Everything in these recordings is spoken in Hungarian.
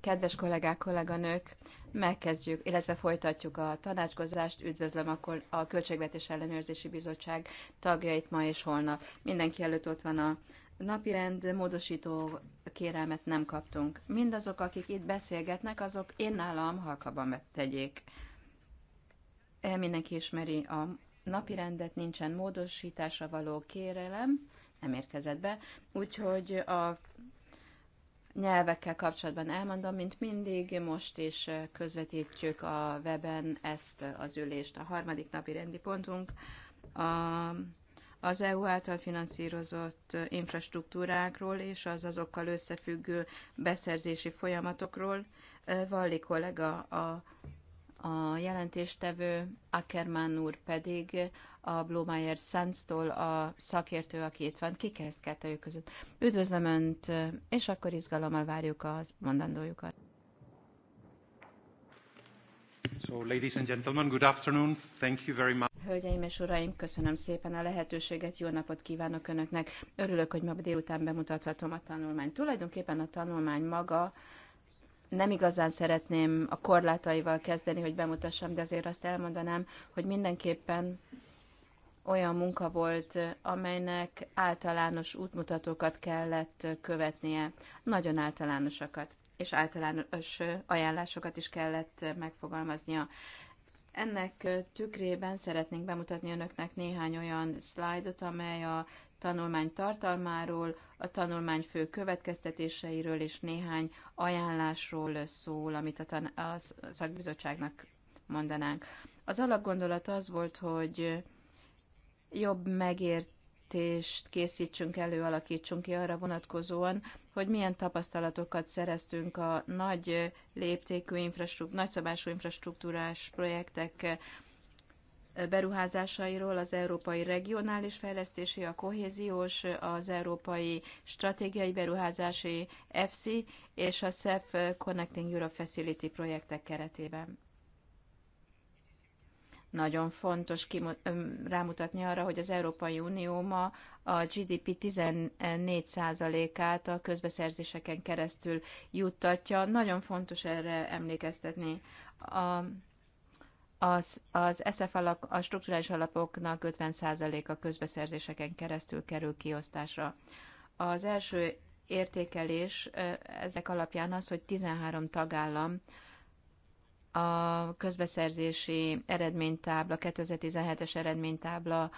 Kedves kollégák, kolléganők, megkezdjük, illetve folytatjuk a tanácskozást. Üdvözlöm akkor a Költségvetés Ellenőrzési Bizottság tagjait ma és holnap. Mindenki előtt ott van a napirend, módosító kérelmet nem kaptunk. Mindazok, akik itt beszélgetnek, azok én nálam halkabban tegyék. Mindenki ismeri a napirendet, nincsen módosításra való kérelem nem érkezett be. Úgyhogy a nyelvekkel kapcsolatban elmondom, mint mindig, most is közvetítjük a weben ezt az ülést. A harmadik napi rendi pontunk a, az EU által finanszírozott infrastruktúrákról és az azokkal összefüggő beszerzési folyamatokról. Valli kollega a, a jelentéstevő, Ackermann úr pedig a Blomeyer Sands-tól a szakértő, aki itt van. Ki kezd kettőjük között? Üdvözlöm Önt, és akkor izgalommal várjuk az mondandójukat. So, ladies and gentlemen, good afternoon. Thank you very much. Hölgyeim és uraim, köszönöm szépen a lehetőséget, jó napot kívánok Önöknek. Örülök, hogy ma délután bemutathatom a tanulmányt. Tulajdonképpen a tanulmány maga nem igazán szeretném a korlátaival kezdeni, hogy bemutassam, de azért azt elmondanám, hogy mindenképpen olyan munka volt, amelynek általános útmutatókat kellett követnie, nagyon általánosakat, és általános ajánlásokat is kellett megfogalmaznia. Ennek tükrében szeretnénk bemutatni önöknek néhány olyan szlájdot, amely a tanulmány tartalmáról, a tanulmány fő következtetéseiről és néhány ajánlásról szól, amit a, tan- a szakbizottságnak mondanánk. Az alapgondolat az volt, hogy jobb megértést készítsünk elő, alakítsunk ki arra vonatkozóan, hogy milyen tapasztalatokat szereztünk a nagy léptékű infrastruktúr, nagyszabású infrastruktúrás projektek beruházásairól az Európai Regionális Fejlesztési, a Kohéziós, az Európai Stratégiai Beruházási EFSI és a SEF Connecting Europe Facility projektek keretében. Nagyon fontos rámutatni arra, hogy az Európai Unió ma a GDP 14%-át a közbeszerzéseken keresztül juttatja. Nagyon fontos erre emlékeztetni. A, az, az SF alap, a strukturális alapoknak 50%-a közbeszerzéseken keresztül kerül kiosztásra. Az első értékelés ezek alapján az, hogy 13 tagállam a közbeszerzési eredménytábla, 2017-es eredménytábla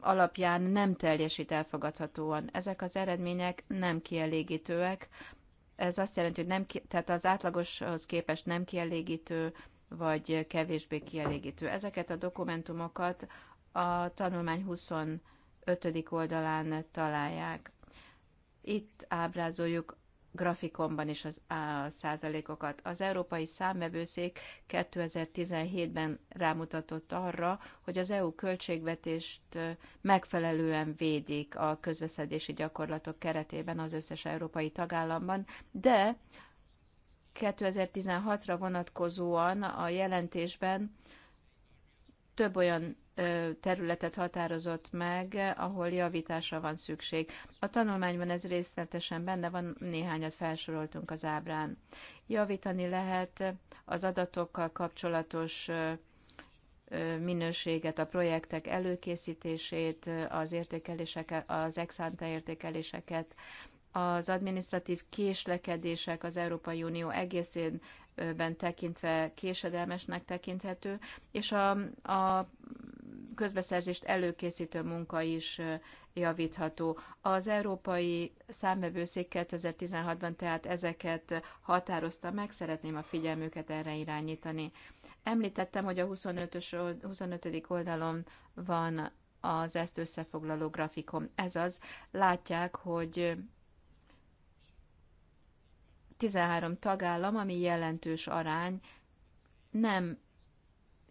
alapján nem teljesít elfogadhatóan. Ezek az eredmények nem kielégítőek. Ez azt jelenti, hogy nem ki, tehát az átlagoshoz képest nem kielégítő, vagy kevésbé kielégítő. Ezeket a dokumentumokat a tanulmány 25. oldalán találják. Itt ábrázoljuk grafikonban is az, a százalékokat. Az Európai Számvevőszék 2017-ben rámutatott arra, hogy az EU költségvetést megfelelően védik a közveszedési gyakorlatok keretében az összes európai tagállamban, de 2016-ra vonatkozóan a jelentésben több olyan területet határozott meg, ahol javításra van szükség. A tanulmányban ez részletesen benne van, néhányat felsoroltunk az ábrán. Javítani lehet az adatokkal kapcsolatos minőséget, a projektek előkészítését, az értékeléseket, az exante értékeléseket, az administratív késlekedések az Európai Unió egészén ben tekintve késedelmesnek tekinthető, és a, a közbeszerzést előkészítő munka is javítható. Az Európai Számvevőszék 2016-ban tehát ezeket határozta meg, szeretném a figyelmüket erre irányítani. Említettem, hogy a 25. 25. oldalon van az ezt összefoglaló grafikon. Ez az, látják, hogy 13 tagállam, ami jelentős arány, nem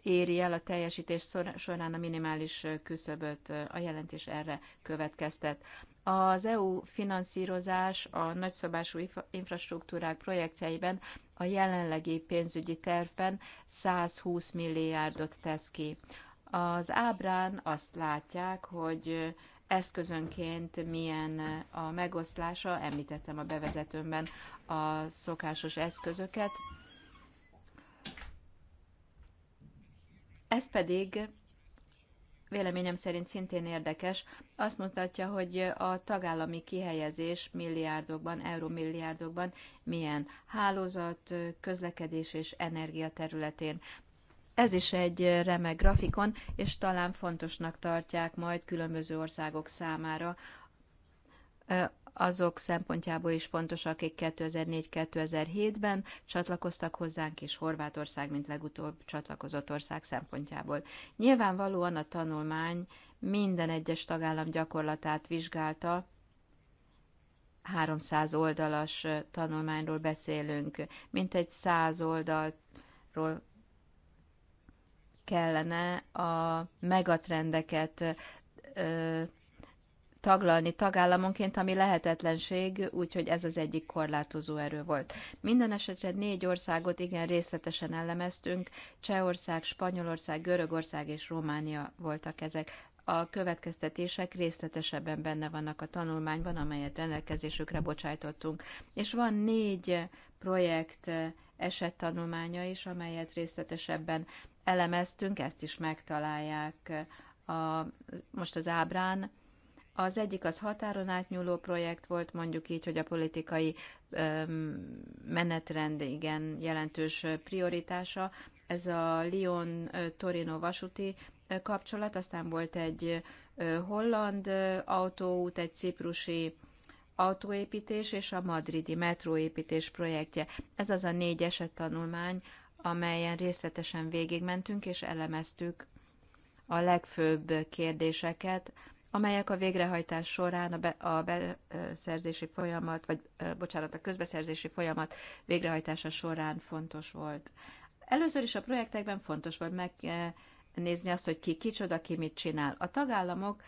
éri el a teljesítés során a minimális küszöböt, a jelentés erre következtet. Az EU finanszírozás a nagyszabású infrastruktúrák projektjeiben a jelenlegi pénzügyi tervben 120 milliárdot tesz ki. Az ábrán azt látják, hogy eszközönként milyen a megoszlása, említettem a bevezetőmben a szokásos eszközöket, Ez pedig véleményem szerint szintén érdekes, azt mutatja, hogy a tagállami kihelyezés milliárdokban, eurómilliárdokban milyen hálózat, közlekedés és energia területén. Ez is egy remek grafikon, és talán fontosnak tartják majd különböző országok számára azok szempontjából is fontos, akik 2004-2007-ben csatlakoztak hozzánk, és Horvátország, mint legutóbb csatlakozott ország szempontjából. Nyilvánvalóan a tanulmány minden egyes tagállam gyakorlatát vizsgálta, 300 oldalas tanulmányról beszélünk, mint egy 100 oldalról kellene a megatrendeket taglalni tagállamonként, ami lehetetlenség, úgyhogy ez az egyik korlátozó erő volt. Minden esetre négy országot igen részletesen elemeztünk, Csehország, Spanyolország, Görögország és Románia voltak ezek. A következtetések részletesebben benne vannak a tanulmányban, amelyet rendelkezésükre bocsájtottunk. És van négy projekt eh, esettanulmánya is, amelyet részletesebben elemeztünk, ezt is megtalálják eh, a, most az ábrán, az egyik az határon átnyúló projekt volt, mondjuk így, hogy a politikai menetrend igen jelentős prioritása. Ez a Lyon-Torino vasúti kapcsolat, aztán volt egy holland autóút, egy ciprusi autóépítés és a madridi metróépítés projektje. Ez az a négy eset tanulmány, amelyen részletesen végigmentünk és elemeztük a legfőbb kérdéseket, amelyek a végrehajtás során a, be, a beszerzési folyamat, vagy bocsánat, a közbeszerzési folyamat végrehajtása során fontos volt. Először is a projektekben fontos volt megnézni azt, hogy ki kicsoda, ki mit csinál. A tagállamok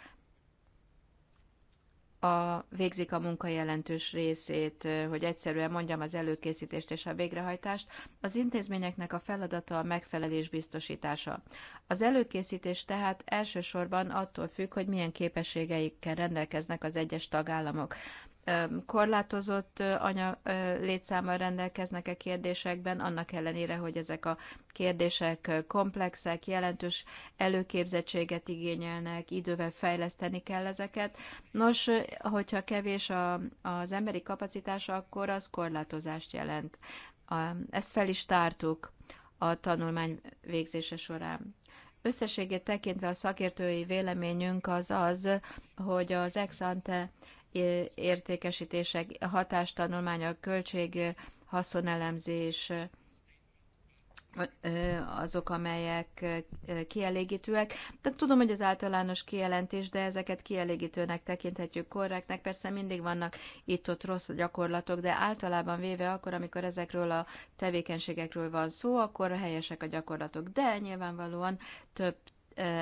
a, végzik a munka jelentős részét, hogy egyszerűen mondjam az előkészítést és a végrehajtást, az intézményeknek a feladata a megfelelés biztosítása. Az előkészítés tehát elsősorban attól függ, hogy milyen képességeikkel rendelkeznek az egyes tagállamok korlátozott anya létszámmal rendelkeznek-e kérdésekben, annak ellenére, hogy ezek a kérdések komplexek, jelentős előképzettséget igényelnek, idővel fejleszteni kell ezeket. Nos, hogyha kevés a, az emberi kapacitása, akkor az korlátozást jelent. Ezt fel is tártuk a tanulmány végzése során. Összességét tekintve a szakértői véleményünk az az, hogy az ex ante értékesítések, a költség, haszonelemzés, azok, amelyek kielégítőek. De tudom, hogy az általános kijelentés, de ezeket kielégítőnek tekinthetjük korrektnek. Persze mindig vannak itt-ott rossz gyakorlatok, de általában véve akkor, amikor ezekről a tevékenységekről van szó, akkor helyesek a gyakorlatok. De nyilvánvalóan több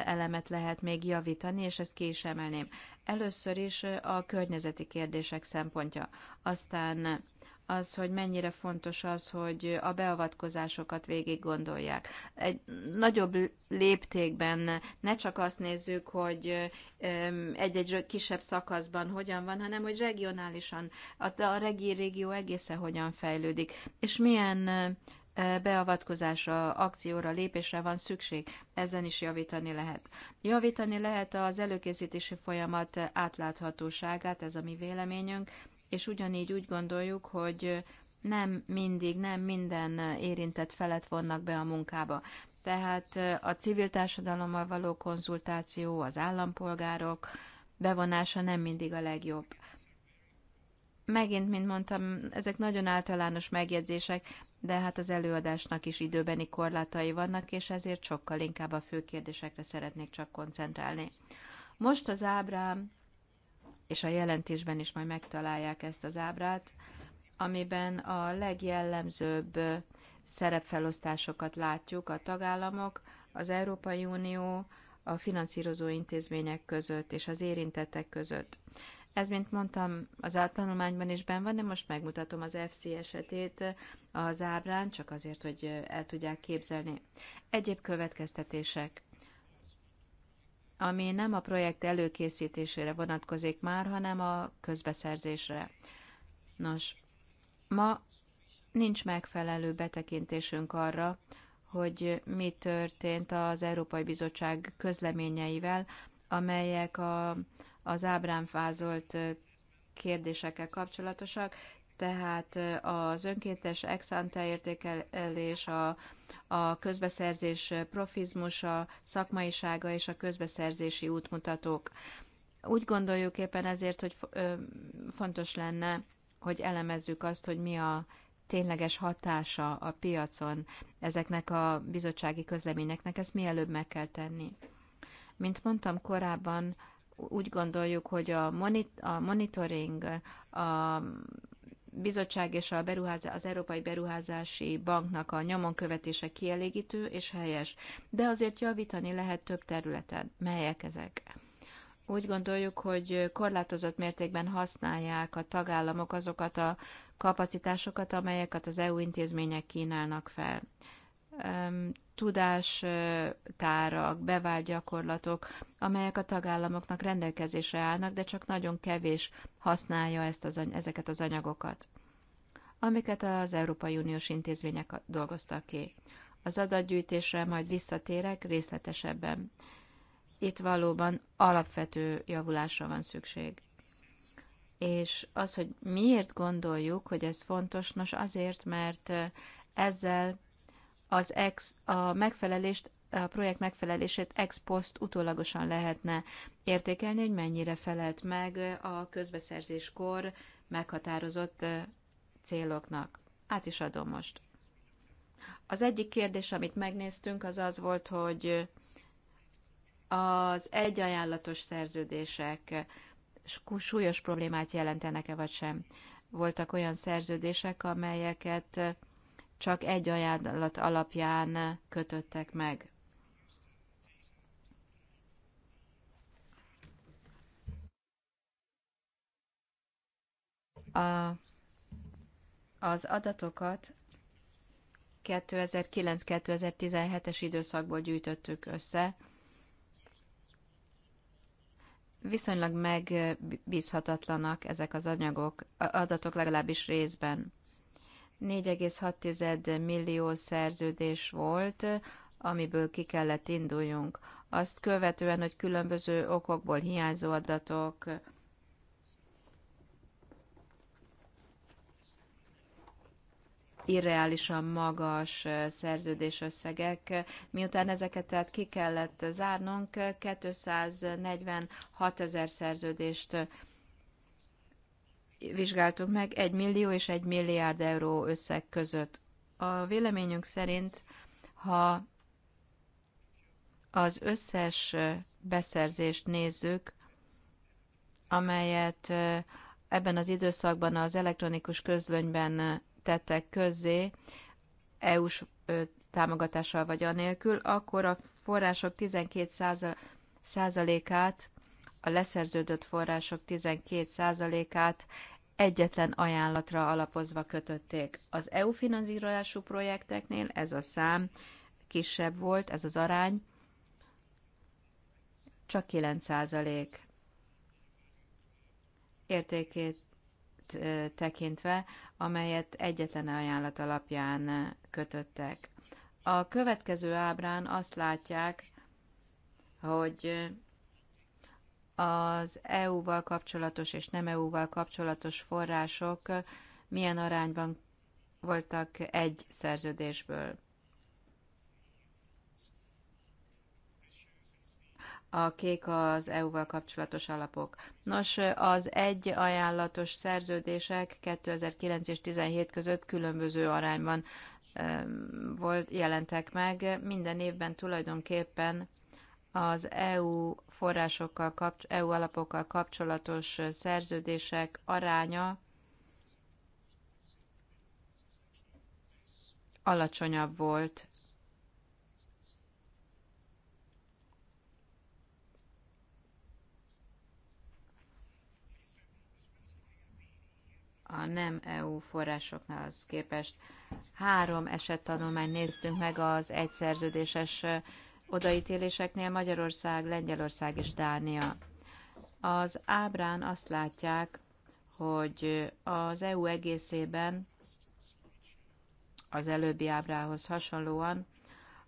elemet lehet még javítani, és ezt ki is emelném. Először is a környezeti kérdések szempontja, aztán az, hogy mennyire fontos az, hogy a beavatkozásokat végig gondolják. Egy nagyobb léptékben ne csak azt nézzük, hogy egy-egy kisebb szakaszban hogyan van, hanem hogy regionálisan a, regi régió egészen hogyan fejlődik, és milyen beavatkozásra, akcióra, lépésre van szükség. Ezen is javítani lehet. Javítani lehet az előkészítési folyamat átláthatóságát, ez a mi véleményünk, és ugyanígy úgy gondoljuk, hogy nem mindig, nem minden érintett felet vonnak be a munkába. Tehát a civil társadalommal való konzultáció, az állampolgárok bevonása nem mindig a legjobb. Megint, mint mondtam, ezek nagyon általános megjegyzések, de hát az előadásnak is időbeni korlátai vannak, és ezért sokkal inkább a fő kérdésekre szeretnék csak koncentrálni. Most az ábrám, és a jelentésben is majd megtalálják ezt az ábrát, amiben a legjellemzőbb szerepfelosztásokat látjuk a tagállamok, az Európai Unió, a finanszírozó intézmények között és az érintettek között. Ez, mint mondtam, az tanulmányban is ben van, de most megmutatom az FC esetét az ábrán, csak azért, hogy el tudják képzelni. Egyéb következtetések ami nem a projekt előkészítésére vonatkozik már, hanem a közbeszerzésre. Nos, ma nincs megfelelő betekintésünk arra, hogy mi történt az Európai Bizottság közleményeivel, amelyek a, az ábrán fázolt kérdésekkel kapcsolatosak, tehát az önkéntes ex ante értékelés, a, a közbeszerzés profizmusa, szakmaisága és a közbeszerzési útmutatók. Úgy gondoljuk éppen ezért, hogy fontos lenne, hogy elemezzük azt, hogy mi a tényleges hatása a piacon ezeknek a bizottsági közleményeknek. Ezt mielőbb meg kell tenni. Mint mondtam korábban, úgy gondoljuk, hogy a, monit- a monitoring, a bizottság és a beruházás, az Európai Beruházási Banknak a nyomon követése kielégítő és helyes, de azért javítani lehet több területen. Melyek ezek? Úgy gondoljuk, hogy korlátozott mértékben használják a tagállamok azokat a kapacitásokat, amelyeket az EU intézmények kínálnak fel tudástárak, bevált gyakorlatok, amelyek a tagállamoknak rendelkezésre állnak, de csak nagyon kevés használja ezt az, ezeket az anyagokat, amiket az Európai Uniós intézmények dolgoztak ki. Az adatgyűjtésre majd visszatérek részletesebben. Itt valóban alapvető javulásra van szükség. És az, hogy miért gondoljuk, hogy ez fontos, nos azért, mert eh, ezzel az ex, a megfelelést, a projekt megfelelését ex post utólagosan lehetne értékelni, hogy mennyire felelt meg a közbeszerzéskor meghatározott céloknak. Át is adom most. Az egyik kérdés, amit megnéztünk, az az volt, hogy az egyajánlatos szerződések súlyos problémát jelentenek-e vagy sem. Voltak olyan szerződések, amelyeket csak egy ajánlat alapján kötöttek meg. A, az adatokat 2009-2017-es időszakból gyűjtöttük össze, viszonylag megbízhatatlanak ezek az anyagok, adatok legalábbis részben. 4,6 millió szerződés volt, amiből ki kellett induljunk. Azt követően, hogy különböző okokból hiányzó adatok, irreálisan magas szerződésösszegek. Miután ezeket tehát ki kellett zárnunk, 246 ezer szerződést vizsgáltuk meg 1 millió és 1 milliárd euró összeg között. A véleményünk szerint, ha az összes beszerzést nézzük, amelyet ebben az időszakban az elektronikus közlönyben tettek közzé, EU-s támogatással vagy anélkül, akkor a források 12%-át, a leszerződött források 12%-át egyetlen ajánlatra alapozva kötötték. Az EU finanszírozású projekteknél ez a szám kisebb volt, ez az arány, csak 9 százalék. Értékét tekintve, amelyet egyetlen ajánlat alapján kötöttek. A következő ábrán azt látják, hogy az EU-val kapcsolatos és nem EU-val kapcsolatos források milyen arányban voltak egy szerződésből. a kék az EU-val kapcsolatos alapok. Nos, az egy ajánlatos szerződések 2009 és 2017 között különböző arányban volt, jelentek meg. Minden évben tulajdonképpen az EU forrásokkal, EU alapokkal kapcsolatos szerződések aránya alacsonyabb volt. a nem EU forrásoknál az képest. Három esettanulmány néztünk meg az egyszerződéses odaítéléseknél Magyarország, Lengyelország és Dánia. Az ábrán azt látják, hogy az EU egészében az előbbi ábrához hasonlóan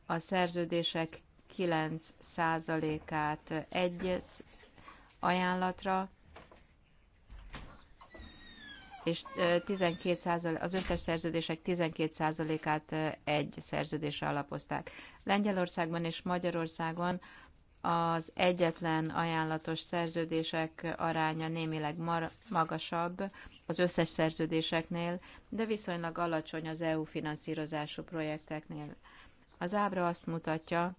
a szerződések 9%-át egy ajánlatra, és 12 az összes szerződések 12%-át egy szerződésre alapozták. Lengyelországban és Magyarországon az egyetlen ajánlatos szerződések aránya némileg magasabb az összes szerződéseknél, de viszonylag alacsony az EU finanszírozású projekteknél. Az ábra azt mutatja,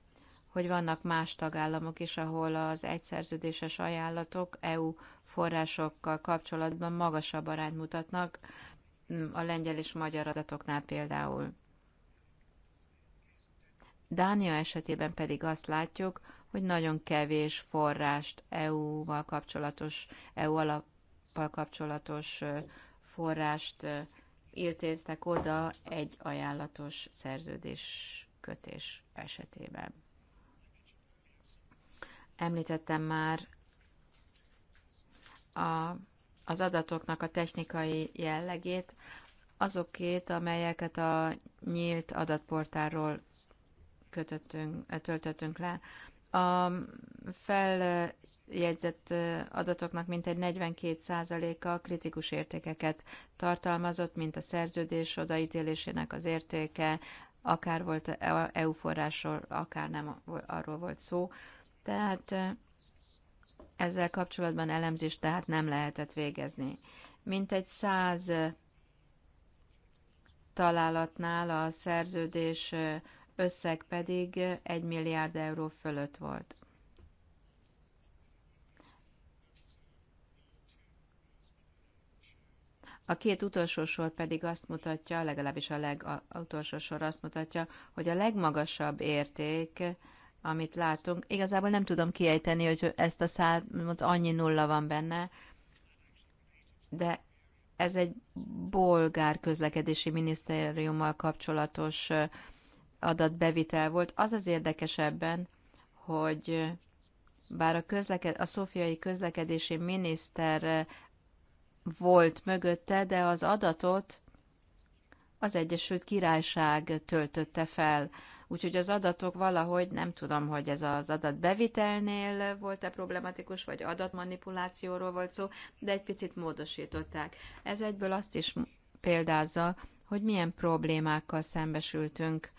hogy vannak más tagállamok is, ahol az egyszerződéses ajánlatok EU forrásokkal kapcsolatban magasabb arányt mutatnak, mm, a lengyel és magyar adatoknál például. Dánia esetében pedig azt látjuk, hogy nagyon kevés forrást EU-val kapcsolatos, EU alappal kapcsolatos forrást írtéztek oda egy ajánlatos szerződés kötés esetében. Említettem már a, az adatoknak a technikai jellegét, azokét, amelyeket a nyílt adatportálról kötöttünk, töltöttünk le. A feljegyzett adatoknak mintegy 42%-a kritikus értékeket tartalmazott, mint a szerződés odaítélésének az értéke, akár volt EU forrásról, akár nem arról volt szó. Tehát ezzel kapcsolatban elemzést tehát nem lehetett végezni. Mint egy száz találatnál a szerződés összeg pedig 1 milliárd euró fölött volt. A két utolsó sor pedig azt mutatja, legalábbis a legutolsó sor azt mutatja, hogy a legmagasabb érték amit látunk. Igazából nem tudom kiejteni, hogy ezt a számot annyi nulla van benne, de ez egy bolgár közlekedési minisztériummal kapcsolatos adatbevitel volt. Az az érdekesebben, hogy bár a, közleked, a szofiai közlekedési miniszter volt mögötte, de az adatot az Egyesült Királyság töltötte fel Úgyhogy az adatok valahogy, nem tudom, hogy ez az adat bevitelnél volt-e problematikus, vagy adatmanipulációról volt szó, de egy picit módosították. Ez egyből azt is példázza, hogy milyen problémákkal szembesültünk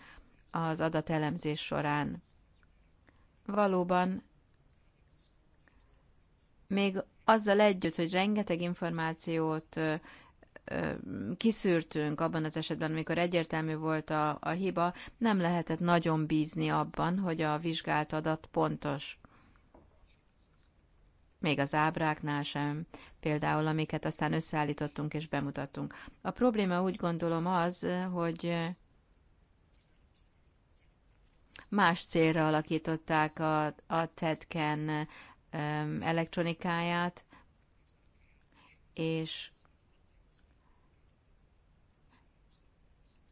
az adatelemzés során. Valóban még azzal együtt, hogy rengeteg információt kiszűrtünk abban az esetben, amikor egyértelmű volt a, a hiba, nem lehetett nagyon bízni abban, hogy a vizsgált adat pontos. Még az ábráknál sem, például amiket aztán összeállítottunk és bemutattunk. A probléma úgy gondolom az, hogy más célra alakították a, a TEDCAN elektronikáját, és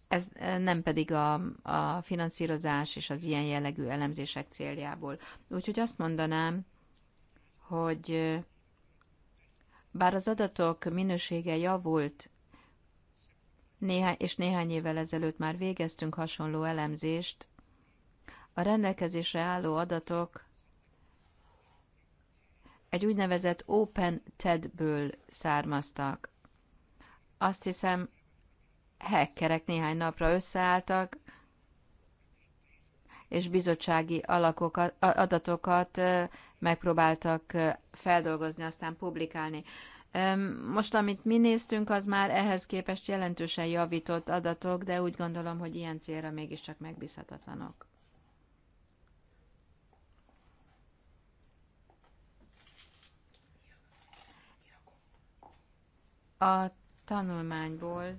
ez nem pedig a, a finanszírozás és az ilyen jellegű elemzések céljából. Úgyhogy azt mondanám, hogy bár az adatok minősége javult, néhány, és néhány évvel ezelőtt már végeztünk hasonló elemzést, a rendelkezésre álló adatok egy úgynevezett Open TED-ből származtak. Azt hiszem, hekkerek néhány napra összeálltak, és bizottsági alakokat, adatokat megpróbáltak feldolgozni, aztán publikálni. Most, amit mi néztünk, az már ehhez képest jelentősen javított adatok, de úgy gondolom, hogy ilyen célra mégiscsak megbízhatatlanok. A tanulmányból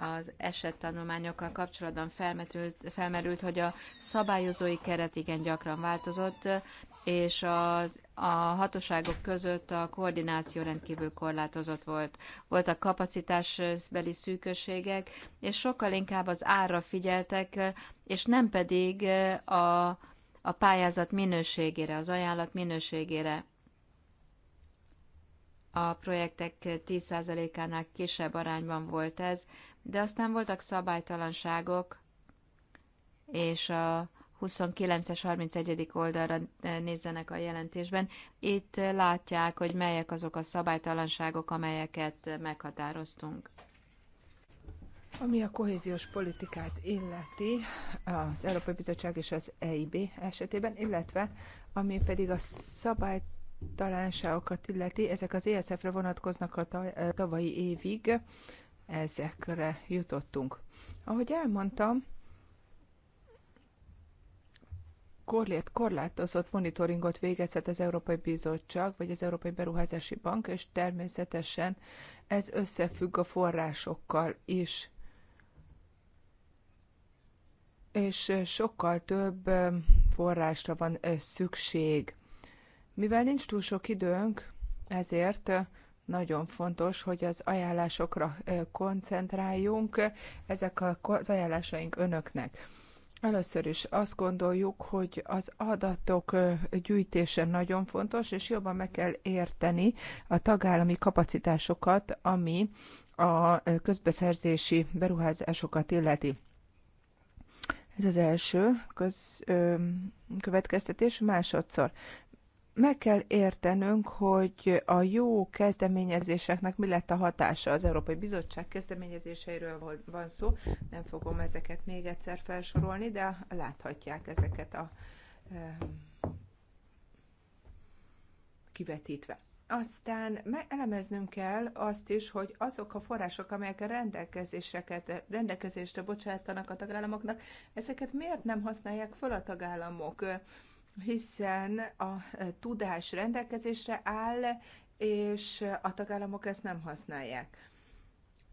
az esettanulmányokkal kapcsolatban felmerült, felmerült, hogy a szabályozói keret igen gyakran változott, és az, a hatóságok között a koordináció rendkívül korlátozott volt. Voltak kapacitásbeli szűkösségek, és sokkal inkább az ára figyeltek, és nem pedig a, a pályázat minőségére, az ajánlat minőségére a projektek 10%-ánál kisebb arányban volt ez, de aztán voltak szabálytalanságok, és a 29-es, 31. oldalra eh, nézzenek a jelentésben. Itt látják, hogy melyek azok a szabálytalanságok, amelyeket meghatároztunk. Ami a kohéziós politikát illeti, az Európai Bizottság és az EIB esetében, illetve ami pedig a szabálytalanságokat illeti, ezek az ESF-re vonatkoznak a eh, tavalyi évig, ezekre jutottunk. Ahogy elmondtam, korlét, korlátozott monitoringot végezhet az Európai Bizottság, vagy az Európai Beruházási Bank, és természetesen ez összefügg a forrásokkal is. És eh, sokkal több eh, forrásra van eh, szükség. Mivel nincs túl sok időnk, ezért nagyon fontos, hogy az ajánlásokra koncentráljunk, ezek az ajánlásaink önöknek. Először is azt gondoljuk, hogy az adatok gyűjtése nagyon fontos, és jobban meg kell érteni a tagállami kapacitásokat, ami a közbeszerzési beruházásokat illeti. Ez az első köz, ö, következtetés. Másodszor meg kell értenünk, hogy a jó kezdeményezéseknek mi lett a hatása. Az Európai Bizottság kezdeményezéseiről van szó, nem fogom ezeket még egyszer felsorolni, de láthatják ezeket a kivetítve. Aztán elemeznünk kell azt is, hogy azok a források, amelyek a rendelkezéseket, rendelkezésre bocsátanak a tagállamoknak, ezeket miért nem használják fel a tagállamok? hiszen a eh, tudás rendelkezésre áll, és a tagállamok ezt nem használják.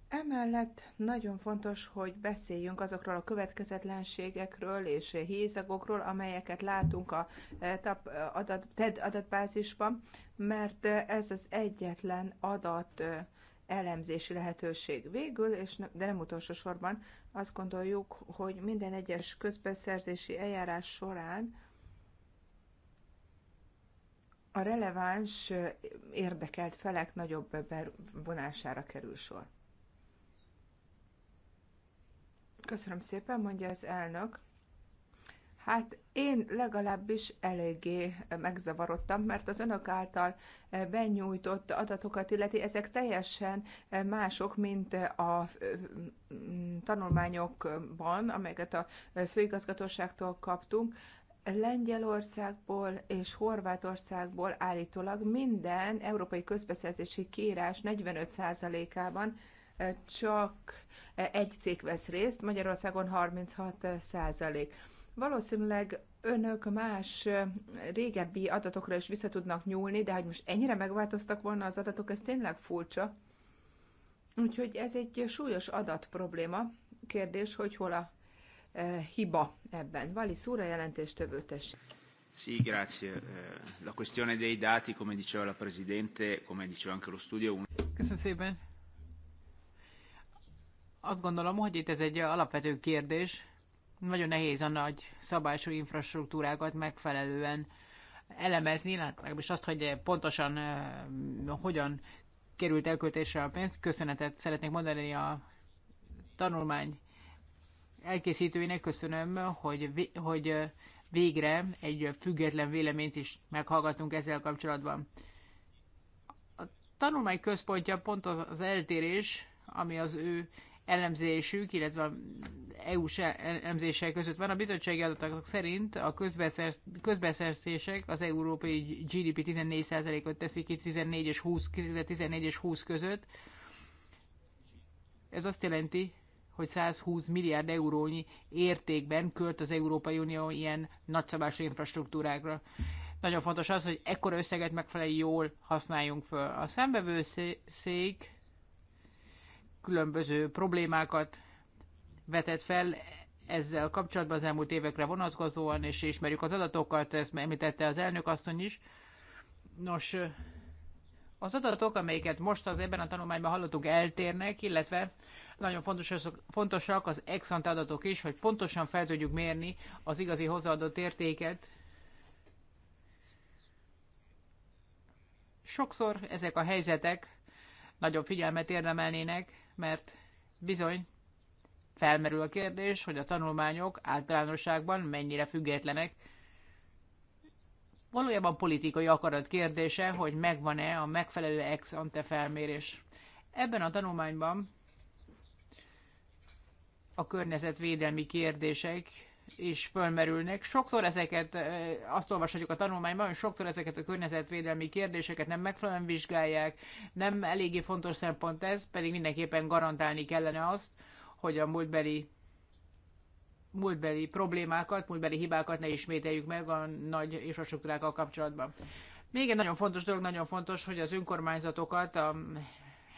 Emellett nagyon fontos, hogy beszéljünk azokról a következetlenségekről és hézagokról, amelyeket látunk a eh, eh, TED adatbázisban, mert ez az egyetlen adat elemzési lehetőség végül, és de nem utolsó sorban azt gondoljuk, hogy minden egyes közbeszerzési eljárás során a releváns érdekelt felek nagyobb bevonására kerül sor. Köszönöm szépen, mondja az elnök. Hát én legalábbis eléggé megzavarodtam, mert az önök által benyújtott adatokat illeti, ezek teljesen mások, mint a tanulmányokban, amelyeket a főigazgatóságtól kaptunk. Lengyelországból és Horvátországból állítólag minden európai közbeszerzési kiírás 45%-ában csak egy cég vesz részt, Magyarországon 36%. Valószínűleg önök más régebbi adatokra is vissza tudnak nyúlni, de hogy most ennyire megváltoztak volna az adatok, ez tényleg furcsa. Úgyhogy ez egy súlyos adatprobléma. Kérdés, hogy hol a hiba ebben. Vali szóra jelentés tövőtes. Sì, grazie. Eh, la questione dei dati, come diceva la Presidente, come diceva anche lo studio... Köszönöm szépen. Azt gondolom, hogy itt ez egy alapvető kérdés. Nagyon nehéz a nagy szabású infrastruktúrákat megfelelően elemezni, legalábbis azt, hogy pontosan eh, hogyan került elköltésre a pénzt. Köszönetet szeretnék mondani a tanulmány elkészítőinek köszönöm, hogy, hogy végre egy független véleményt is meghallgatunk ezzel kapcsolatban. A tanulmány központja pont az, az eltérés, ami az ő elemzésük, illetve EU-s elemzések között van. A bizottsági adatok szerint a közbeszerzések az európai GDP 14%-ot teszik ki 14 és 20, 14 és 20 között. Ez azt jelenti, hogy 120 milliárd eurónyi értékben költ az Európai Unió ilyen nagyszabású infrastruktúrákra. Nagyon fontos az, hogy ekkora összeget megfelelően jól használjunk föl. A szembevőszék különböző problémákat vetett fel ezzel kapcsolatban az elmúlt évekre vonatkozóan, és ismerjük az adatokat, ezt említette az elnök asszony is. Nos, az adatok, amelyeket most az ebben a tanulmányban hallottuk, eltérnek, illetve nagyon fontosak az exant adatok is, hogy pontosan fel tudjuk mérni az igazi hozzáadott értéket. Sokszor ezek a helyzetek nagyobb figyelmet érdemelnének, mert bizony felmerül a kérdés, hogy a tanulmányok általánosságban mennyire függetlenek. Valójában politikai akarat kérdése, hogy megvan-e a megfelelő ex ante felmérés. Ebben a tanulmányban a környezetvédelmi kérdések is fölmerülnek. Sokszor ezeket, azt olvashatjuk a tanulmányban, hogy sokszor ezeket a környezetvédelmi kérdéseket nem megfelelően vizsgálják, nem eléggé fontos szempont ez, pedig mindenképpen garantálni kellene azt, hogy a múltbeli múltbeli problémákat, múltbeli hibákat ne ismételjük meg a nagy infrastruktúrákkal kapcsolatban. Még egy nagyon fontos dolog, nagyon fontos, hogy az önkormányzatokat, a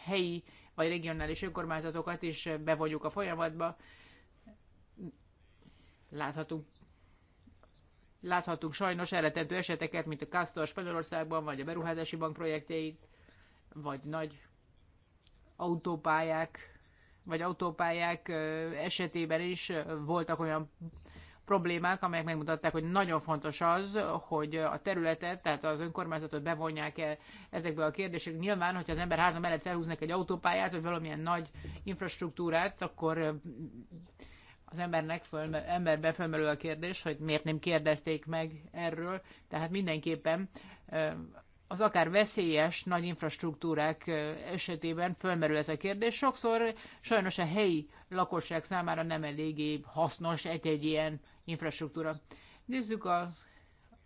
helyi vagy regionális önkormányzatokat is bevonjuk a folyamatba. Láthatunk Láthatunk sajnos eretentő eseteket, mint a Castor Spanyolországban, vagy a Beruházási Bank projektjeit, vagy nagy autópályák, vagy autópályák esetében is voltak olyan problémák, amelyek megmutatták, hogy nagyon fontos az, hogy a területet, tehát az önkormányzatot bevonják el ezekbe a kérdések. Nyilván, hogyha az ember háza mellett felhúznak egy autópályát, vagy valamilyen nagy infrastruktúrát, akkor az embernek föl, emberben fölmerül a kérdés, hogy miért nem kérdezték meg erről. Tehát mindenképpen az akár veszélyes nagy infrastruktúrák esetében fölmerül ez a kérdés. Sokszor sajnos a helyi lakosság számára nem eléggé hasznos egy-egy ilyen infrastruktúra. Nézzük az,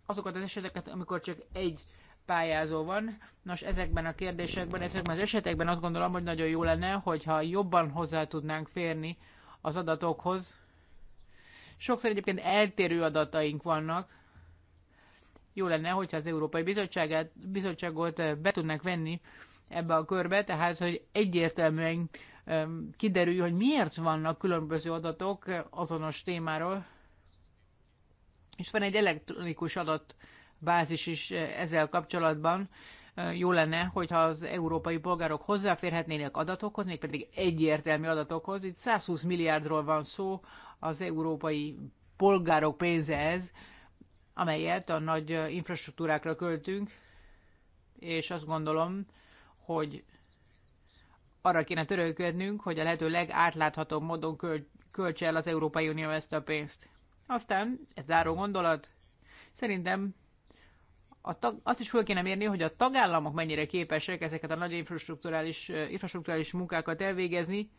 azokat az eseteket, amikor csak egy pályázó van. Nos, ezekben a kérdésekben, ezekben az esetekben azt gondolom, hogy nagyon jó lenne, hogyha jobban hozzá tudnánk férni az adatokhoz. Sokszor egyébként eltérő adataink vannak. Jó lenne, hogyha az Európai Bizottságát, Bizottságot be tudnánk venni ebbe a körbe, tehát hogy egyértelműen kiderül, hogy miért vannak különböző adatok azonos témáról. És van egy elektronikus adatbázis is eh, ezzel kapcsolatban. Eh, jó lenne, hogyha az európai polgárok hozzáférhetnének adatokhoz, mégpedig egyértelmű adatokhoz. Itt 120 milliárdról van szó, az európai polgárok pénze ez, amelyet a nagy eh, infrastruktúrákra költünk, és azt gondolom, hogy arra kéne törőködnünk, hogy a lehető legátláthatóbb módon költse el az Európai Unió ezt a pénzt. Aztán, ez záró gondolat, szerintem a tag, azt is föl kéne mérni, hogy a tagállamok mennyire képesek ezeket a nagy infrastruktúrális, infrastruktúrális munkákat elvégezni.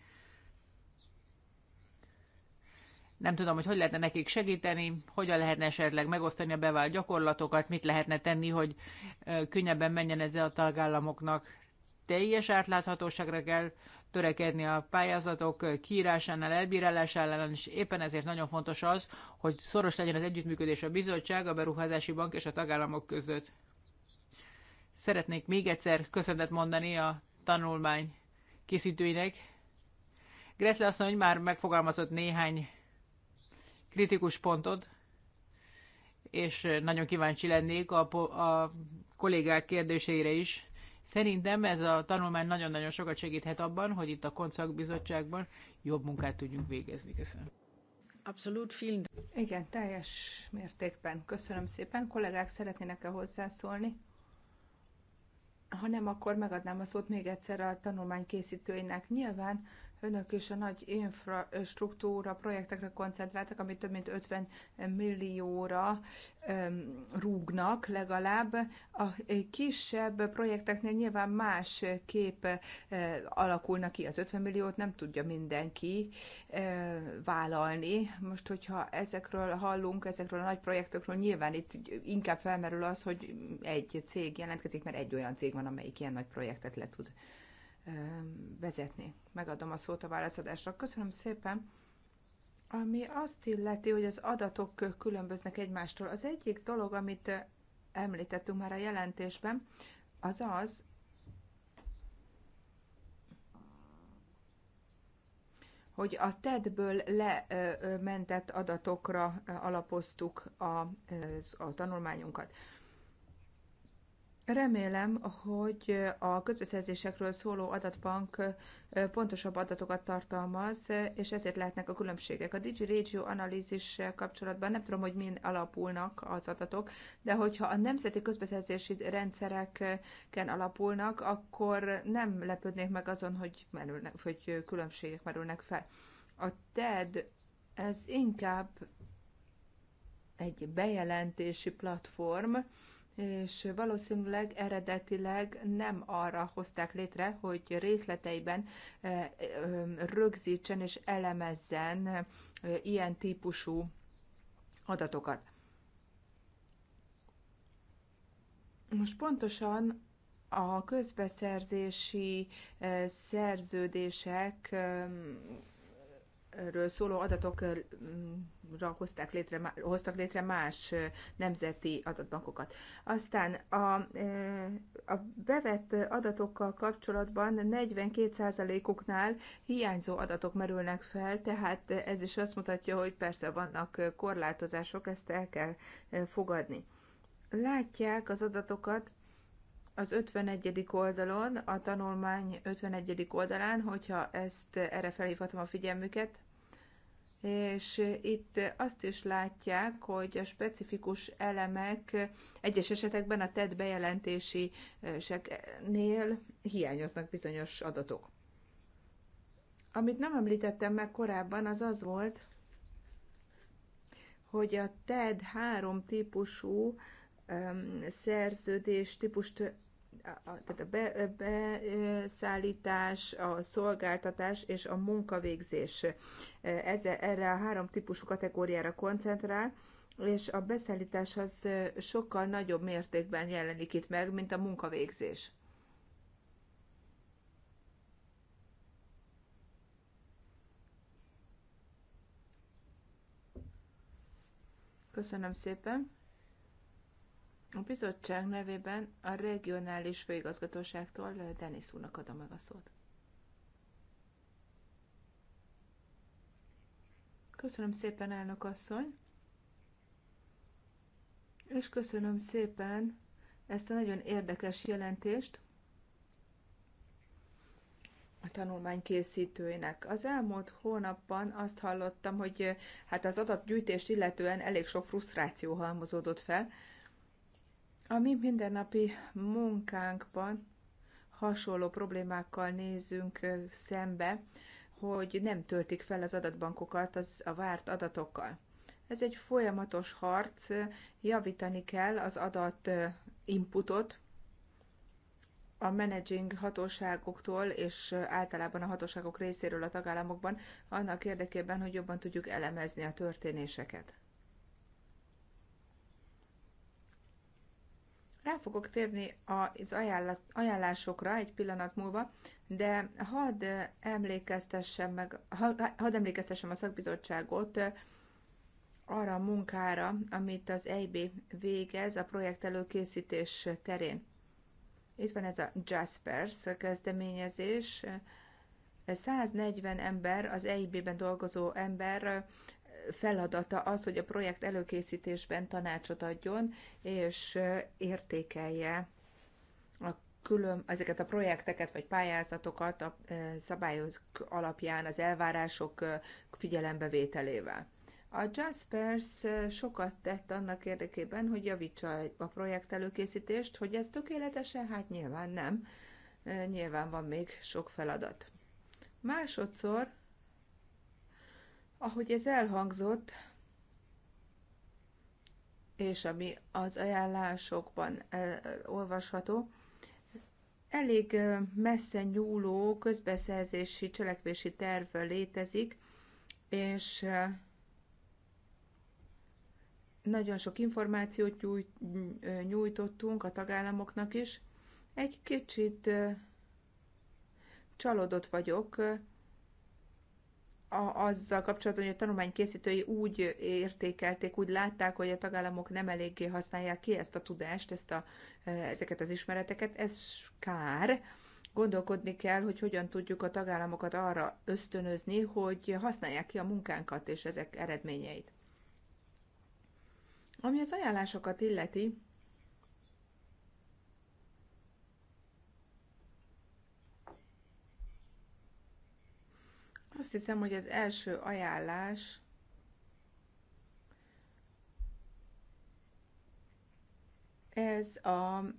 Nem tudom, hogy hogy lehetne nekik segíteni, hogyan lehetne esetleg megosztani a bevált gyakorlatokat, mit lehetne tenni, hogy könnyebben menjen ez a tagállamoknak. Teljes átláthatóságra kell törekedni a pályázatok kiírásánál, elbírálás ellen, és éppen ezért nagyon fontos az, hogy szoros legyen az együttműködés a bizottság, a beruházási bank és a tagállamok között. Szeretnék még egyszer köszönetet mondani a tanulmány készítőinek. Gressle asszony már megfogalmazott néhány kritikus pontot, és nagyon kíváncsi lennék a, a kollégák kérdéseire is. Szerintem ez a tanulmány nagyon-nagyon sokat segíthet abban, hogy itt a koncertbizottságban jobb munkát tudjunk végezni. Köszönöm. Abszolút film. Igen, teljes mértékben. Köszönöm szépen. Kollégák szeretnének-e hozzászólni? Ha nem, akkor megadnám a szót még egyszer a tanulmány készítőinek. Nyilván önök is a nagy infrastruktúra projektekre koncentráltak, amit több mint 50 millióra rúgnak legalább. A kisebb projekteknél nyilván más kép alakulnak ki. Az 50 milliót nem tudja mindenki vállalni. Most, hogyha ezekről hallunk, ezekről a nagy projektekről, nyilván itt inkább felmerül az, hogy egy cég jelentkezik, mert egy olyan cég van, amelyik ilyen nagy projektet le tud vezetni. Megadom a szót a válaszadásra. Köszönöm szépen! Ami azt illeti, hogy az adatok különböznek egymástól. Az egyik dolog, amit említettünk már a jelentésben, az az, hogy a TED-ből lementett adatokra alapoztuk a, a tanulmányunkat. Remélem, hogy a közbeszerzésekről szóló adatbank pontosabb adatokat tartalmaz, és ezért lehetnek a különbségek. A Digi Regio analízis kapcsolatban nem tudom, hogy min alapulnak az adatok, de hogyha a nemzeti közbeszerzési rendszereken alapulnak, akkor nem lepődnék meg azon, hogy, merülnek, hogy különbségek merülnek fel. A TED ez inkább egy bejelentési platform, és valószínűleg eredetileg nem arra hozták létre, hogy részleteiben eh, eh, rögzítsen és elemezzen eh, ilyen típusú adatokat. Most pontosan a közbeszerzési szerződések ről szóló adatokra hozták létre, hoztak létre más nemzeti adatbankokat. Aztán a, a bevett adatokkal kapcsolatban 42 oknál hiányzó adatok merülnek fel, tehát ez is azt mutatja, hogy persze vannak korlátozások, ezt el kell fogadni. Látják az adatokat, az 51. oldalon, a tanulmány 51. oldalán, hogyha ezt erre felhívhatom a figyelmüket, és itt azt is látják, hogy a specifikus elemek egyes esetekben a bejelentési bejelentéséseknél hiányoznak bizonyos adatok. Amit nem említettem meg korábban, az az volt, hogy a TED három típusú szerződés típust tehát a be, a szolgáltatás és a munkavégzés. Ez, erre a három típusú kategóriára koncentrál, és a beszállítás az sokkal nagyobb mértékben jelenik itt meg, mint a munkavégzés. Köszönöm szépen! A bizottság nevében a regionális főigazgatóságtól eh, Denis úrnak adom meg a szót. Köszönöm szépen, elnök asszony, és köszönöm szépen ezt a nagyon érdekes jelentést a tanulmány készítőinek. Az elmúlt hónapban azt hallottam, hogy eh, hát az adatgyűjtést illetően elég sok frusztráció halmozódott fel, a mi mindennapi munkánkban hasonló problémákkal nézünk szembe, hogy nem töltik fel az adatbankokat az a várt adatokkal. Ez egy folyamatos harc, javítani kell az adat inputot a managing hatóságoktól és általában a hatóságok részéről a tagállamokban annak érdekében, hogy jobban tudjuk elemezni a történéseket. Rá fogok térni az ajánlat, ajánlásokra egy pillanat múlva, de hadd emlékeztessem, meg, hadd emlékeztessem a szakbizottságot arra a munkára, amit az EIB végez a projekt előkészítés terén. Itt van ez a Jaspers kezdeményezés. 140 ember, az EIB-ben dolgozó ember feladata az, hogy a projekt előkészítésben tanácsot adjon, és értékelje a külön, ezeket a projekteket vagy pályázatokat a szabályok alapján az elvárások figyelembevételével. A Jaspers sokat tett annak érdekében, hogy javítsa a projekt előkészítést, hogy ez tökéletesen, hát nyilván nem. Nyilván van még sok feladat. Másodszor ahogy ez elhangzott, és ami az ajánlásokban eh, olvasható, elég eh, messze nyúló közbeszerzési cselekvési terv létezik, és eh, nagyon sok információt nyújtottunk a tagállamoknak is. Egy kicsit csalódott vagyok, a, azzal kapcsolatban, hogy a tanulmánykészítői úgy értékelték, úgy látták, hogy a tagállamok nem eléggé használják ki ezt a tudást, ezt a, e, ezeket az ismereteket. Ez kár. Gondolkodni kell, hogy hogyan tudjuk a tagállamokat arra ösztönözni, hogy használják ki a munkánkat és ezek eredményeit. Ami az ajánlásokat illeti, Azt hiszem, hogy az első ajánlás ez a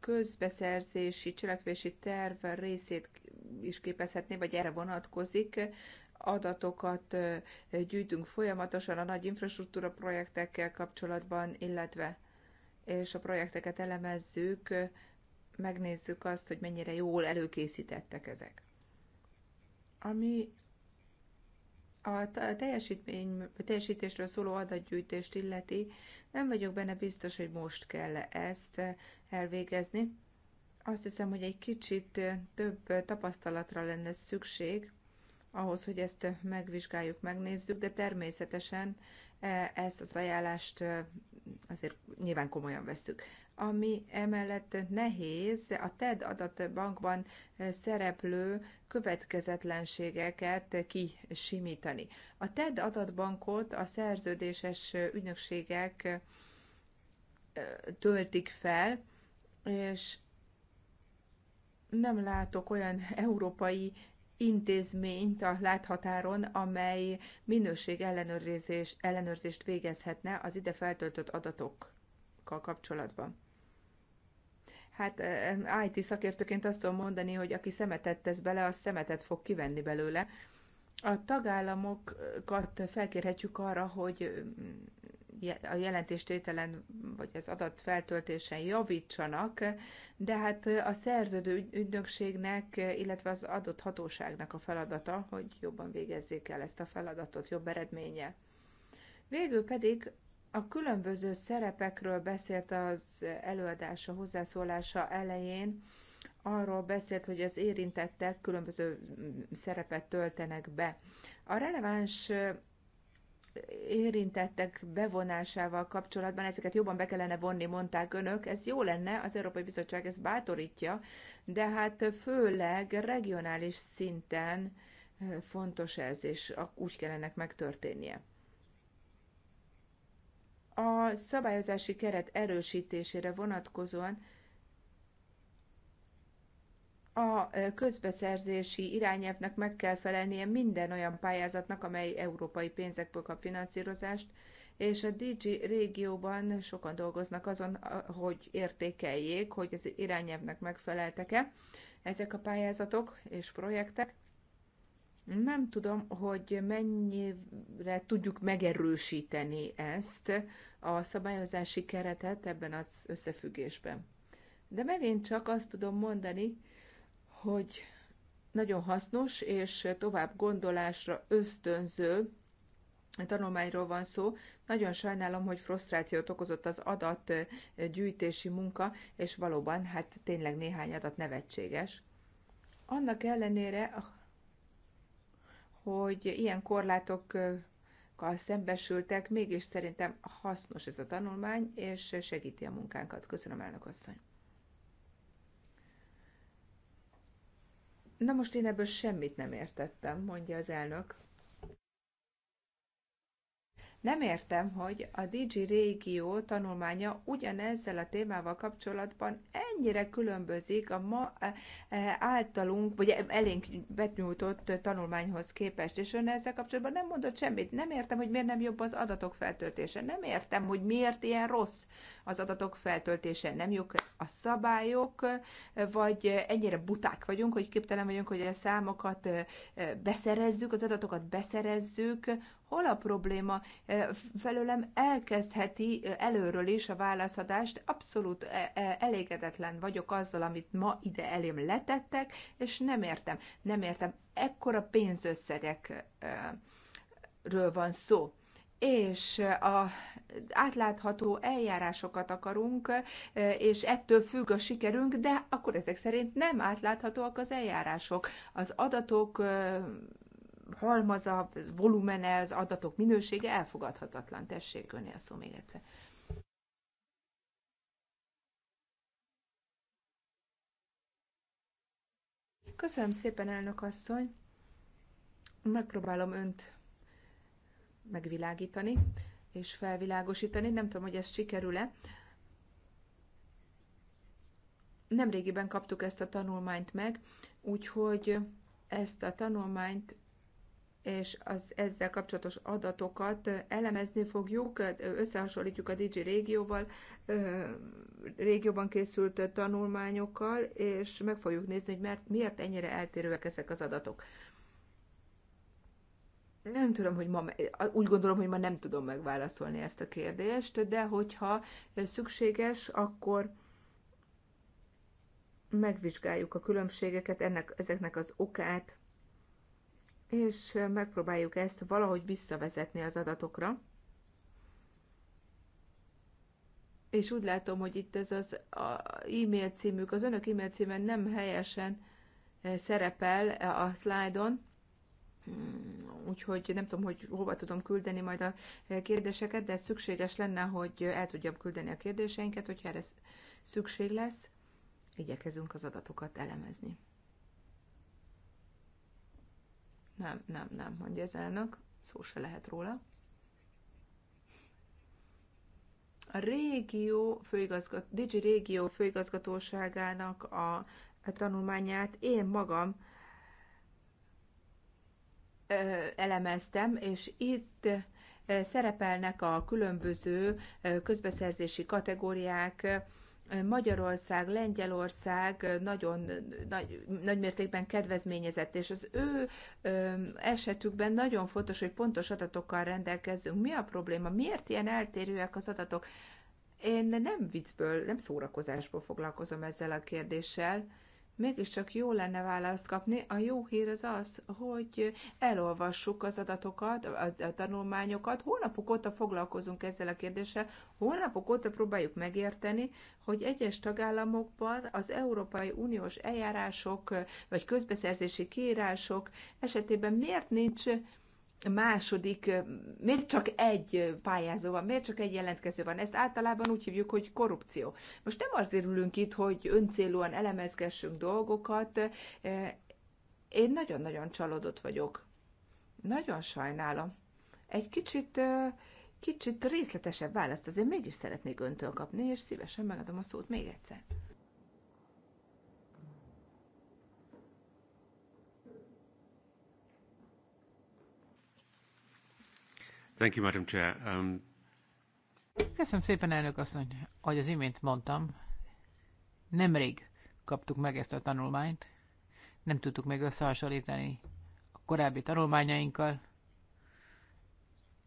közbeszerzési cselekvési terv részét is képezhetné, vagy erre vonatkozik. Adatokat gyűjtünk folyamatosan a nagy infrastruktúra projektekkel kapcsolatban, illetve és a projekteket elemezzük, megnézzük azt, hogy mennyire jól előkészítettek ezek. Ami a teljesítmény, teljesítésről szóló adatgyűjtést illeti, nem vagyok benne biztos, hogy most kell ezt elvégezni. Azt hiszem, hogy egy kicsit több tapasztalatra lenne szükség ahhoz, hogy ezt megvizsgáljuk, megnézzük, de természetesen e, ezt az ajánlást e, azért nyilván komolyan vesszük ami emellett nehéz a TED adatbankban eh, szereplő következetlenségeket kisimítani. A TED adatbankot a szerződéses eh, ügynökségek eh, töltik fel, és nem látok olyan európai intézményt a láthatáron, amely minőség ellenőrzést végezhetne az ide feltöltött adatok kapcsolatban. Hát e, e, IT szakértőként azt tudom mondani, hogy aki szemetet tesz bele, az szemetet fog kivenni belőle. A tagállamokat felkérhetjük arra, hogy mm, a jelentéstételen vagy az adat feltöltésen javítsanak, de hát a szerződő ügynökségnek, illetve az adott hatóságnak a feladata, hogy jobban végezzék el ezt a feladatot jobb eredménye. Végül pedig a különböző szerepekről beszélt az előadása, hozzászólása elején, arról beszélt, hogy az érintettek különböző szerepet töltenek be. A releváns eh, érintettek bevonásával kapcsolatban ezeket jobban be kellene vonni, mondták önök. Ez jó lenne, az Európai Bizottság ezt bátorítja, de hát főleg regionális szinten eh, fontos ez, és úgy kellene megtörténnie. A szabályozási keret erősítésére vonatkozóan a közbeszerzési irányelvnek meg kell felelnie minden olyan pályázatnak, amely európai pénzekből kap finanszírozást, és a DG régióban sokan dolgoznak azon, hogy értékeljék, hogy az irányelvnek megfeleltek-e ezek a pályázatok és projektek. Nem tudom, hogy mennyire tudjuk megerősíteni ezt a szabályozási keretet ebben az összefüggésben. De megint csak azt tudom mondani, hogy nagyon hasznos és tovább gondolásra ösztönző tanulmányról van szó. Nagyon sajnálom, hogy frusztrációt okozott az adatgyűjtési munka, és valóban, hát tényleg néhány adat nevetséges. Annak ellenére, hogy ilyen korlátokkal szembesültek, mégis szerintem hasznos ez a tanulmány, és segíti a munkánkat. Köszönöm, elnök asszony! Na most én ebből semmit nem értettem, mondja az elnök. Nem értem, hogy a Digi Régió tanulmánya ugyanezzel a témával kapcsolatban ennyire különbözik a ma e, e, általunk, vagy elénk betnyújtott tanulmányhoz képest, és ön ezzel kapcsolatban nem mondott semmit. Nem értem, hogy miért nem jobb az adatok feltöltése. Nem értem, hogy miért ilyen rossz az adatok feltöltése. Nem jók a szabályok, vagy ennyire buták vagyunk, hogy képtelen vagyunk, hogy a számokat e, beszerezzük, az adatokat beszerezzük, Hol a probléma? Felőlem elkezdheti előről is a válaszadást. Abszolút e, e, elégedetlen vagyok azzal, amit ma ide elém letettek, és nem értem. Nem értem. Ekkora pénzösszegekről van szó és a átlátható eljárásokat akarunk, és ettől függ a sikerünk, de akkor ezek szerint nem átláthatóak az eljárások. Az adatok halmaza, volumene, az adatok minősége elfogadhatatlan. Tessék, gönél szó még egyszer. Köszönöm szépen, elnök asszony. Megpróbálom önt megvilágítani és felvilágosítani. Nem tudom, hogy ez sikerül-e. Nemrégiben kaptuk ezt a tanulmányt meg, úgyhogy ezt a tanulmányt és az ezzel kapcsolatos adatokat elemezni fogjuk, összehasonlítjuk a Digi régióval, régióban készült tanulmányokkal, és meg fogjuk nézni, hogy mert, miért ennyire eltérőek ezek az adatok. Nem tudom, hogy ma, úgy gondolom, hogy ma nem tudom megválaszolni ezt a kérdést, de hogyha szükséges, akkor megvizsgáljuk a különbségeket, ennek, ezeknek az okát, és megpróbáljuk ezt valahogy visszavezetni az adatokra. És úgy látom, hogy itt ez az e-mail címük, az önök e-mail címen nem helyesen eh, szerepel eh, a szlájdon, hmm, úgyhogy nem tudom, hogy hova tudom küldeni majd a eh, kérdéseket, de szükséges lenne, hogy el tudjam küldeni a kérdéseinket, hogyha erre szükség lesz, igyekezünk az adatokat elemezni. Nem, nem, nem, mondja az elnök, szó se lehet róla. A régió főigazgató, Digi Régió főigazgatóságának a, tanulmányát én magam elemeztem, és itt szerepelnek a különböző közbeszerzési kategóriák, Magyarország, Lengyelország nagyon nagy, nagy mértékben kedvezményezett, és az ő esetükben nagyon fontos, hogy pontos adatokkal rendelkezzünk. Mi a probléma? Miért ilyen eltérőek az adatok? Én nem viccből, nem szórakozásból foglalkozom ezzel a kérdéssel mégiscsak jó lenne választ kapni. A jó hír az az, hogy elolvassuk az adatokat, a tanulmányokat. Hónapok óta foglalkozunk ezzel a kérdéssel, hónapok óta próbáljuk megérteni, hogy egyes tagállamokban az Európai Uniós eljárások vagy közbeszerzési kiírások esetében miért nincs második, miért csak egy pályázó van, miért csak egy jelentkező van. Ezt általában úgy hívjuk, hogy korrupció. Most nem azért ülünk itt, hogy öncélúan elemezgessünk dolgokat. Én nagyon-nagyon csalódott vagyok. Nagyon sajnálom. Egy kicsit, kicsit részletesebb választ azért mégis szeretnék öntől kapni, és szívesen megadom a szót még egyszer. Thank you, Madam Chair. Um... Köszönöm szépen, elnök asszony. Ahogy az imént mondtam, nemrég kaptuk meg ezt a tanulmányt, nem tudtuk még összehasonlítani a korábbi tanulmányainkkal.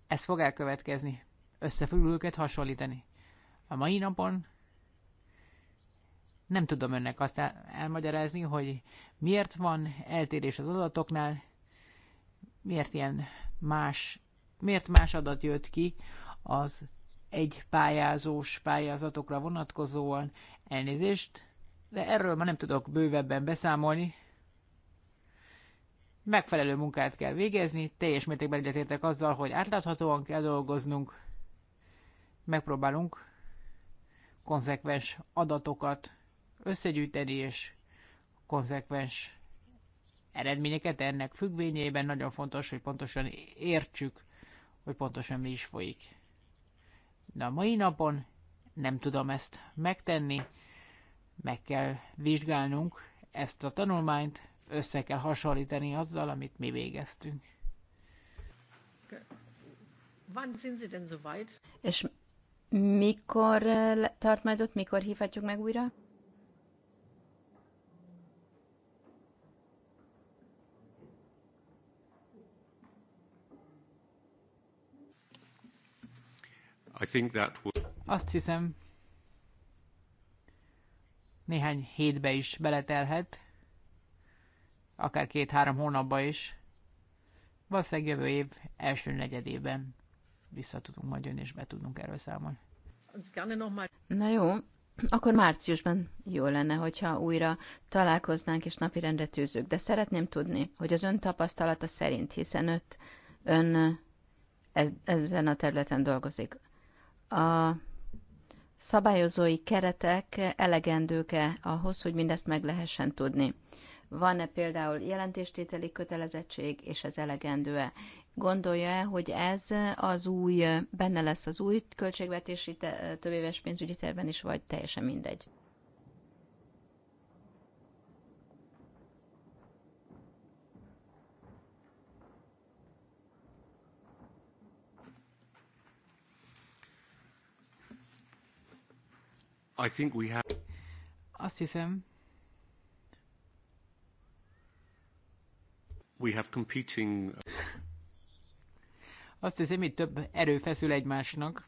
Ez fog elkövetkezni. Össze fogjuk őket hasonlítani. A mai napon nem tudom önnek azt elmagyarázni, hogy miért van eltérés az adatoknál, miért ilyen más miért más adat jött ki az egy pályázós pályázatokra vonatkozóan elnézést, de erről már nem tudok bővebben beszámolni. Megfelelő munkát kell végezni, teljes mértékben egyetértek azzal, hogy átláthatóan kell dolgoznunk, megpróbálunk konzekvens adatokat összegyűjteni, és konzekvens eredményeket ennek függvényében. Nagyon fontos, hogy pontosan értsük hogy pontosan mi is folyik. De a mai napon nem tudom ezt megtenni, meg kell vizsgálnunk ezt a tanulmányt, össze kell hasonlítani azzal, amit mi végeztünk. És mikor eh, tart majd ott, mikor hívhatjuk meg újra? I think that Azt hiszem, néhány hétbe is beletelhet, akár két-három hónapba is. Valószínűleg jövő év első negyedében vissza tudunk majd jönni, és be tudunk erről számolni. Na jó, akkor márciusban jó lenne, hogyha újra találkoznánk és rendre tűzzük. de szeretném tudni, hogy az ön tapasztalata szerint, hiszen öt, ön e- ezen a területen dolgozik a szabályozói keretek elegendők-e ahhoz, hogy mindezt meg lehessen tudni? Van-e például jelentéstételi kötelezettség, és ez elegendő-e? Gondolja-e, hogy ez az új, benne lesz az új költségvetési többéves pénzügyi tervben is, vagy teljesen mindegy? I think we have... Azt hiszem, we have competing... Uh, azt hiszem, itt több erő feszül egymásnak.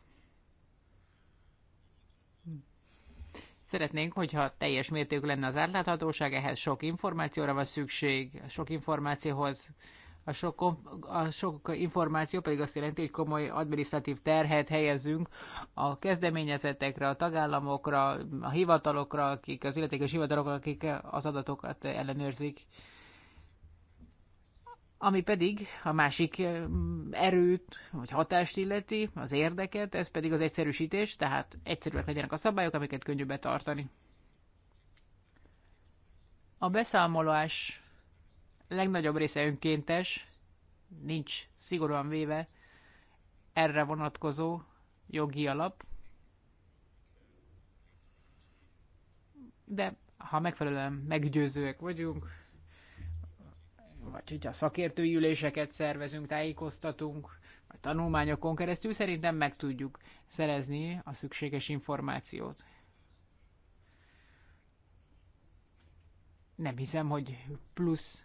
Szeretnénk, hogyha teljes mértékű lenne az átláthatóság, ehhez sok információra van szükség, sok információhoz a sok, a sok információ pedig azt jelenti, hogy komoly adminisztratív terhet helyezünk a kezdeményezetekre, a tagállamokra, a hivatalokra, akik az illetékes hivatalokra, akik az adatokat ellenőrzik. Ami pedig a másik mm, erőt, vagy hatást illeti, az érdeket, ez pedig az egyszerűsítés, tehát egyszerűek legyenek a szabályok, amiket könnyű betartani. A beszámolás legnagyobb része önkéntes, nincs szigorúan véve erre vonatkozó jogi alap, de ha megfelelően meggyőzőek vagyunk, vagy hogyha szakértői üléseket szervezünk, tájékoztatunk, vagy tanulmányokon keresztül, szerintem meg tudjuk szerezni a szükséges információt. Nem hiszem, hogy plusz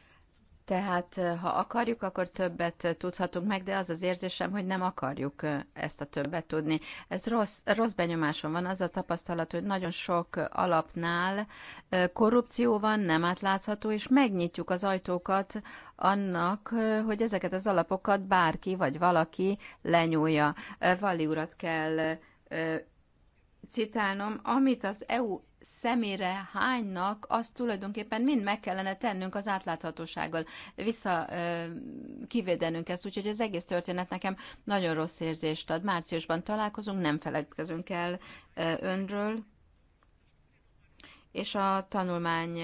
Tehát eh, ha akarjuk, akkor többet eh, tudhatunk meg, de az az érzésem, hogy nem akarjuk eh, ezt a többet tudni. Ez rossz, rossz benyomásom van, az a tapasztalat, hogy nagyon sok alapnál korrupció van, nem átlátható, és megnyitjuk az ajtókat annak, hogy ezeket az alapokat bárki vagy valaki lenyúlja. Vali urat kell citálnom, amit az EU szemére hánynak, azt tulajdonképpen mind meg kellene tennünk az átláthatósággal, vissza ö, kivédenünk ezt, úgyhogy az egész történet nekem nagyon rossz érzést ad. Márciusban találkozunk, nem feledkezünk el ö, önről, és a tanulmány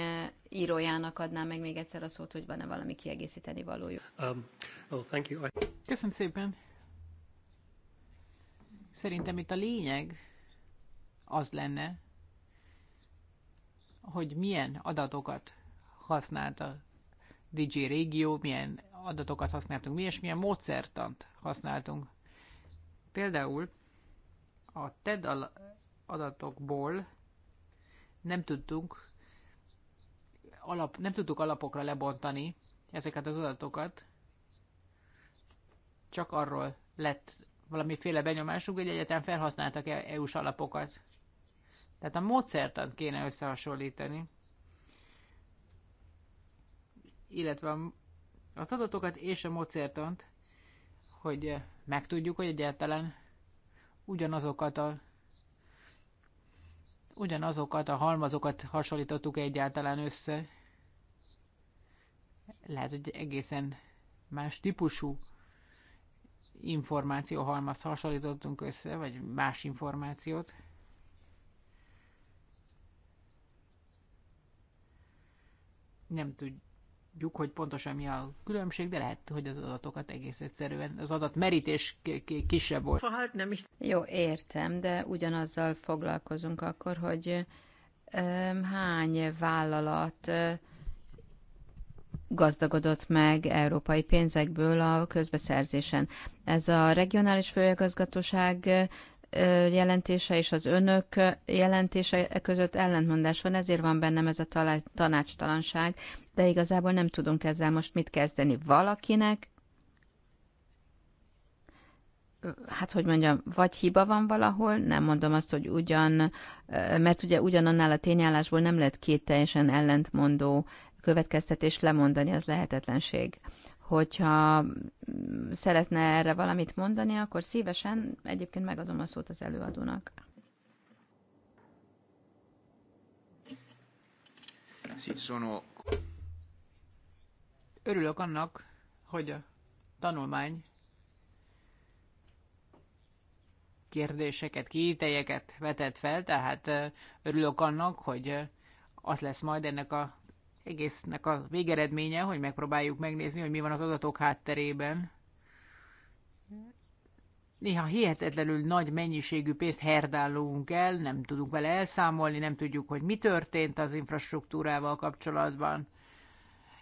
írójának adnám meg még egyszer a szót, hogy van-e valami kiegészíteni valójuk. Um, oh, thank you. I... Köszönöm szépen. Szerintem itt a lényeg az lenne, hogy milyen adatokat használt a DJ régió, milyen adatokat használtunk mi, és milyen módszertant használtunk. Például a TED adatokból nem tudtunk alap, nem tudtuk alapokra lebontani ezeket az adatokat, csak arról lett valamiféle benyomásunk, hogy egyetem felhasználtak EU-s alapokat. Tehát a módszertant kéne összehasonlítani, illetve az adatokat és a módszertant, hogy megtudjuk, hogy egyáltalán ugyanazokat a ugyanazokat a halmazokat hasonlítottuk egyáltalán össze. Lehet, hogy egészen más típusú információhalmaz hasonlítottunk össze, vagy más információt. Nem tudjuk, hogy pontosan mi a különbség, de lehet, hogy az adatokat egész egyszerűen, az adat merítés kisebb volt. nem? Jó, értem, de ugyanazzal foglalkozunk akkor, hogy hány vállalat gazdagodott meg európai pénzekből a közbeszerzésen. Ez a regionális főigazgatóság jelentése és az önök jelentése között ellentmondás van, ezért van bennem ez a tanácstalanság, de igazából nem tudunk ezzel most mit kezdeni. Valakinek, hát hogy mondjam, vagy hiba van valahol, nem mondom azt, hogy ugyan, mert ugye ugyanannál a tényállásból nem lehet két teljesen ellentmondó következtetés lemondani, az lehetetlenség hogyha mm, szeretne erre valamit mondani, akkor szívesen egyébként megadom a szót az előadónak. Örülök annak, hogy a tanulmány kérdéseket, kiítejeket vetett fel, tehát örülök annak, hogy az lesz majd ennek a egésznek a végeredménye, hogy megpróbáljuk megnézni, hogy mi van az adatok hátterében. Néha hihetetlenül nagy mennyiségű pénzt herdálunk el, nem tudunk vele elszámolni, nem tudjuk, hogy mi történt az infrastruktúrával kapcsolatban.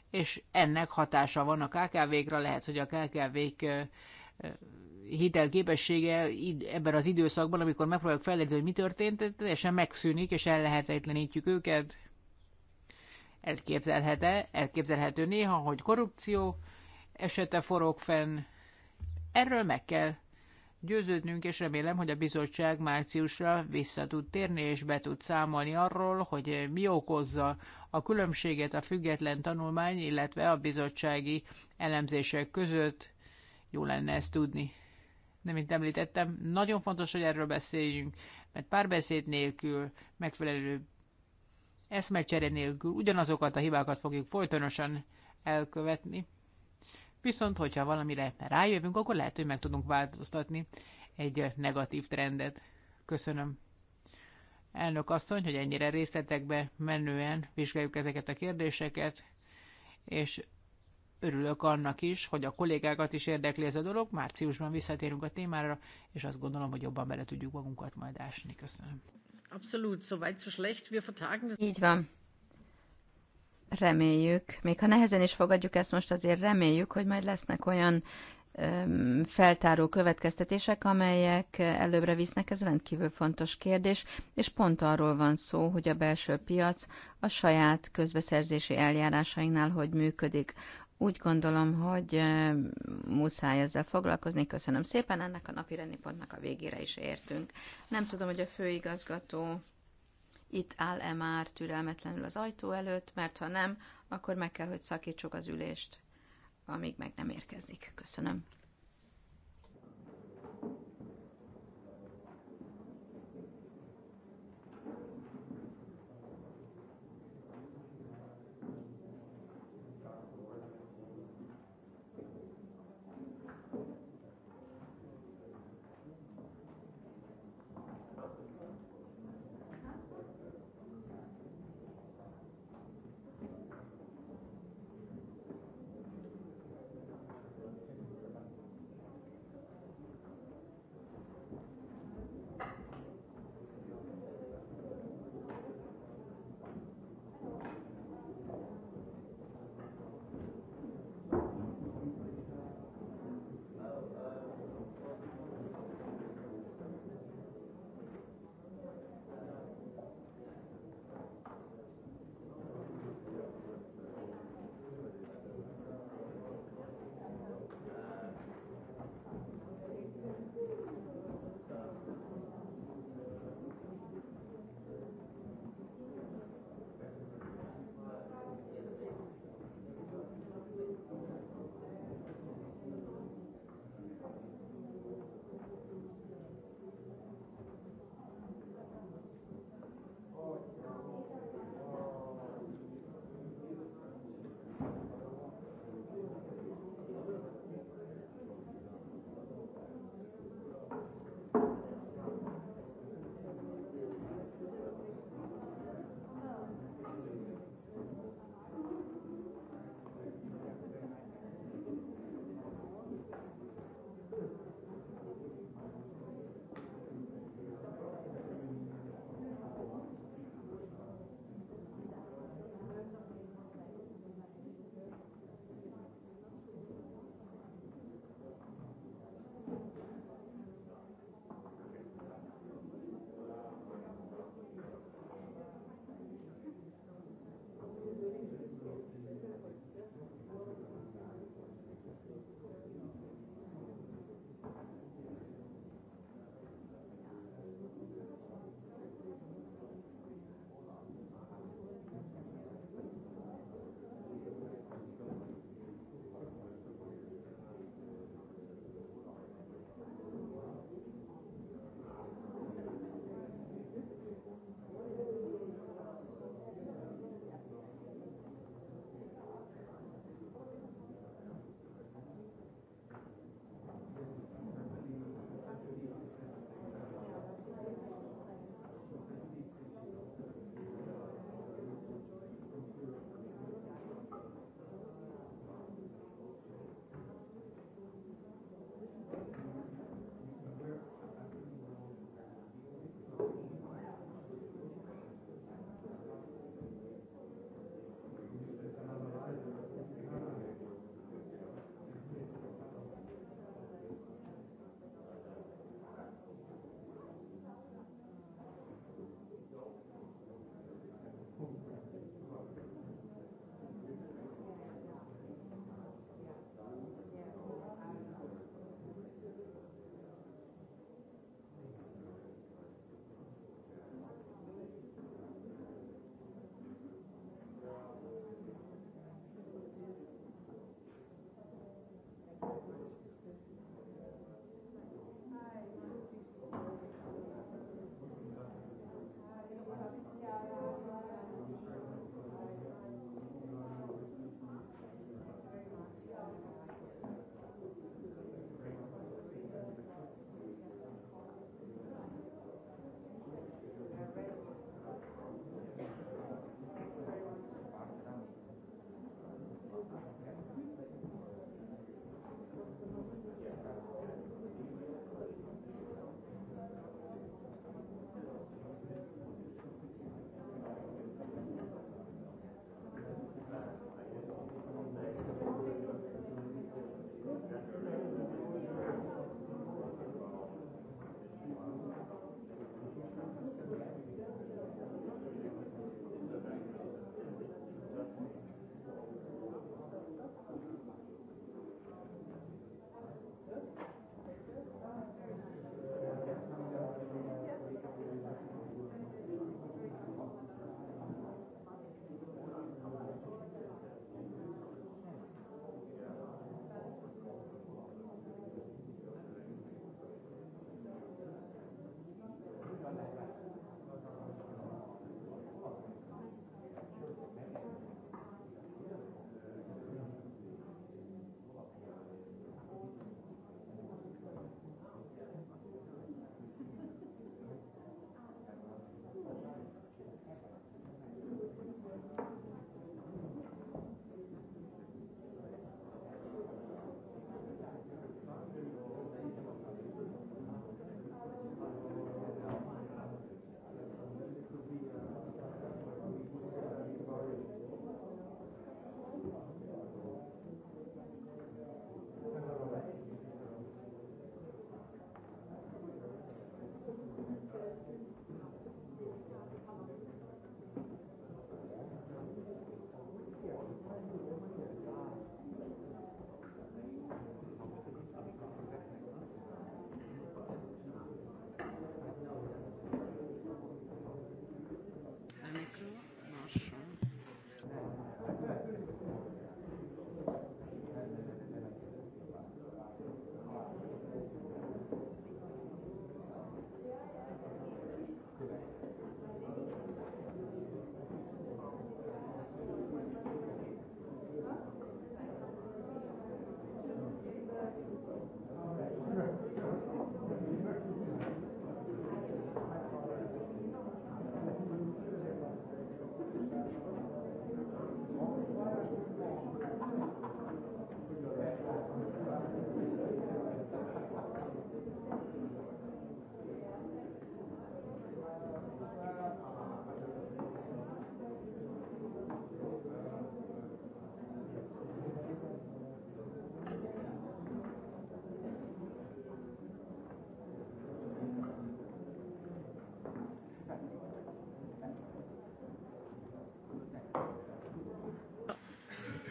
És ennek hatása van a KKV-kra, lehet, hogy a KKV-k hitelképessége ebben az időszakban, amikor megpróbáljuk felderíteni, hogy mi történt, teljesen megszűnik, és ellehetetlenítjük őket. Elképzelhető, elképzelhető néha, hogy korrupció esete forog fenn. Erről meg kell győződnünk, és remélem, hogy a bizottság márciusra vissza tud térni, és be tud számolni arról, hogy mi okozza a különbséget a független tanulmány, illetve a bizottsági elemzések között. Jó lenne ezt tudni. De, mint említettem, nagyon fontos, hogy erről beszéljünk, mert párbeszéd nélkül megfelelő eszmecsere nélkül ugyanazokat a hibákat fogjuk folytonosan elkövetni. Viszont, hogyha valamire rájövünk, akkor lehet, hogy meg tudunk változtatni egy negatív trendet. Köszönöm. Elnök asszony, hogy ennyire részletekbe menően vizsgáljuk ezeket a kérdéseket, és örülök annak is, hogy a kollégákat is érdekli ez a dolog. Márciusban visszatérünk a témára, és azt gondolom, hogy jobban bele tudjuk magunkat majd ásni. Köszönöm. Abszolút, so weit, so schlecht, wir vertagen das. Így van. Reméljük, még ha nehezen is fogadjuk ezt most, azért reméljük, hogy majd lesznek olyan feltáró következtetések, amelyek előbbre visznek, ez rendkívül fontos kérdés, és pont arról van szó, hogy a belső piac a saját közbeszerzési eljárásainknál hogy működik. Úgy gondolom, hogy muszáj ezzel foglalkozni. Köszönöm szépen, ennek a napi rendi pontnak a végére is értünk. Nem tudom, hogy a főigazgató itt áll-e már türelmetlenül az ajtó előtt, mert ha nem, akkor meg kell, hogy szakítsuk az ülést, amíg meg nem érkezik. Köszönöm.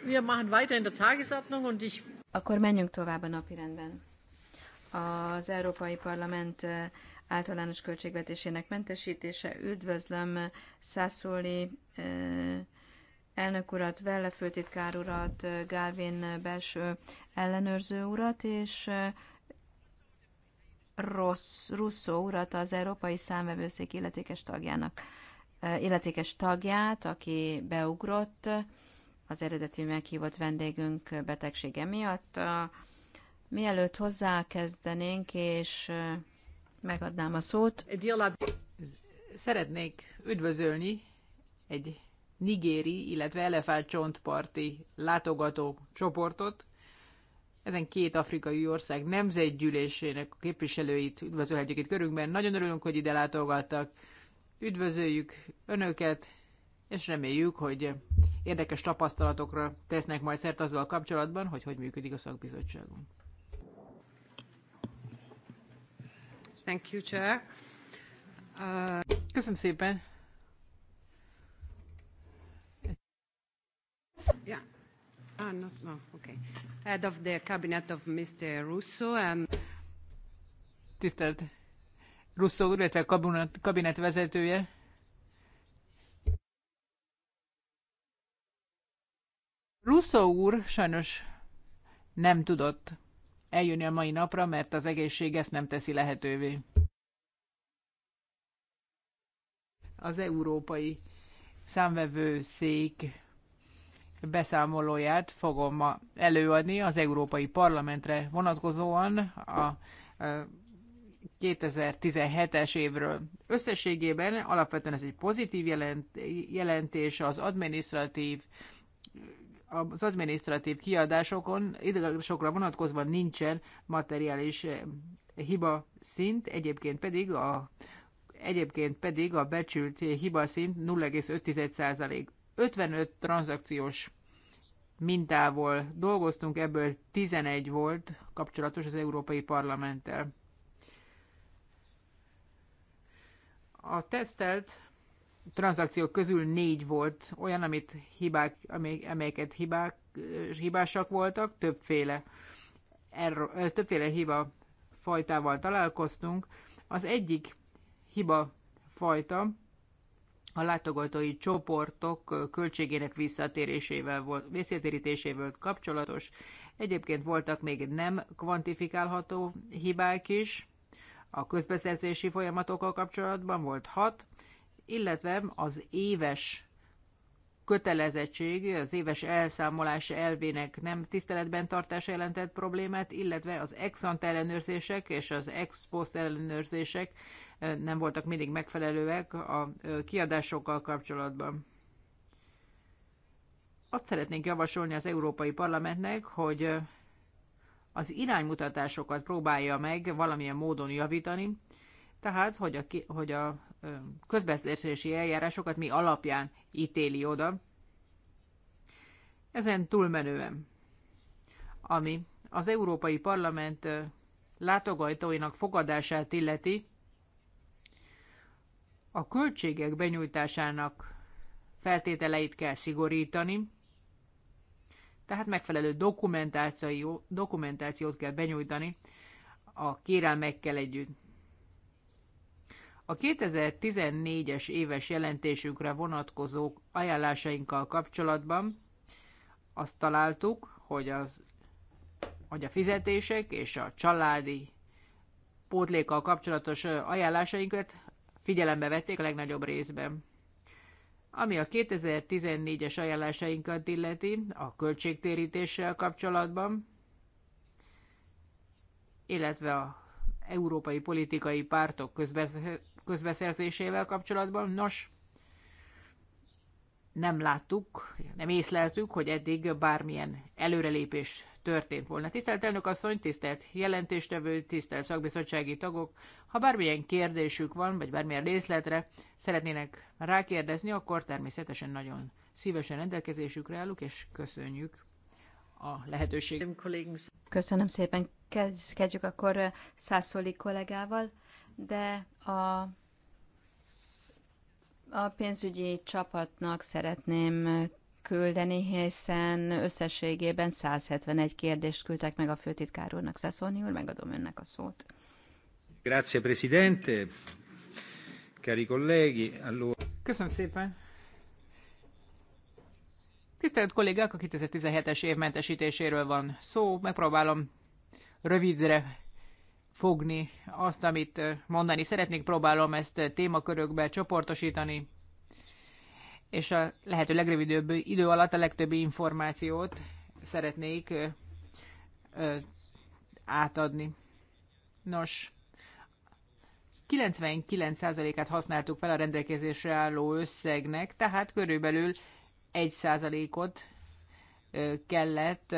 wir machen weiter in der Tagesordnung und ich... Akkor menjünk tovább a rendben. Az Európai Parlament eh, általános költségvetésének mentesítése. Üdvözlöm Szászóli eh, elnök urat, Velle főtitkár urat, eh, Gálvin belső ellenőrző urat, és Rossz, Russo urat az Európai Számvevőszék illetékes tagjának, illetékes tagját, aki beugrott az eredeti meghívott vendégünk betegsége miatt. Mielőtt hozzákezdenénk, és megadnám a szót. Szeretnék üdvözölni egy nigéri, illetve elefált csontparti látogató csoportot. Ezen két afrikai ország nemzetgyűlésének képviselőit üdvözölhetjük itt körünkben. Nagyon örülünk, hogy ide látogattak. Üdvözöljük Önöket, és reméljük, hogy érdekes tapasztalatokra tesznek majd szert azzal a kapcsolatban, hogy hogy működik a szakbizottságunk. Thank you, Chair. Uh... Köszönöm szépen. Yeah. Ah, not, no, okay. Head of the cabinet of Mr. Russo and... Tisztelt Russo, illetve kabinet, kabinet vezetője. Russo úr sajnos nem tudott eljönni a mai napra, mert az egészség ezt nem teszi lehetővé. Az európai számvevőszék beszámolóját fogom ma előadni az Európai Parlamentre vonatkozóan a 2017-es évről. Összességében alapvetően ez egy pozitív jelentés az administratív az adminisztratív kiadásokon, idősokra vonatkozva nincsen materiális eh, hiba szint, egyébként pedig a, egyébként pedig a becsült hiba szint 0,5%. 55 tranzakciós mintával dolgoztunk, ebből 11 volt kapcsolatos az Európai Parlamenttel. A tesztelt tranzakciók közül négy volt olyan, amit hibák, amelyeket hibák, hibásak voltak, többféle, erről, többféle hiba fajtával találkoztunk. Az egyik hiba fajta a látogatói csoportok költségének visszatérésével volt, visszatérítésével kapcsolatos. Egyébként voltak még nem kvantifikálható hibák is. A közbeszerzési folyamatokkal kapcsolatban volt hat, illetve az éves kötelezettség, az éves elszámolás elvének nem tiszteletben tartása jelentett problémát, illetve az ex ante ellenőrzések és az ex post ellenőrzések eh, nem voltak mindig megfelelőek a eh, kiadásokkal kapcsolatban. Azt szeretnénk javasolni az Európai Parlamentnek, hogy eh, az iránymutatásokat próbálja meg valamilyen módon javítani, tehát, hogy a, hogy a közbeszerzési eljárásokat mi alapján ítéli oda. Ezen túlmenően, ami az Európai Parlament látogatóinak fogadását illeti, a költségek benyújtásának feltételeit kell szigorítani, tehát megfelelő dokumentáció, dokumentációt kell benyújtani a kérelmekkel együtt. A 2014-es éves jelentésünkre vonatkozó ajánlásainkkal kapcsolatban azt találtuk, hogy, az, hogy a fizetések és a családi pótlékkal kapcsolatos ajánlásainkat figyelembe vették a legnagyobb részben. Ami a 2014-es ajánlásainkat illeti, a költségtérítéssel kapcsolatban, illetve a európai politikai pártok közbeszerzésével kapcsolatban. Nos, nem láttuk, nem észleltük, hogy eddig bármilyen előrelépés történt volna. Tisztelt elnök asszony, tisztelt jelentéstevő, tisztelt szakbizottsági tagok, ha bármilyen kérdésük van, vagy bármilyen részletre szeretnének rákérdezni, akkor természetesen nagyon szívesen rendelkezésükre állunk, és köszönjük a lehetőséget. Köszönöm szépen. Kezdjük akkor eh, Szászoli kollégával, de a a pénzügyi csapatnak szeretném eh, küldeni, hiszen összességében 171 kérdést küldtek meg a főtitkár úrnak. Szászolni úr, megadom önnek a szót. Grazie, Presidente. Cari colleghi, allora... Köszönöm szépen, Tisztelt kollégák, a 2017-es év mentesítéséről van szó. Megpróbálom rövidre fogni azt, amit eh, mondani szeretnék. Próbálom ezt eh, témakörökbe csoportosítani, és a lehető legrövidebb idő alatt a legtöbb információt szeretnék eh, átadni. Nos, 99%-át használtuk fel a rendelkezésre álló összegnek, tehát körülbelül 1%-ot kellett,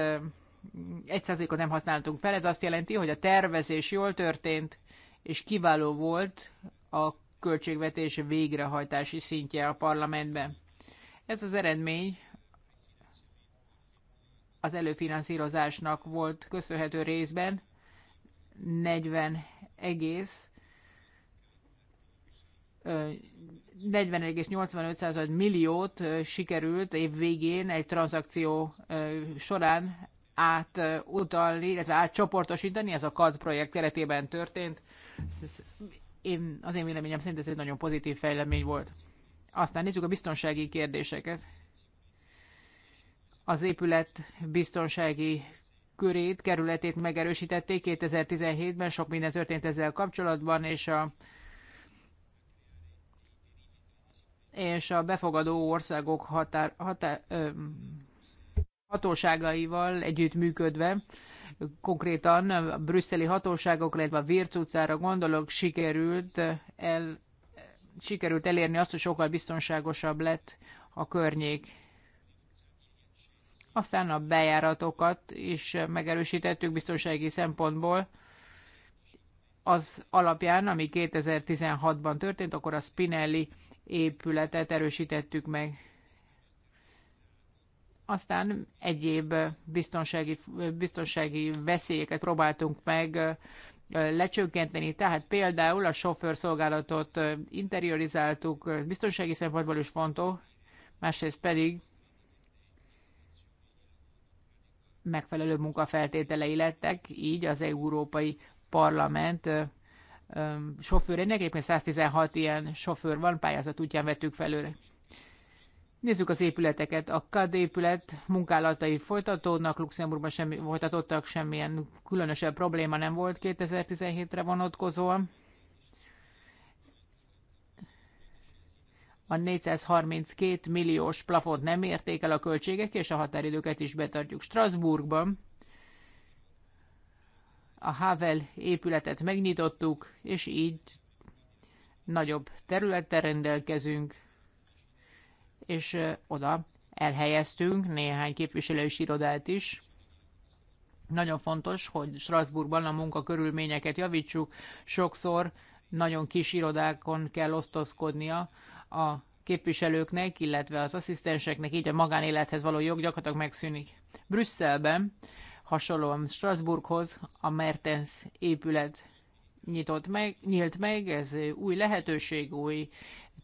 1%-ot nem használtunk fel. Ez azt jelenti, hogy a tervezés jól történt, és kiváló volt a költségvetés végrehajtási szintje a parlamentben. Ez az eredmény az előfinanszírozásnak volt köszönhető részben 40 egész 41,85 milliót sikerült év végén egy tranzakció során átutalni, illetve átcsoportosítani, ez a CAD projekt keretében történt. Én, az én véleményem szerint ez egy nagyon pozitív fejlemény volt. Aztán nézzük a biztonsági kérdéseket. Az épület biztonsági körét, kerületét megerősítették 2017-ben, sok minden történt ezzel kapcsolatban, és a és a befogadó országok határ, határ, ö, hatóságaival együttműködve, konkrétan a brüsszeli hatóságok, illetve a Virc utcára gondolok, sikerült, el, sikerült elérni azt, hogy sokkal biztonságosabb lett a környék. Aztán a bejáratokat is megerősítettük biztonsági szempontból. Az alapján, ami 2016-ban történt, akkor a Spinelli épületet erősítettük meg. Aztán egyéb biztonsági, biztonsági veszélyeket próbáltunk meg lecsökkenteni. Tehát például a sofőrszolgálatot interiorizáltuk, biztonsági szempontból is fontos, másrészt pedig megfelelő munkafeltételei lettek, így az Európai Parlament sofőrének, egyébként 116 ilyen sofőr van, pályázat útján vettük fel Nézzük az épületeket. A KAD épület munkálatai folytatódnak, Luxemburgban semmi, folytatottak, semmilyen különösebb probléma nem volt 2017-re vonatkozóan. A 432 milliós plafont nem érték el a költségek, és a határidőket is betartjuk Strasbourgban a Havel épületet megnyitottuk, és így nagyobb területtel rendelkezünk, és oda elhelyeztünk néhány képviselős irodát is. Nagyon fontos, hogy Strasbourgban a munkakörülményeket javítsuk. Sokszor nagyon kis irodákon kell osztozkodnia a képviselőknek, illetve az asszisztenseknek, így a magánélethez való jog gyakorlatilag megszűnik. Brüsszelben Hasonlóan Strasbourghoz a Mertens épület nyitott meg, nyílt meg, ez új lehetőség, új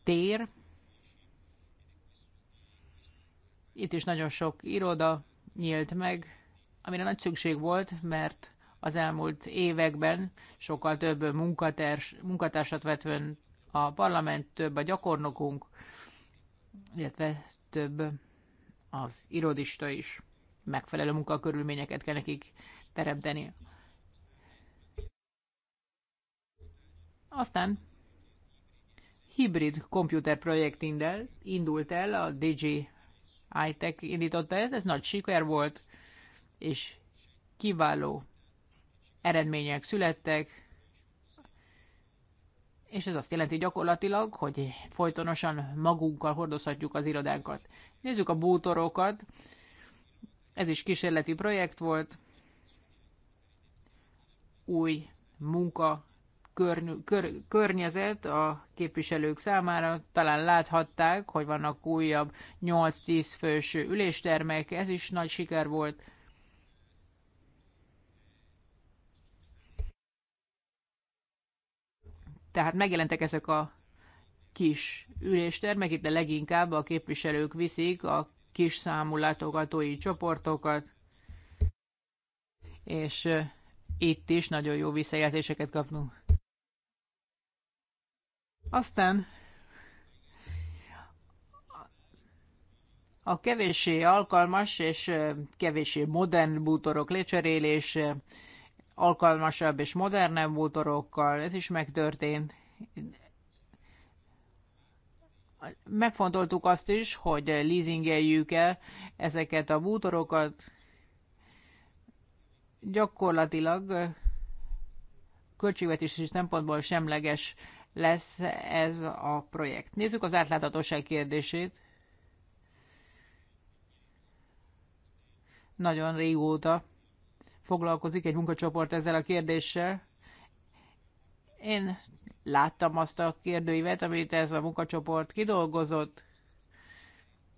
tér. Itt is nagyon sok iroda nyílt meg, amire nagy szükség volt, mert az elmúlt években sokkal több munkatárs, munkatársat vett a parlament, több a gyakornokunk, illetve több az irodista is megfelelő munkakörülményeket kell nekik teremteni. Aztán hibrid projekt indult el, a DG iTech indította ezt, ez nagy siker volt, és kiváló eredmények születtek, és ez azt jelenti gyakorlatilag, hogy folytonosan magunkkal hordozhatjuk az irodánkat. Nézzük a bútorokat. Ez is kísérleti projekt volt, új munka körny- kör- környezet a képviselők számára. Talán láthatták, hogy vannak újabb 8-10 fős üléstermek, ez is nagy siker volt. Tehát megjelentek ezek a kis üléstermek, itt a leginkább a képviselők viszik a kis számú látogatói csoportokat, és itt is nagyon jó visszajelzéseket kapnunk. Aztán a kevéssé alkalmas és kevéssé modern bútorok lecserélése, alkalmasabb és modernebb bútorokkal, ez is megtörtént megfontoltuk azt is, hogy leasingeljük el ezeket a bútorokat. Gyakorlatilag költségvetési szempontból semleges lesz ez a projekt. Nézzük az átláthatóság kérdését. Nagyon régóta foglalkozik egy munkacsoport ezzel a kérdéssel. Én láttam azt a kérdőívet, amit ez a munkacsoport kidolgozott.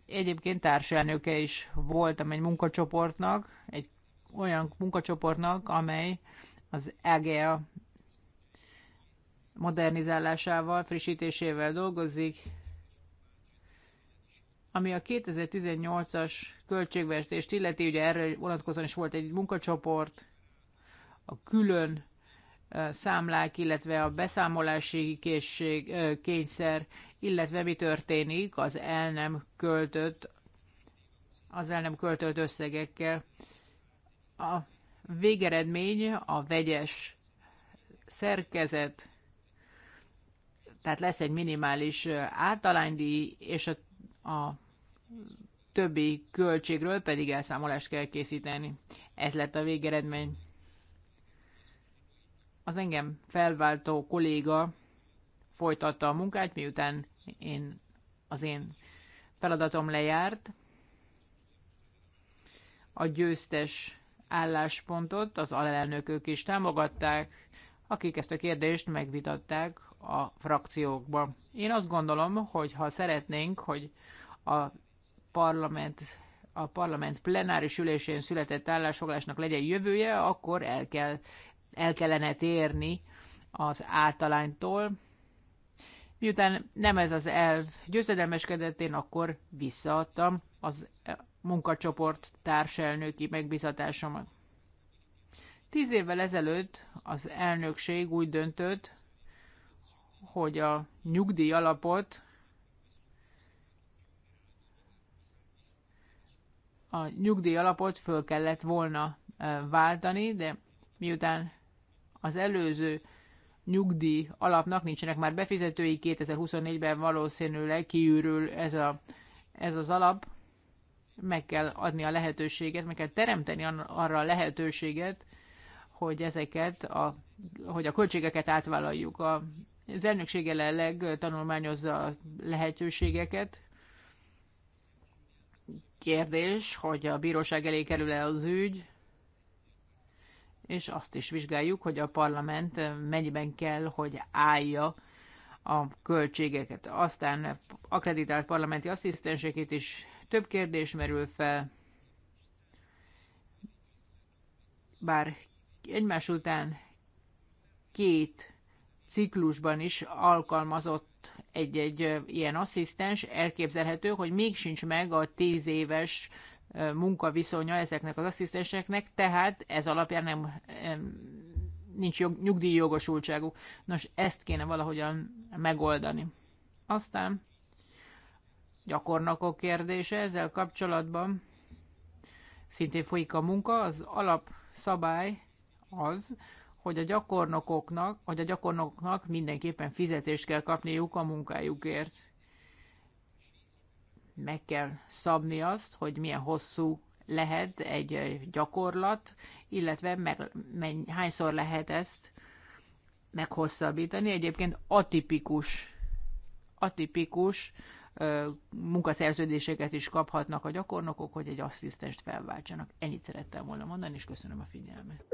Egyébként társelnöke is voltam egy munkacsoportnak, egy olyan munkacsoportnak, amely az EGEA modernizálásával, frissítésével dolgozik, ami a 2018-as költségvetést illeti, ugye erre vonatkozóan is volt egy munkacsoport, a külön számlák, illetve a beszámolási készség, kényszer, illetve mi történik az el nem költött, az el nem költött összegekkel. A végeredmény a vegyes szerkezet, tehát lesz egy minimális általánydíj, és a, a többi költségről pedig elszámolást kell készíteni. Ez lett a végeredmény. Az engem felváltó kolléga folytatta a munkát, miután én, az én feladatom lejárt. A győztes álláspontot az alelnökök is támogatták, akik ezt a kérdést megvitatták a frakciókba. Én azt gondolom, hogy ha szeretnénk, hogy a parlament a parlament plenáris ülésén született állásfoglásnak legyen jövője, akkor el kell el kellene térni az általánytól. Miután nem ez az elv győzedelmeskedett, én akkor visszaadtam az munkacsoport társelnöki megbizatásomat. Tíz évvel ezelőtt az elnökség úgy döntött, hogy a nyugdíj alapot a nyugdíj alapot föl kellett volna váltani, de miután az előző nyugdíj alapnak nincsenek már befizetői, 2024-ben valószínűleg kiürül ez, a, ez az alap, meg kell adni a lehetőséget, meg kell teremteni arra a lehetőséget, hogy ezeket, a, hogy a költségeket átvállaljuk. A, az elnökség jelenleg tanulmányozza a lehetőségeket. Kérdés, hogy a bíróság elé kerül-e az ügy, és azt is vizsgáljuk, hogy a parlament eh, mennyiben kell, hogy állja a költségeket. Aztán akreditált parlamenti asszisztensekét is több kérdés merül fel, bár egymás után két ciklusban is alkalmazott egy-egy eh, ilyen asszisztens, elképzelhető, hogy még sincs meg a tíz éves munkaviszonya ezeknek az asszisztenseknek, tehát ez alapján nem, nincs jog, nyugdíjjogosultságuk. Nos, ezt kéne valahogyan megoldani. Aztán gyakornokok kérdése ezzel kapcsolatban. Szintén folyik a munka, az alapszabály az, hogy a gyakornokoknak, hogy a gyakornoknak mindenképpen fizetést kell kapniuk a munkájukért meg kell szabni azt, hogy milyen hosszú lehet egy gyakorlat, illetve meg, menny, hányszor lehet ezt meghosszabbítani. Egyébként atipikus, atipikus ö, munkaszerződéseket is kaphatnak a gyakornokok, hogy egy asszisztenst felváltsanak. Ennyit szerettem volna mondani, és köszönöm a figyelmet.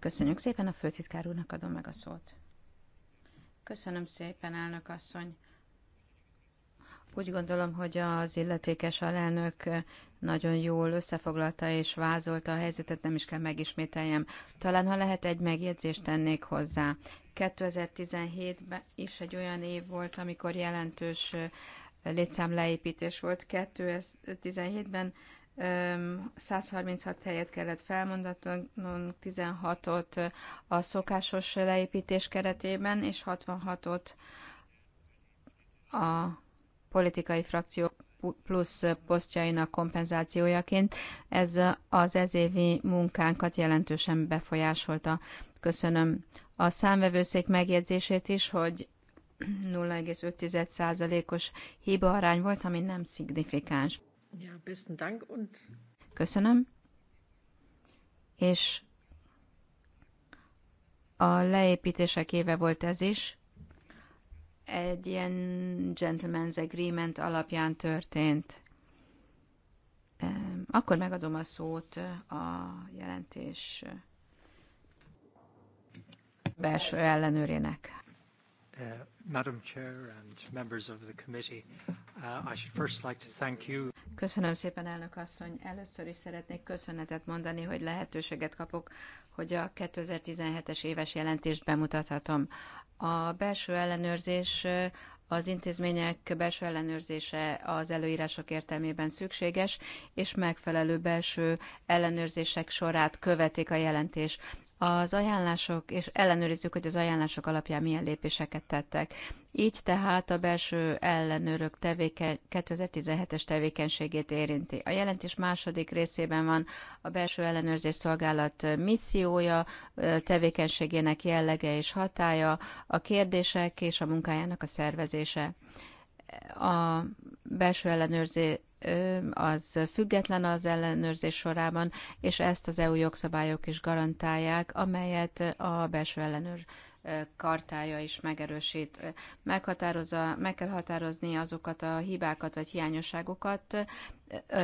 Köszönjük szépen a főtitkár úrnak, adom meg a szót. Köszönöm szépen, elnök asszony. Úgy gondolom, hogy az illetékes alelnök nagyon jól összefoglalta és vázolta a helyzetet, nem is kell megismételjem. Talán, ha lehet, egy megjegyzést tennék hozzá. 2017-ben is egy olyan év volt, amikor jelentős létszámleépítés volt. 2017-ben 136 helyet kellett felmondatnunk, 16-ot a szokásos leépítés keretében, és 66-ot a politikai frakció plusz posztjainak kompenzációjaként. Ez az ezévi munkánkat jelentősen befolyásolta. Köszönöm a számvevőszék megjegyzését is, hogy 0,5%-os hibaarány volt, ami nem szignifikáns. Ja, besten Dank und... Köszönöm. És a leépítések éve volt ez is. Egy ilyen gentleman's agreement alapján történt. Akkor megadom a szót a jelentés belső ellenőrének. Köszönöm szépen, elnök asszony. Először is szeretnék köszönetet mondani, hogy lehetőséget kapok, hogy a 2017-es éves jelentést bemutathatom. A belső ellenőrzés uh, az intézmények belső ellenőrzése az előírások értelmében szükséges, és megfelelő belső ellenőrzések sorát követik a jelentés az ajánlások, és ellenőrizzük, hogy az ajánlások alapján milyen lépéseket tettek. Így tehát a belső ellenőrök tevéken, 2017-es tevékenységét érinti. A jelentés második részében van a belső ellenőrzés szolgálat missziója, tevékenységének jellege és hatája, a kérdések és a munkájának a szervezése. A belső ellenőrzés az független az ellenőrzés sorában, és ezt az EU jogszabályok is garantálják, amelyet a belső ellenőr kartája is megerősít. Meghatározza, meg kell határozni azokat a hibákat vagy hiányosságokat,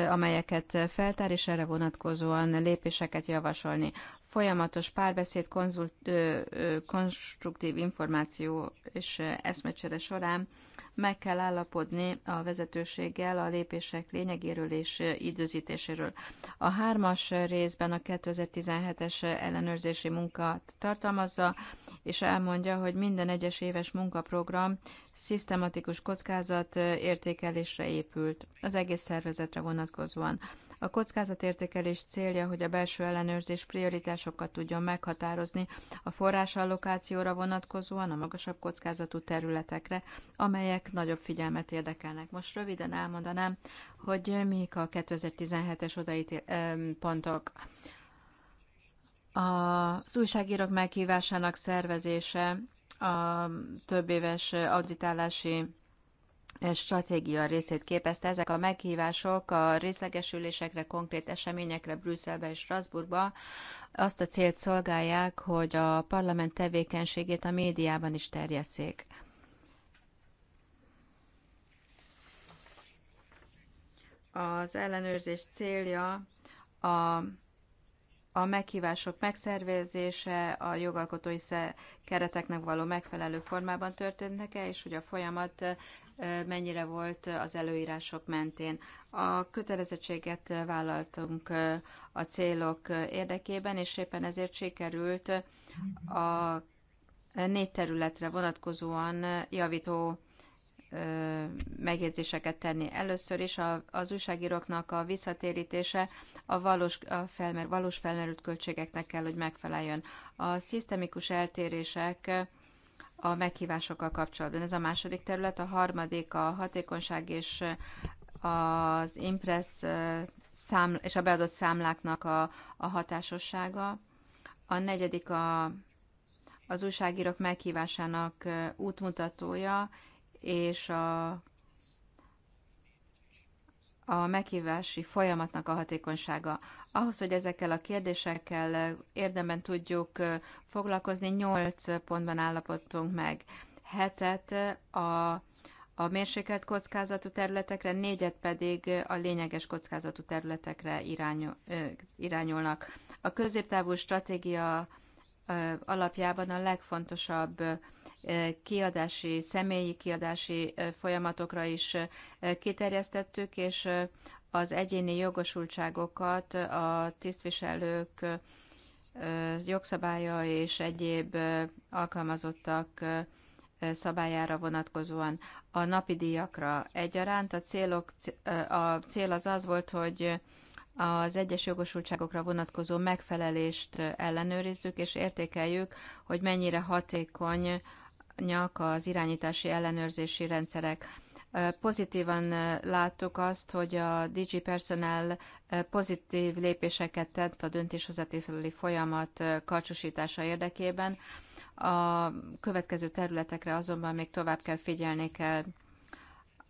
amelyeket feltár, és erre vonatkozóan lépéseket javasolni folyamatos párbeszéd, konzult, ö, ö, konstruktív információ és eszmecsere során meg kell állapodni a vezetőséggel a lépések lényegéről és időzítéséről. A hármas részben a 2017-es ellenőrzési munkát tartalmazza, és elmondja, hogy minden egyes éves munkaprogram szisztematikus kockázat értékelésre épült, az egész szervezetre vonatkozóan. A kockázatértékelés célja, hogy a belső ellenőrzés prioritásokat tudjon meghatározni a forrásallokációra vonatkozóan a magasabb kockázatú területekre, amelyek nagyobb figyelmet érdekelnek. Most röviden elmondanám, hogy mik a 2017-es odaítél pontok. Az újságírók meghívásának szervezése a több éves auditálási stratégia részét képezte. Ezek a meghívások a részlegesülésekre, konkrét eseményekre Brüsszelbe és Strasbourgba azt a célt szolgálják, hogy a parlament tevékenységét a médiában is terjesszék. Az ellenőrzés célja a a meghívások megszervezése a jogalkotói kereteknek való megfelelő formában történnek-e, és hogy a folyamat mennyire volt az előírások mentén. A kötelezettséget vállaltunk a célok érdekében, és éppen ezért sikerült a négy területre vonatkozóan javító megjegyzéseket tenni. Először is a, az újságíróknak a visszatérítése a valós, a felmer, valós felmerült költségeknek kell, hogy megfeleljen. A szisztemikus eltérések a meghívásokkal kapcsolatban. Ez a második terület, a harmadik a hatékonyság és az impress szám és a beadott számláknak a, a hatásossága. A negyedik a, az újságírók meghívásának útmutatója, és a, a meghívási folyamatnak a hatékonysága. Ahhoz, hogy ezekkel a kérdésekkel érdemben tudjuk foglalkozni, 8 pontban állapodtunk meg. Hetet a a mérsékelt kockázatú területekre, négyet pedig a lényeges kockázatú területekre irányul, irányulnak. A középtávú stratégia alapjában a legfontosabb kiadási, személyi kiadási folyamatokra is kiterjesztettük, és az egyéni jogosultságokat a tisztviselők jogszabálya és egyéb alkalmazottak szabályára vonatkozóan a napi díjakra egyaránt. A, célok, a cél az az volt, hogy az egyes jogosultságokra vonatkozó megfelelést ellenőrizzük és értékeljük, hogy mennyire hatékony nyak az irányítási ellenőrzési rendszerek. Pozitívan láttuk azt, hogy a DG Personnel pozitív lépéseket tett a döntéshozatali folyamat karcsúsítása érdekében. A következő területekre azonban még tovább kell figyelni kell.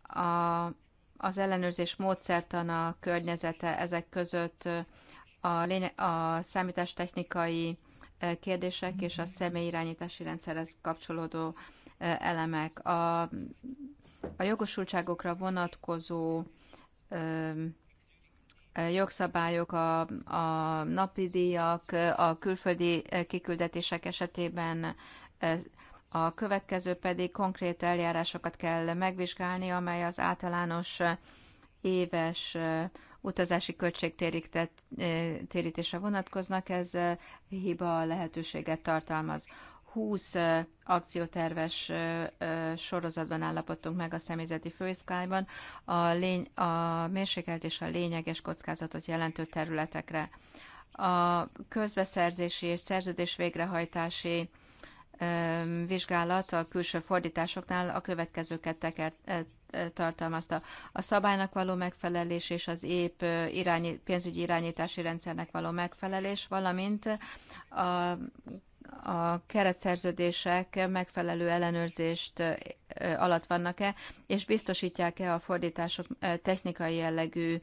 A, az ellenőrzés módszertana, környezete ezek között a, lény- a számítástechnikai kérdések és a személyirányítási rendszerhez kapcsolódó elemek. A, a jogosultságokra vonatkozó jogszabályok, a, a napi díjak, a külföldi kiküldetések esetében a következő pedig konkrét eljárásokat kell megvizsgálni, amely az általános éves utazási költségtérítésre vonatkoznak, ez hiba lehetőséget tartalmaz. 20 akcióterves sorozatban állapodtunk meg a személyzeti főiszkályban a, lény, a mérsékelt és a lényeges kockázatot jelentő területekre. A közbeszerzési és szerződés végrehajtási vizsgálat a külső fordításoknál a következőket tekert, tartalmazta. A szabálynak való megfelelés és az épp irányi, pénzügyi irányítási rendszernek való megfelelés, valamint a a keretszerződések megfelelő ellenőrzést alatt vannak-e, és biztosítják-e a fordítások technikai jellegű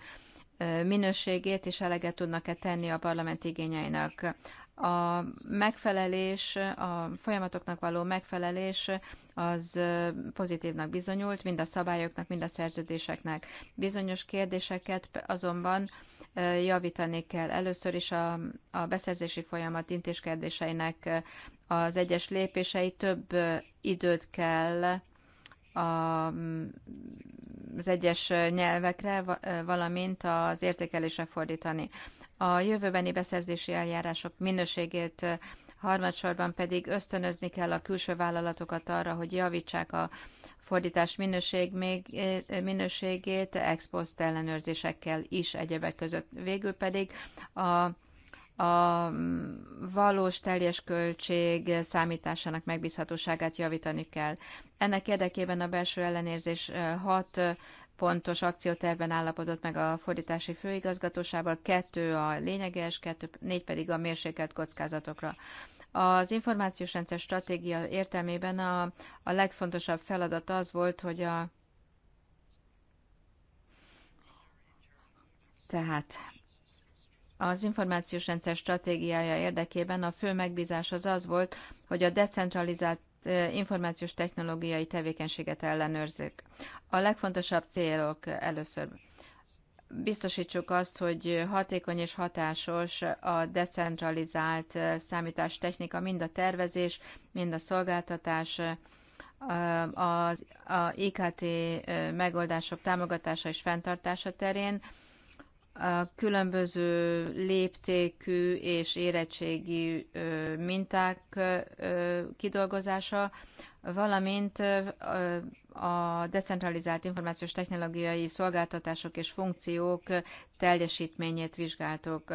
minőségét, és eleget tudnak-e tenni a parlament igényeinek a megfelelés, a folyamatoknak való megfelelés az pozitívnak bizonyult, mind a szabályoknak, mind a szerződéseknek. Bizonyos kérdéseket azonban javítani kell. Először is a, a beszerzési folyamat intézkedéseinek az egyes lépései több időt kell a, mm, az egyes nyelvekre, valamint az értékelésre fordítani. A jövőbeni beszerzési eljárások minőségét harmadsorban pedig ösztönözni kell a külső vállalatokat arra, hogy javítsák a fordítás minőség még, minőségét, expost ellenőrzésekkel is egyebek között. Végül pedig a a mm, valós teljes költség számításának megbízhatóságát javítani kell. Ennek érdekében a belső ellenérzés hat pontos akcióterben állapodott meg a fordítási főigazgatósával, kettő a lényeges, kettő, négy pedig a mérsékelt kockázatokra. Az információs rendszer stratégia értelmében a, a legfontosabb feladat az volt, hogy a tehát az információs rendszer stratégiája érdekében a fő megbízás az az volt, hogy a decentralizált információs technológiai tevékenységet ellenőrzik. A legfontosabb célok először biztosítsuk azt, hogy hatékony és hatásos a decentralizált számítástechnika, mind a tervezés, mind a szolgáltatás, az, a IKT megoldások támogatása és fenntartása terén, különböző léptékű és érettségi minták kidolgozása, valamint a decentralizált információs technológiai szolgáltatások és funkciók teljesítményét vizsgáltuk.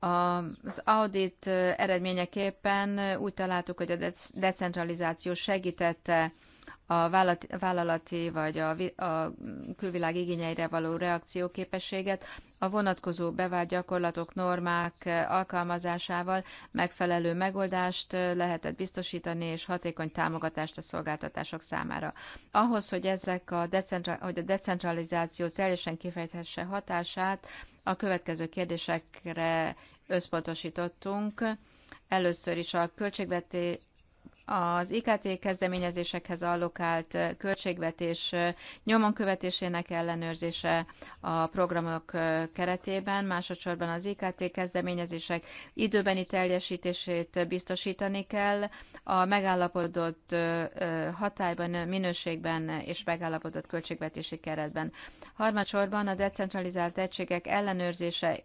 Az audit eredményeképpen úgy találtuk, hogy a decentralizáció segítette a vállalati vagy a, a külvilág igényeire való reakcióképességet a vonatkozó bevált gyakorlatok, normák alkalmazásával megfelelő megoldást lehetett biztosítani, és hatékony támogatást a szolgáltatások számára. Ahhoz, hogy, ezek a, decentra- hogy a decentralizáció teljesen kifejthesse hatását, a következő kérdésekre összpontosítottunk. Először is a költségvetés az IKT kezdeményezésekhez allokált költségvetés nyomon követésének ellenőrzése a programok keretében, másodszorban az IKT kezdeményezések időbeni teljesítését biztosítani kell, a megállapodott hatályban, minőségben és megállapodott költségvetési keretben. Harmadsorban a decentralizált egységek ellenőrzése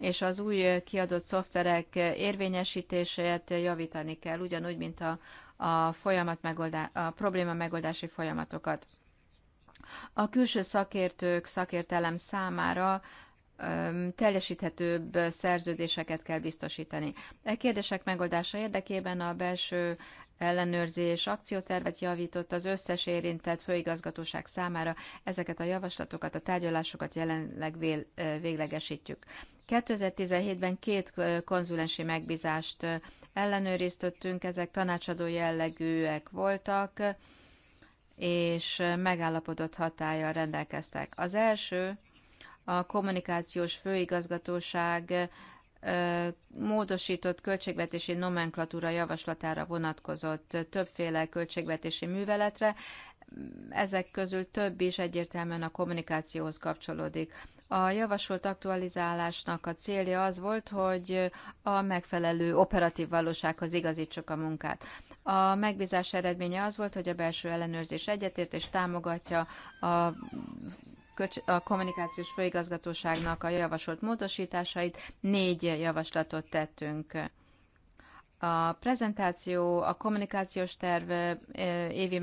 és az új kiadott szoftverek érvényesítését javítani kell, ugyanúgy, mint a, a, folyamat megoldá, a probléma megoldási folyamatokat. A külső szakértők, szakértelem számára teljesíthetőbb szerződéseket kell biztosítani. E kérdések megoldása érdekében a belső ellenőrzés akciótervet javított az összes érintett főigazgatóság számára. Ezeket a javaslatokat, a tárgyalásokat jelenleg véglegesítjük. 2017-ben két konzulensi megbízást ellenőriztettünk, ezek tanácsadó jellegűek voltak, és megállapodott hatállyal rendelkeztek. Az első a kommunikációs főigazgatóság módosított költségvetési nomenklatúra javaslatára vonatkozott többféle költségvetési műveletre, ezek közül több is egyértelműen a kommunikációhoz kapcsolódik. A javasolt aktualizálásnak a célja az volt, hogy a megfelelő operatív valósághoz igazítsuk a munkát. A megbízás eredménye az volt, hogy a belső ellenőrzés egyetért és támogatja a a kommunikációs főigazgatóságnak a javasolt módosításait, négy javaslatot tettünk. A prezentáció, a kommunikációs terv évi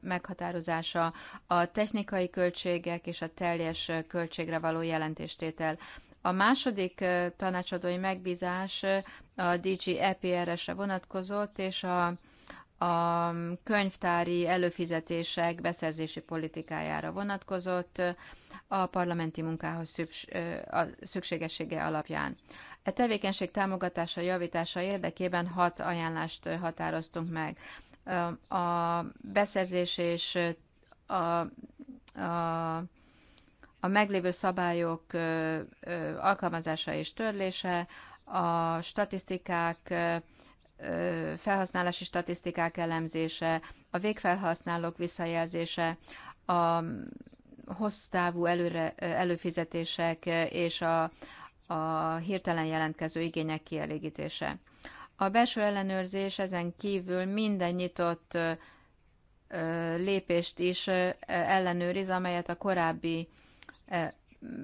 meghatározása, a technikai költségek és a teljes költségre való jelentéstétel. A második tanácsadói megbízás a DG EPRS-re vonatkozott, és a, a könyvtári előfizetések beszerzési politikájára vonatkozott a parlamenti munkához szüks, a szükségessége alapján. E tevékenység támogatása, javítása érdekében hat ajánlást határoztunk meg. A beszerzés és a, a, a meglévő szabályok alkalmazása és törlése, a statisztikák felhasználási statisztikák elemzése, a végfelhasználók visszajelzése, a hosszú távú előre, előfizetések és a, a hirtelen jelentkező igények kielégítése. A belső ellenőrzés ezen kívül minden nyitott lépést is ellenőriz, amelyet a korábbi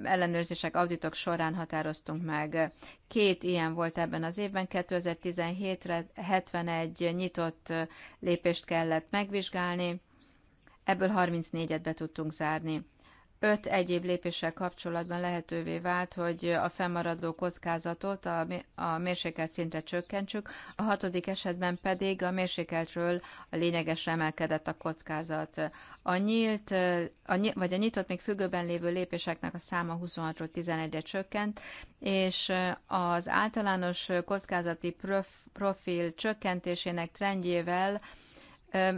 ellenőrzések, auditok során határoztunk meg. Két ilyen volt ebben az évben, 2017-re 71 nyitott lépést kellett megvizsgálni, ebből 34-et be tudtunk zárni öt egyéb lépéssel kapcsolatban lehetővé vált, hogy a fennmaradó kockázatot a, mérsékelt szintre csökkentsük, a hatodik esetben pedig a mérsékeltről a lényeges emelkedett a kockázat. A nyílt, a, nyílt, vagy a nyitott még függőben lévő lépéseknek a száma 26-ról 11-re csökkent, és az általános kockázati prof, profil csökkentésének trendjével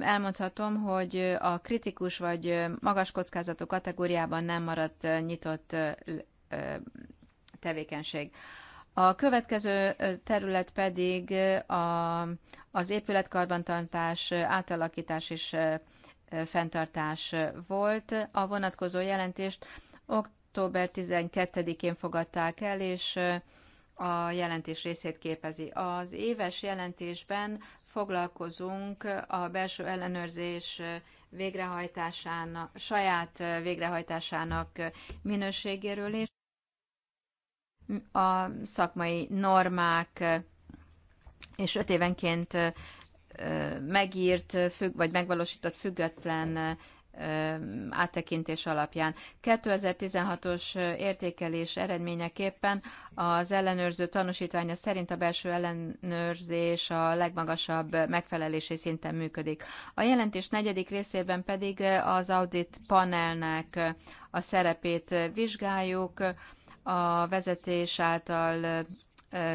elmondhatom, hogy a kritikus vagy magas kockázatú kategóriában nem maradt nyitott tevékenység. A következő terület pedig a, az épületkarbantartás, átalakítás és fenntartás volt. A vonatkozó jelentést október 12-én fogadták el, és a jelentés részét képezi. Az éves jelentésben foglalkozunk a belső ellenőrzés végrehajtásának, saját végrehajtásának minőségéről is. a szakmai normák és öt évenként megírt, függ, vagy megvalósított független áttekintés alapján. 2016-os értékelés eredményeképpen az ellenőrző tanúsítványa szerint a belső ellenőrzés a legmagasabb megfelelési szinten működik. A jelentés negyedik részében pedig az audit panelnek a szerepét vizsgáljuk, a vezetés által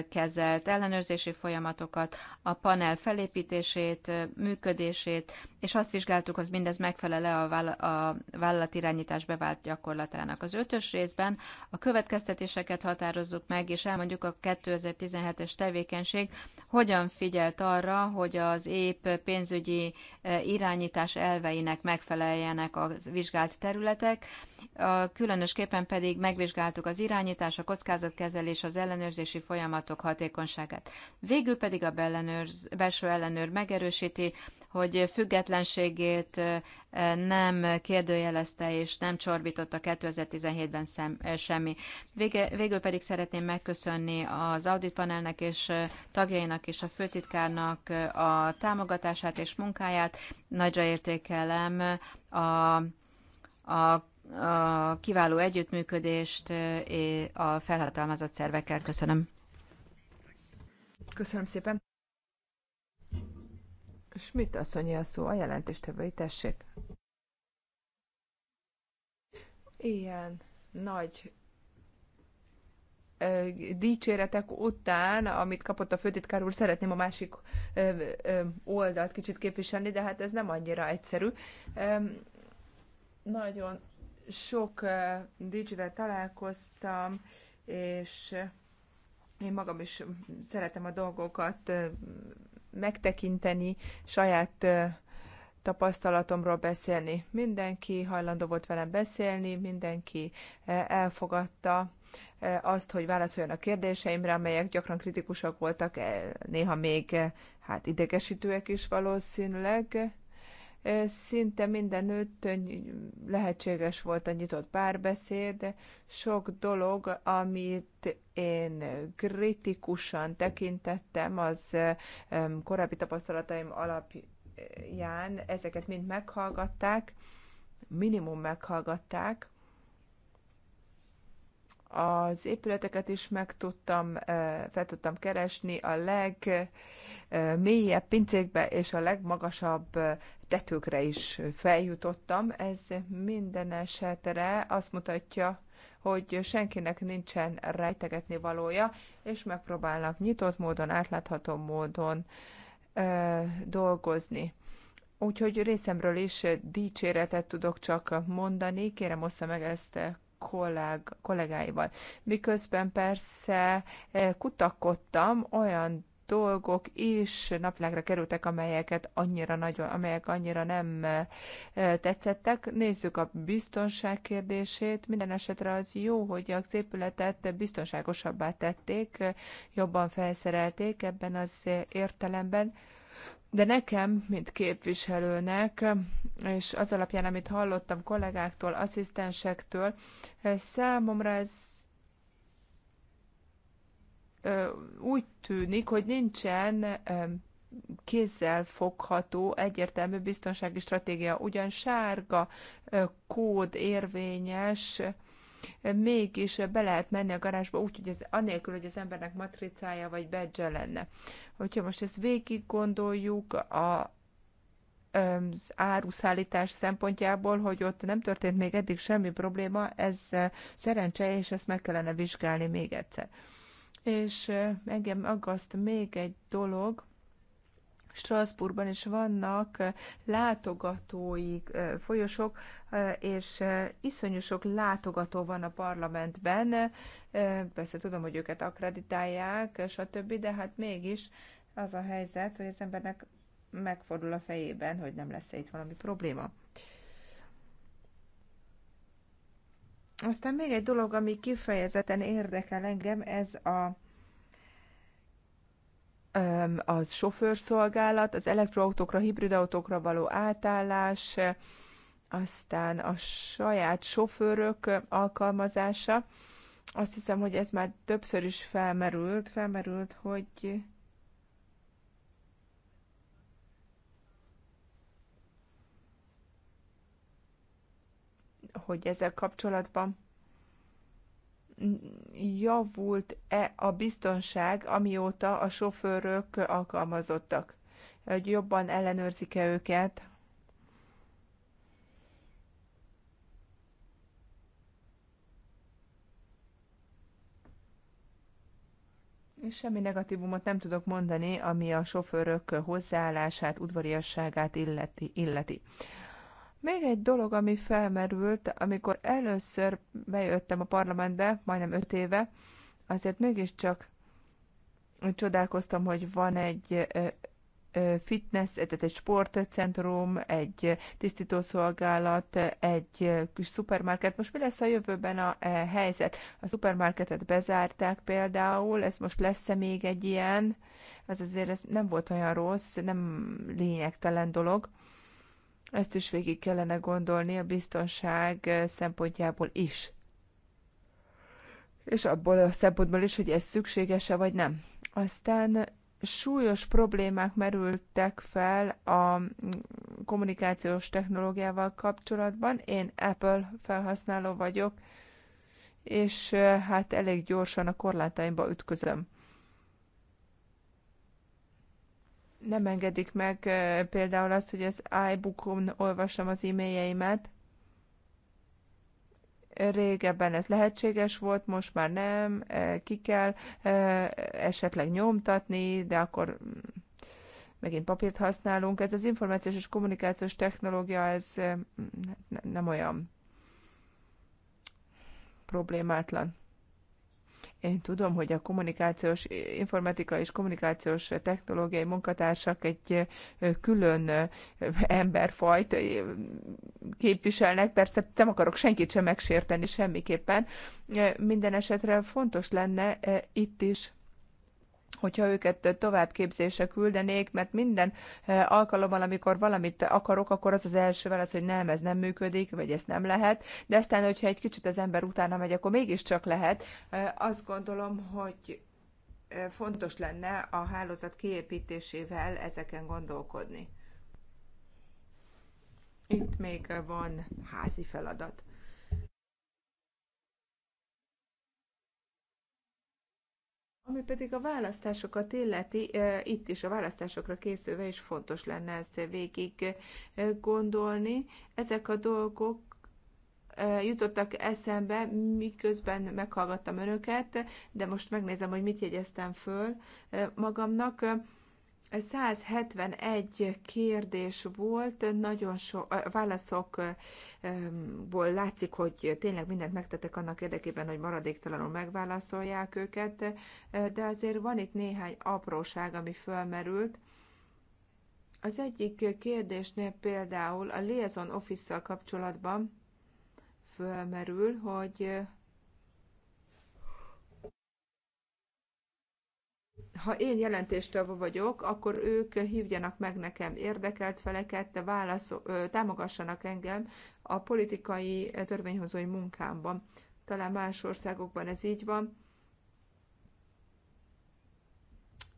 kezelt ellenőrzési folyamatokat, a panel felépítését, működését, és azt vizsgáltuk, hogy mindez megfelele a, vála- a vállalatirányítás bevált gyakorlatának. Az ötös részben a következtetéseket határozzuk meg, és elmondjuk a 2017-es tevékenység hogyan figyelt arra, hogy az épp pénzügyi e, irányítás elveinek megfeleljenek a vizsgált területek, különösképpen pedig megvizsgáltuk az irányítás, a kockázatkezelés, az ellenőrzési folyamatok hatékonyságát. Végül pedig a belső ellenőr megerősíti hogy függetlenségét nem kérdőjelezte és nem csorbította 2017-ben szem, semmi. Vége, végül pedig szeretném megköszönni az auditpanelnek és tagjainak és a főtitkárnak a támogatását és munkáját. Nagyra értékelem a, a a kiváló együttműködést a felhatalmazott szervekkel. Köszönöm. Köszönöm szépen. Schmidt asszonyi a szó, a jelentéstevői tessék. Ilyen nagy dicséretek után, amit kapott a főtitkár úr, szeretném a másik ö, ö, oldalt kicsit képviselni, de hát ez nem annyira egyszerű. Ö, nagyon sok ö, dicsivel találkoztam, és én magam is szeretem a dolgokat megtekinteni, saját tapasztalatomról beszélni. Mindenki hajlandó volt velem beszélni, mindenki elfogadta azt, hogy válaszoljon a kérdéseimre, amelyek gyakran kritikusak voltak, néha még hát idegesítőek is valószínűleg szinte mindenütt lehetséges volt a nyitott párbeszéd, sok dolog, amit én kritikusan tekintettem, az korábbi tapasztalataim alapján ezeket mind meghallgatták, minimum meghallgatták, az épületeket is meg tudtam, fel tudtam keresni a legmélyebb pincékbe és a legmagasabb tetőkre is feljutottam. Ez minden esetre azt mutatja, hogy senkinek nincsen rejtegetni valója, és megpróbálnak nyitott módon, átlátható módon ö, dolgozni. Úgyhogy részemről is dicséretet tudok csak mondani, kérem ossza meg ezt kolleg, kollégáival. Miközben persze kutakodtam olyan dolgok is napvilágra kerültek, amelyeket annyira nagyon, amelyek annyira nem e, tetszettek. Nézzük a biztonság kérdését. Minden esetre az jó, hogy az épületet biztonságosabbá tették, jobban felszerelték ebben az értelemben. De nekem, mint képviselőnek, és az alapján, amit hallottam kollégáktól, asszisztensektől, e, számomra ez úgy tűnik, hogy nincsen kézzel fogható egyértelmű biztonsági stratégia. Ugyan sárga kód érvényes, mégis be lehet menni a garázsba úgy, hogy ez anélkül, hogy az embernek matricája vagy badge lenne. Hogyha most ezt végig gondoljuk, a, az áruszállítás szempontjából, hogy ott nem történt még eddig semmi probléma, ez szerencse, és ezt meg kellene vizsgálni még egyszer. És engem aggaszt még egy dolog, Strasbourgban is vannak látogatói folyosok, és iszonyú sok látogató van a parlamentben. Persze tudom, hogy őket akreditálják, stb., de hát mégis az a helyzet, hogy az embernek megfordul a fejében, hogy nem lesz -e itt valami probléma. Aztán még egy dolog, ami kifejezetten érdekel engem, ez a az sofőrszolgálat, az elektroautókra, hibrid autókra való átállás, aztán a saját sofőrök alkalmazása. Azt hiszem, hogy ez már többször is felmerült, felmerült, hogy hogy ezzel kapcsolatban javult-e a biztonság, amióta a sofőrök alkalmazottak? Hogy jobban ellenőrzik-e őket? Semmi negatívumot nem tudok mondani, ami a sofőrök hozzáállását, udvariasságát illeti. illeti. Még egy dolog, ami felmerült, amikor először bejöttem a parlamentbe, majdnem öt éve, azért mégiscsak csodálkoztam, hogy van egy fitness, tehát egy sportcentrum, egy tisztítószolgálat, egy kis szupermarket. Most mi lesz a jövőben a e, helyzet? A szupermarketet bezárták például, ez most lesz-e még egy ilyen? Ez azért ez nem volt olyan rossz, nem lényegtelen dolog. Ezt is végig kellene gondolni a biztonság eh, szempontjából is. És abból a szempontból is, hogy ez szükséges-e vagy nem. Aztán súlyos problémák merültek fel a mm, kommunikációs technológiával kapcsolatban. Én Apple felhasználó vagyok, és eh, hát elég gyorsan a korlátaimba ütközöm. nem engedik meg például azt, hogy az iBook-on olvassam az e-mailjeimet. Régebben ez lehetséges volt, most már nem, ki kell esetleg nyomtatni, de akkor mm, megint papírt használunk. Ez az információs és kommunikációs technológia, ez mm, nem olyan problémátlan. Én tudom, hogy a kommunikációs, informatika és kommunikációs technológiai munkatársak egy külön emberfajt képviselnek. Persze nem akarok senkit sem megsérteni semmiképpen. Minden esetre fontos lenne itt is hogyha őket továbbképzésre küldenék, mert minden eh, alkalommal, amikor valamit akarok, akkor az az első válasz, hogy nem, ez nem működik, vagy ez nem lehet, de aztán, hogyha egy kicsit az ember utána megy, akkor mégiscsak lehet. Eh, azt gondolom, hogy eh, fontos lenne a hálózat kiépítésével ezeken gondolkodni. Itt még van házi feladat. Ami pedig a választásokat illeti, itt is a választásokra készülve is fontos lenne ezt végig gondolni. Ezek a dolgok jutottak eszembe, miközben meghallgattam önöket, de most megnézem, hogy mit jegyeztem föl magamnak. 171 kérdés volt, nagyon sok válaszokból látszik, hogy tényleg mindent megtettek annak érdekében, hogy maradéktalanul megválaszolják őket, de azért van itt néhány apróság, ami fölmerült. Az egyik kérdésnél például a liaison office kapcsolatban fölmerül, hogy ha én jelentéstevő vagyok, akkor ők hívjanak meg nekem érdekelt feleket, válaszol, támogassanak engem a politikai törvényhozói munkámban. Talán más országokban ez így van.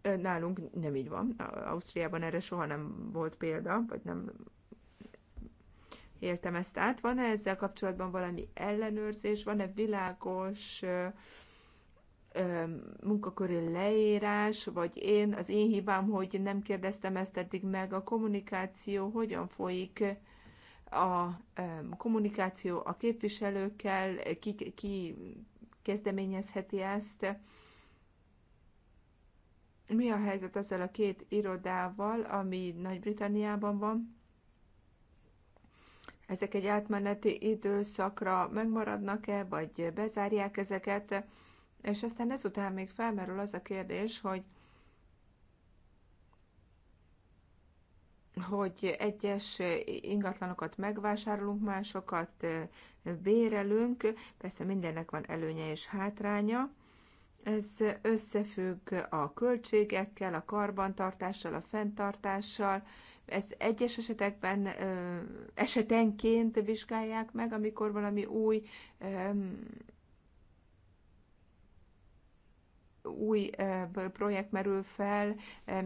Nálunk nem így van. Ausztriában erre soha nem volt példa, vagy nem éltem ezt át. Van-e ezzel kapcsolatban valami ellenőrzés? Van-e világos munkaköri leírás, vagy én, az én hibám, hogy nem kérdeztem ezt eddig meg, a kommunikáció hogyan folyik, a kommunikáció a képviselőkkel, ki, ki kezdeményezheti ezt, mi a helyzet ezzel a két irodával, ami Nagy-Britanniában van? Ezek egy átmeneti időszakra megmaradnak-e, vagy bezárják ezeket? És aztán ezután még felmerül az a kérdés, hogy hogy egyes ingatlanokat megvásárolunk, másokat bérelünk, persze mindennek van előnye és hátránya. Ez összefügg a költségekkel, a karbantartással, a fenntartással. Ez egyes esetekben esetenként vizsgálják meg, amikor valami új új projekt merül fel,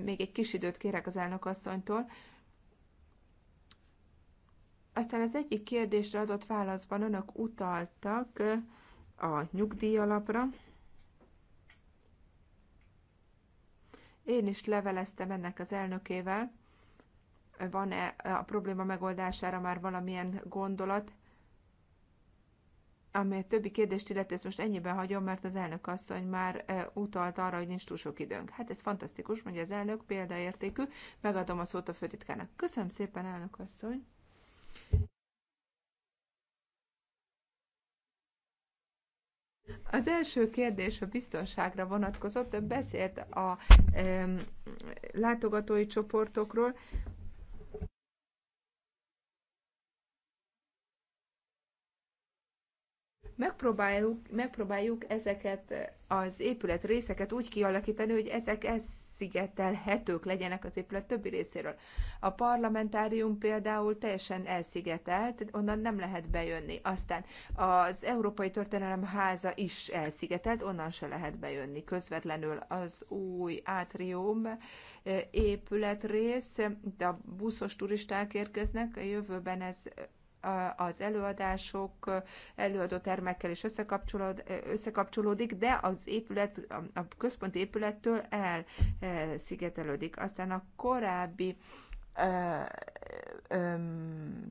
még egy kis időt kérek az elnökasszonytól. Aztán az egyik kérdésre adott válaszban önök utaltak a nyugdíjalapra. Én is leveleztem ennek az elnökével. Van-e a probléma megoldására már valamilyen gondolat? Ami a többi kérdést illeti, ezt most ennyiben hagyom, mert az elnök asszony már utalt arra, hogy nincs túl sok időnk. Hát ez fantasztikus, mondja az elnök, példaértékű. Megadom a szót a főtitkának. Köszönöm szépen, elnök asszony. Az első kérdés a biztonságra vonatkozott, beszélt a e, látogatói csoportokról, Megpróbáljuk, megpróbáljuk ezeket az épület részeket úgy kialakítani, hogy ezek ez elszigetelhetők legyenek az épület többi részéről. A parlamentárium például teljesen elszigetelt, onnan nem lehet bejönni. Aztán az Európai Történelem háza is elszigetelt, onnan se lehet bejönni. Közvetlenül az új átrium eh, épületrész, de a buszos turisták érkeznek, a jövőben ez az előadások előadó termekkel is összekapcsolódik, de az épület, a központi épülettől elszigetelődik. E, Aztán a korábbi e, e,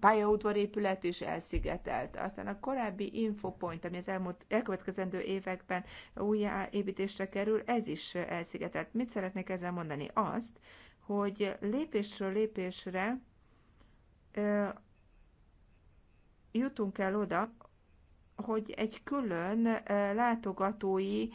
pályaudvar épület is elszigetelt. Aztán a korábbi infopoint, ami az elmúlt, elkövetkezendő években újjáépítésre kerül, ez is elszigetelt. Mit szeretnék ezzel mondani? Azt, hogy lépésről lépésre jutunk el oda, hogy egy külön látogatói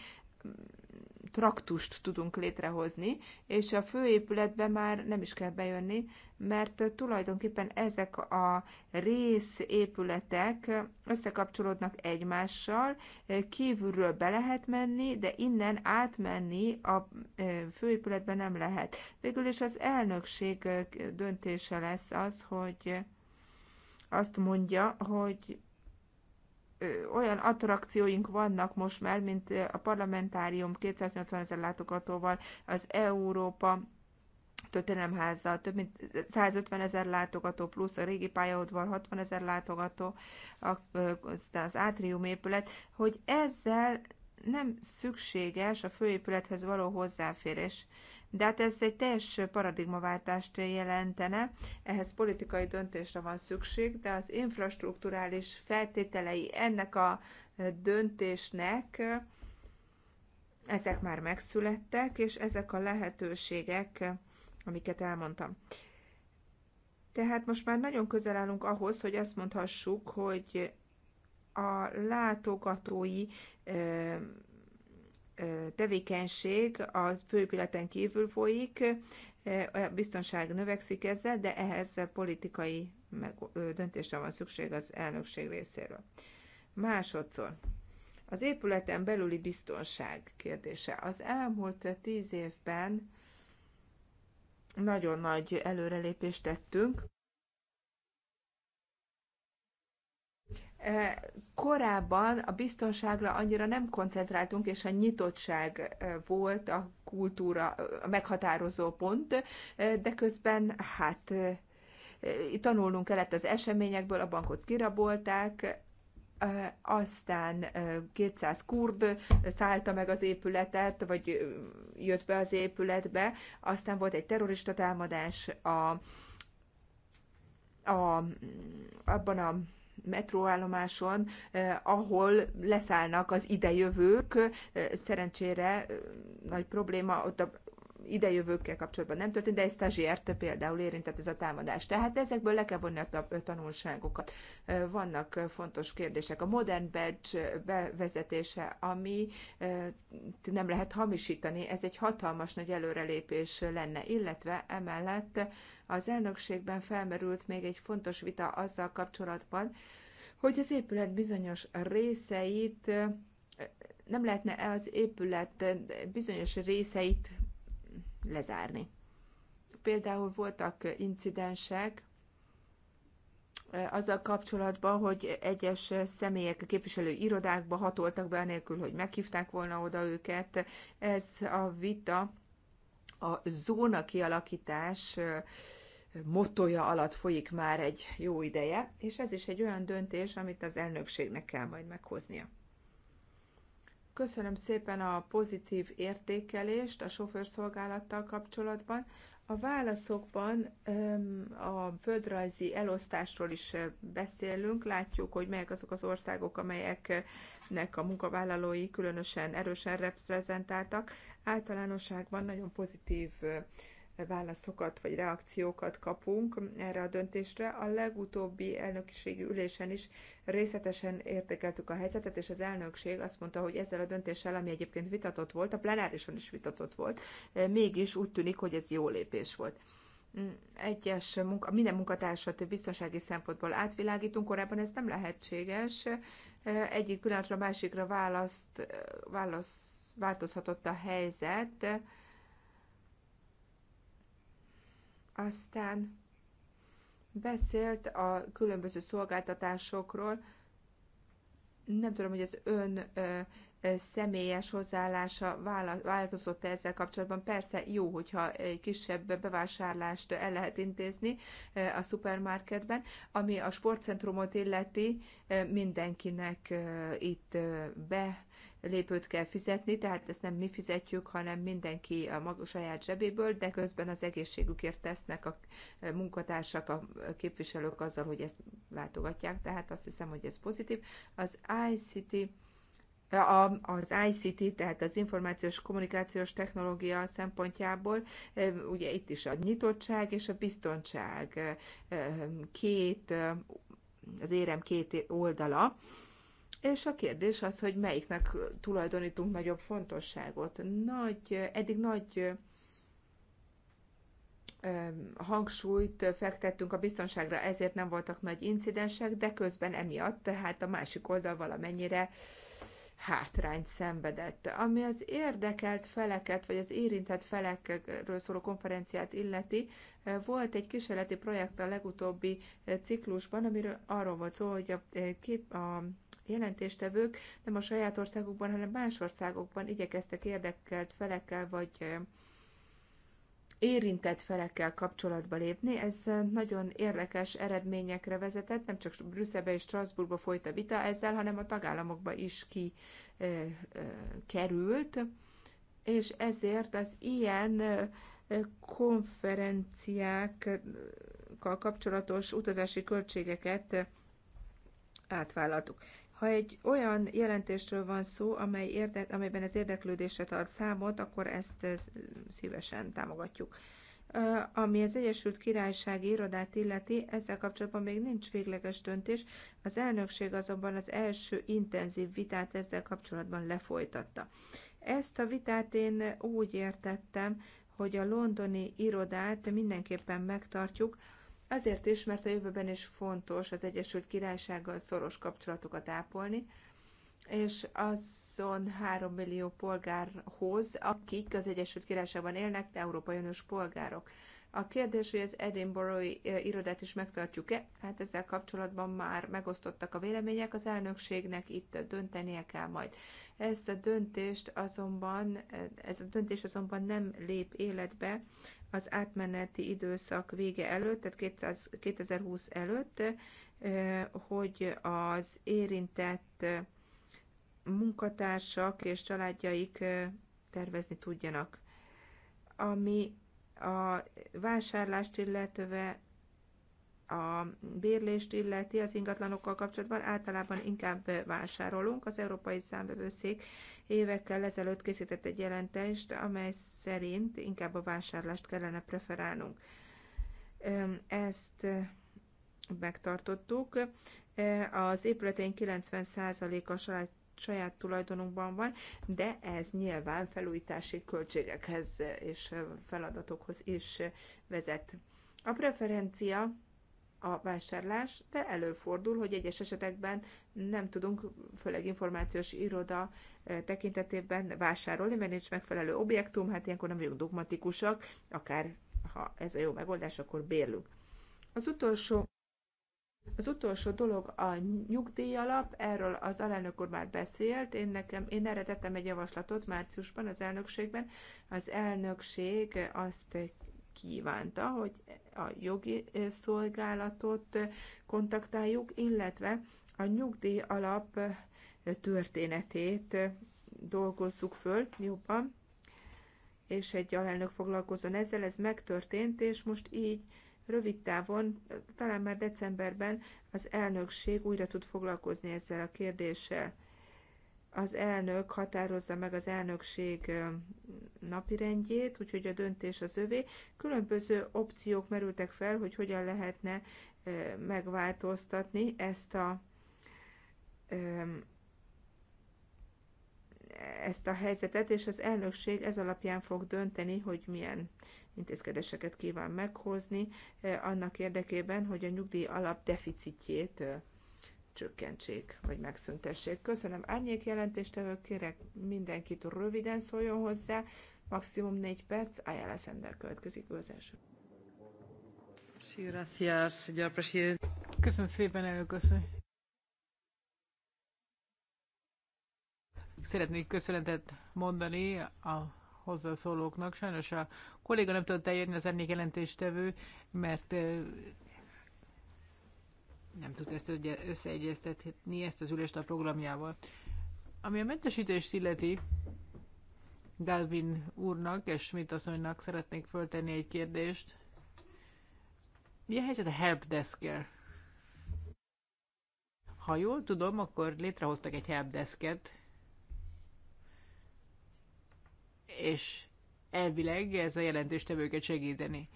traktust tudunk létrehozni, és a főépületbe már nem is kell bejönni, mert tulajdonképpen ezek a részépületek összekapcsolódnak egymással, kívülről be lehet menni, de innen átmenni a főépületbe nem lehet. Végül is az elnökség döntése lesz az, hogy azt mondja, hogy olyan attrakcióink vannak most már, mint a parlamentárium 280 ezer látogatóval, az Európa Történelemháza, több mint 150 ezer látogató, plusz a régi pályaudvar 60 ezer látogató, aztán az átrium épület, hogy ezzel nem szükséges a főépülethez való hozzáférés. De hát ez egy teljes paradigmaváltást jelentene, ehhez politikai döntésre van szükség, de az infrastruktúrális feltételei ennek a döntésnek ezek már megszülettek, és ezek a lehetőségek, amiket elmondtam. Tehát most már nagyon közel állunk ahhoz, hogy azt mondhassuk, hogy a látogatói tevékenység az főépületen kívül folyik, a biztonság növekszik ezzel, de ehhez politikai döntésre van szükség az elnökség részéről. Másodszor, az épületen belüli biztonság kérdése. Az elmúlt tíz évben nagyon nagy előrelépést tettünk, korábban a biztonságra annyira nem koncentráltunk, és a nyitottság volt a kultúra a meghatározó pont, de közben hát tanulnunk kellett az eseményekből, a bankot kirabolták, aztán 200 kurd szállta meg az épületet, vagy jött be az épületbe, aztán volt egy terrorista támadás a, a, abban a metróállomáson, eh, ahol leszállnak az idejövők. Eh, szerencsére eh, nagy probléma, ott a idejövőkkel kapcsolatban nem történt, de ezt a zsért például érintett ez a támadás. Tehát ezekből le kell vonni a tanulságokat. Vannak fontos kérdések. A modern badge bevezetése, ami nem lehet hamisítani, ez egy hatalmas nagy előrelépés lenne, illetve emellett az elnökségben felmerült még egy fontos vita azzal kapcsolatban, hogy az épület bizonyos részeit nem lehetne e az épület bizonyos részeit lezárni. Például voltak incidensek, azzal kapcsolatban, hogy egyes személyek a képviselő irodákba hatoltak be, anélkül, hogy meghívták volna oda őket. Ez a vita a zóna kialakítás motoja alatt folyik már egy jó ideje, és ez is egy olyan döntés, amit az elnökségnek kell majd meghoznia. Köszönöm szépen a pozitív értékelést a sofőrszolgálattal kapcsolatban. A válaszokban a földrajzi elosztásról is beszélünk, látjuk, hogy melyek azok az országok, amelyek nek a munkavállalói különösen erősen reprezentáltak, általánosságban nagyon pozitív válaszokat vagy reakciókat kapunk erre a döntésre. A legutóbbi elnökségi ülésen is részletesen értékeltük a helyzetet, és az elnökség azt mondta, hogy ezzel a döntéssel, ami egyébként vitatott volt, a plenárison is vitatott volt, mégis úgy tűnik, hogy ez jó lépés volt mm, egyes munka, minden munkatársat biztonsági szempontból átvilágítunk, korábban ez nem lehetséges, egyik pillanatra másikra választ, válasz, változhatott a helyzet. Aztán beszélt a különböző szolgáltatásokról. Nem tudom, hogy az ön személyes hozzáállása változott -e ezzel kapcsolatban. Persze jó, hogyha egy kisebb bevásárlást el lehet intézni a szupermarketben, ami a sportcentrumot illeti mindenkinek itt be lépőt kell fizetni, tehát ezt nem mi fizetjük, hanem mindenki a maga saját zsebéből, de közben az egészségükért tesznek a munkatársak, a képviselők azzal, hogy ezt látogatják, tehát azt hiszem, hogy ez pozitív. Az ICT az ICT, tehát az információs kommunikációs technológia szempontjából, ugye itt is a nyitottság és a biztonság két, az érem két oldala, és a kérdés az, hogy melyiknek tulajdonítunk nagyobb fontosságot. Nagy, eddig nagy hangsúlyt fektettünk a biztonságra, ezért nem voltak nagy incidensek, de közben emiatt tehát a másik oldal valamennyire hátrányt szenvedett. Ami az érdekelt feleket, vagy az érintett felekről szóló konferenciát illeti, eh, volt egy kísérleti projekt a legutóbbi eh, ciklusban, amiről arról volt szó, hogy a, eh, kép, a jelentéstevők nem a saját országokban, hanem más országokban igyekeztek érdekelt felekkel, vagy érintett felekkel kapcsolatba lépni. Ez eh, nagyon érdekes eredményekre vezetett, nem csak Brüsszelbe és Strasbourgba folyt a vita ezzel, hanem a tagállamokba is ki ö, eh, ö, eh, került, és ezért az ilyen konferenciákkal kapcsolatos utazási költségeket átvállaltuk. Ha egy olyan jelentésről van szó, amely érdek, amelyben ez érdeklődésre tart számot, akkor ezt, szívesen támogatjuk. Ami az Egyesült Királyság irodát illeti, ezzel kapcsolatban még nincs végleges döntés, az elnökség azonban az első intenzív vitát ezzel kapcsolatban lefolytatta. Ezt a vitát én úgy értettem, hogy a londoni irodát mindenképpen megtartjuk, Azért is, mert a jövőben is fontos az Egyesült Királysággal szoros kapcsolatokat ápolni, és azon 3 millió polgárhoz, akik az Egyesült Királyságban élnek, de Európai Uniós polgárok. A kérdés, hogy az Edinburghi irodát is megtartjuk-e, hát ezzel kapcsolatban már megosztottak a vélemények, az elnökségnek itt döntenie kell majd. Ezt a döntést azonban, ez a döntés azonban nem lép életbe az átmeneti időszak vége előtt, tehát 200, 2020 előtt, hogy az érintett munkatársak és családjaik tervezni tudjanak. Ami a vásárlást, illetve a bérlést illeti az ingatlanokkal kapcsolatban általában inkább vásárolunk. Az Európai Számbevőszék évekkel ezelőtt készített egy jelentést, amely szerint inkább a vásárlást kellene preferálnunk. Ezt megtartottuk. Az épületeink 90%-a saját saját tulajdonunkban van, de ez nyilván felújítási költségekhez és feladatokhoz is vezet. A preferencia a vásárlás, de előfordul, hogy egyes esetekben nem tudunk, főleg információs iroda e, tekintetében vásárolni, mert nincs megfelelő objektum, hát ilyenkor nem vagyunk dogmatikusak, akár ha ez a jó megoldás, akkor bérlünk. Az utolsó az utolsó dolog a nyugdíjalap, erről az alelnök úr már beszélt, én, nekem, én erre tettem egy javaslatot márciusban az elnökségben. Az elnökség azt kívánta, hogy a jogi eh, szolgálatot eh, kontaktáljuk, illetve a nyugdíj alap eh, történetét dolgozzuk föl jobban, és egy alelnök foglalkozon ezzel, ez megtörtént, és most így rövid távon, talán már decemberben az elnökség újra tud foglalkozni ezzel a kérdéssel az elnök határozza meg az elnökség napirendjét, úgyhogy a döntés az övé. Különböző opciók merültek fel, hogy hogyan lehetne megváltoztatni ezt a ezt a helyzetet, és az elnökség ez alapján fog dönteni, hogy milyen intézkedéseket kíván meghozni annak érdekében, hogy a nyugdíj alap deficitjét csökkentsék, vagy megszüntessék. Köszönöm árnyék jelentéstevő, kérek mindenkit röviden szóljon hozzá, maximum négy perc, Ayala Sender következik az első. Köszönöm szépen, elnök asszony. Szeretnék köszönetet mondani a hozzászólóknak. Sajnos a kolléga nem tudott eljönni az ennék jelentéstevő, mert nem tudta ezt összeegyeztetni ezt az ülést a programjával. Ami a mentesítést illeti, Dalvin úrnak és Schmidt asszonynak szeretnék föltenni egy kérdést. Mi a helyzet a -el? Ha jól tudom, akkor létrehoztak egy helpdesket, és elvileg ez a jelentéstevőket segíteni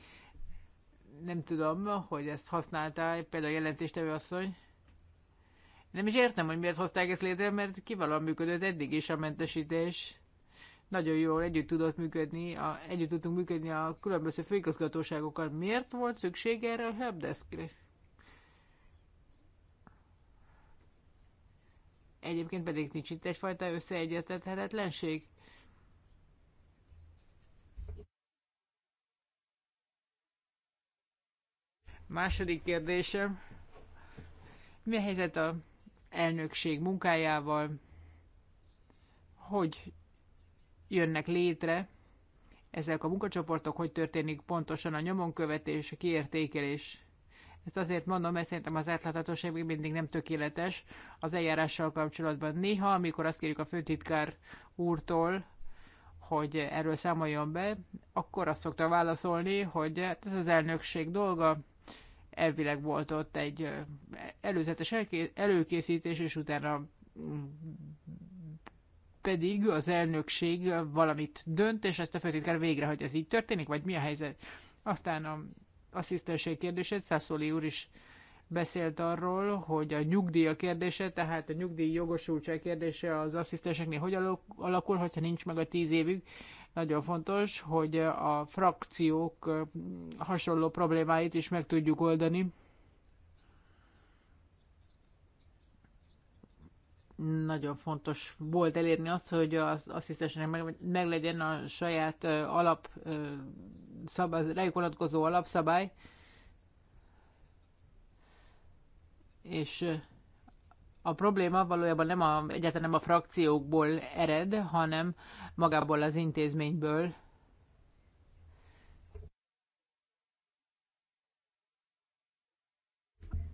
nem tudom, hogy ezt használta például a jelentéstevő asszony. Nem is értem, hogy miért hozták ezt létre, mert kiválóan működött eddig is a mentesítés. Nagyon jól együtt tudott működni, a, együtt tudtunk működni a különböző főigazgatóságokkal. Miért volt szükség erre a helpdeskre? Egyébként pedig nincs itt egyfajta összeegyeztethetetlenség. Második kérdésem. Mi a helyzet a elnökség munkájával? Hogy jönnek létre ezek a munkacsoportok, hogy történik pontosan a nyomonkövetés, a kiértékelés? Ezt azért mondom, mert szerintem az átláthatóság még mindig nem tökéletes az eljárással kapcsolatban. Néha, amikor azt kérjük a főtitkár úrtól, hogy erről számoljon be, akkor azt szokta válaszolni, hogy hát ez az elnökség dolga, Elvileg volt ott egy előzetes előkészítés, és utána mm, pedig az elnökség valamit dönt, és ezt a főtitkár végre, hogy ez így történik, vagy mi a helyzet. Aztán a asszisztenség kérdését Szászoli úr is beszélt arról, hogy a nyugdíj a kérdése, tehát a nyugdíj jogosultság kérdése az asszisztenseknél hogy alakul, hogyha nincs meg a tíz évük. Nagyon fontos, hogy a frakciók hasonló problémáit is meg tudjuk oldani. Nagyon fontos volt elérni azt, hogy az asszisztensnek meg, meg legyen a saját alap, szabály, rájuk vonatkozó alapszabály, és a probléma valójában nem a, egyáltalán nem a frakciókból ered, hanem magából az intézményből.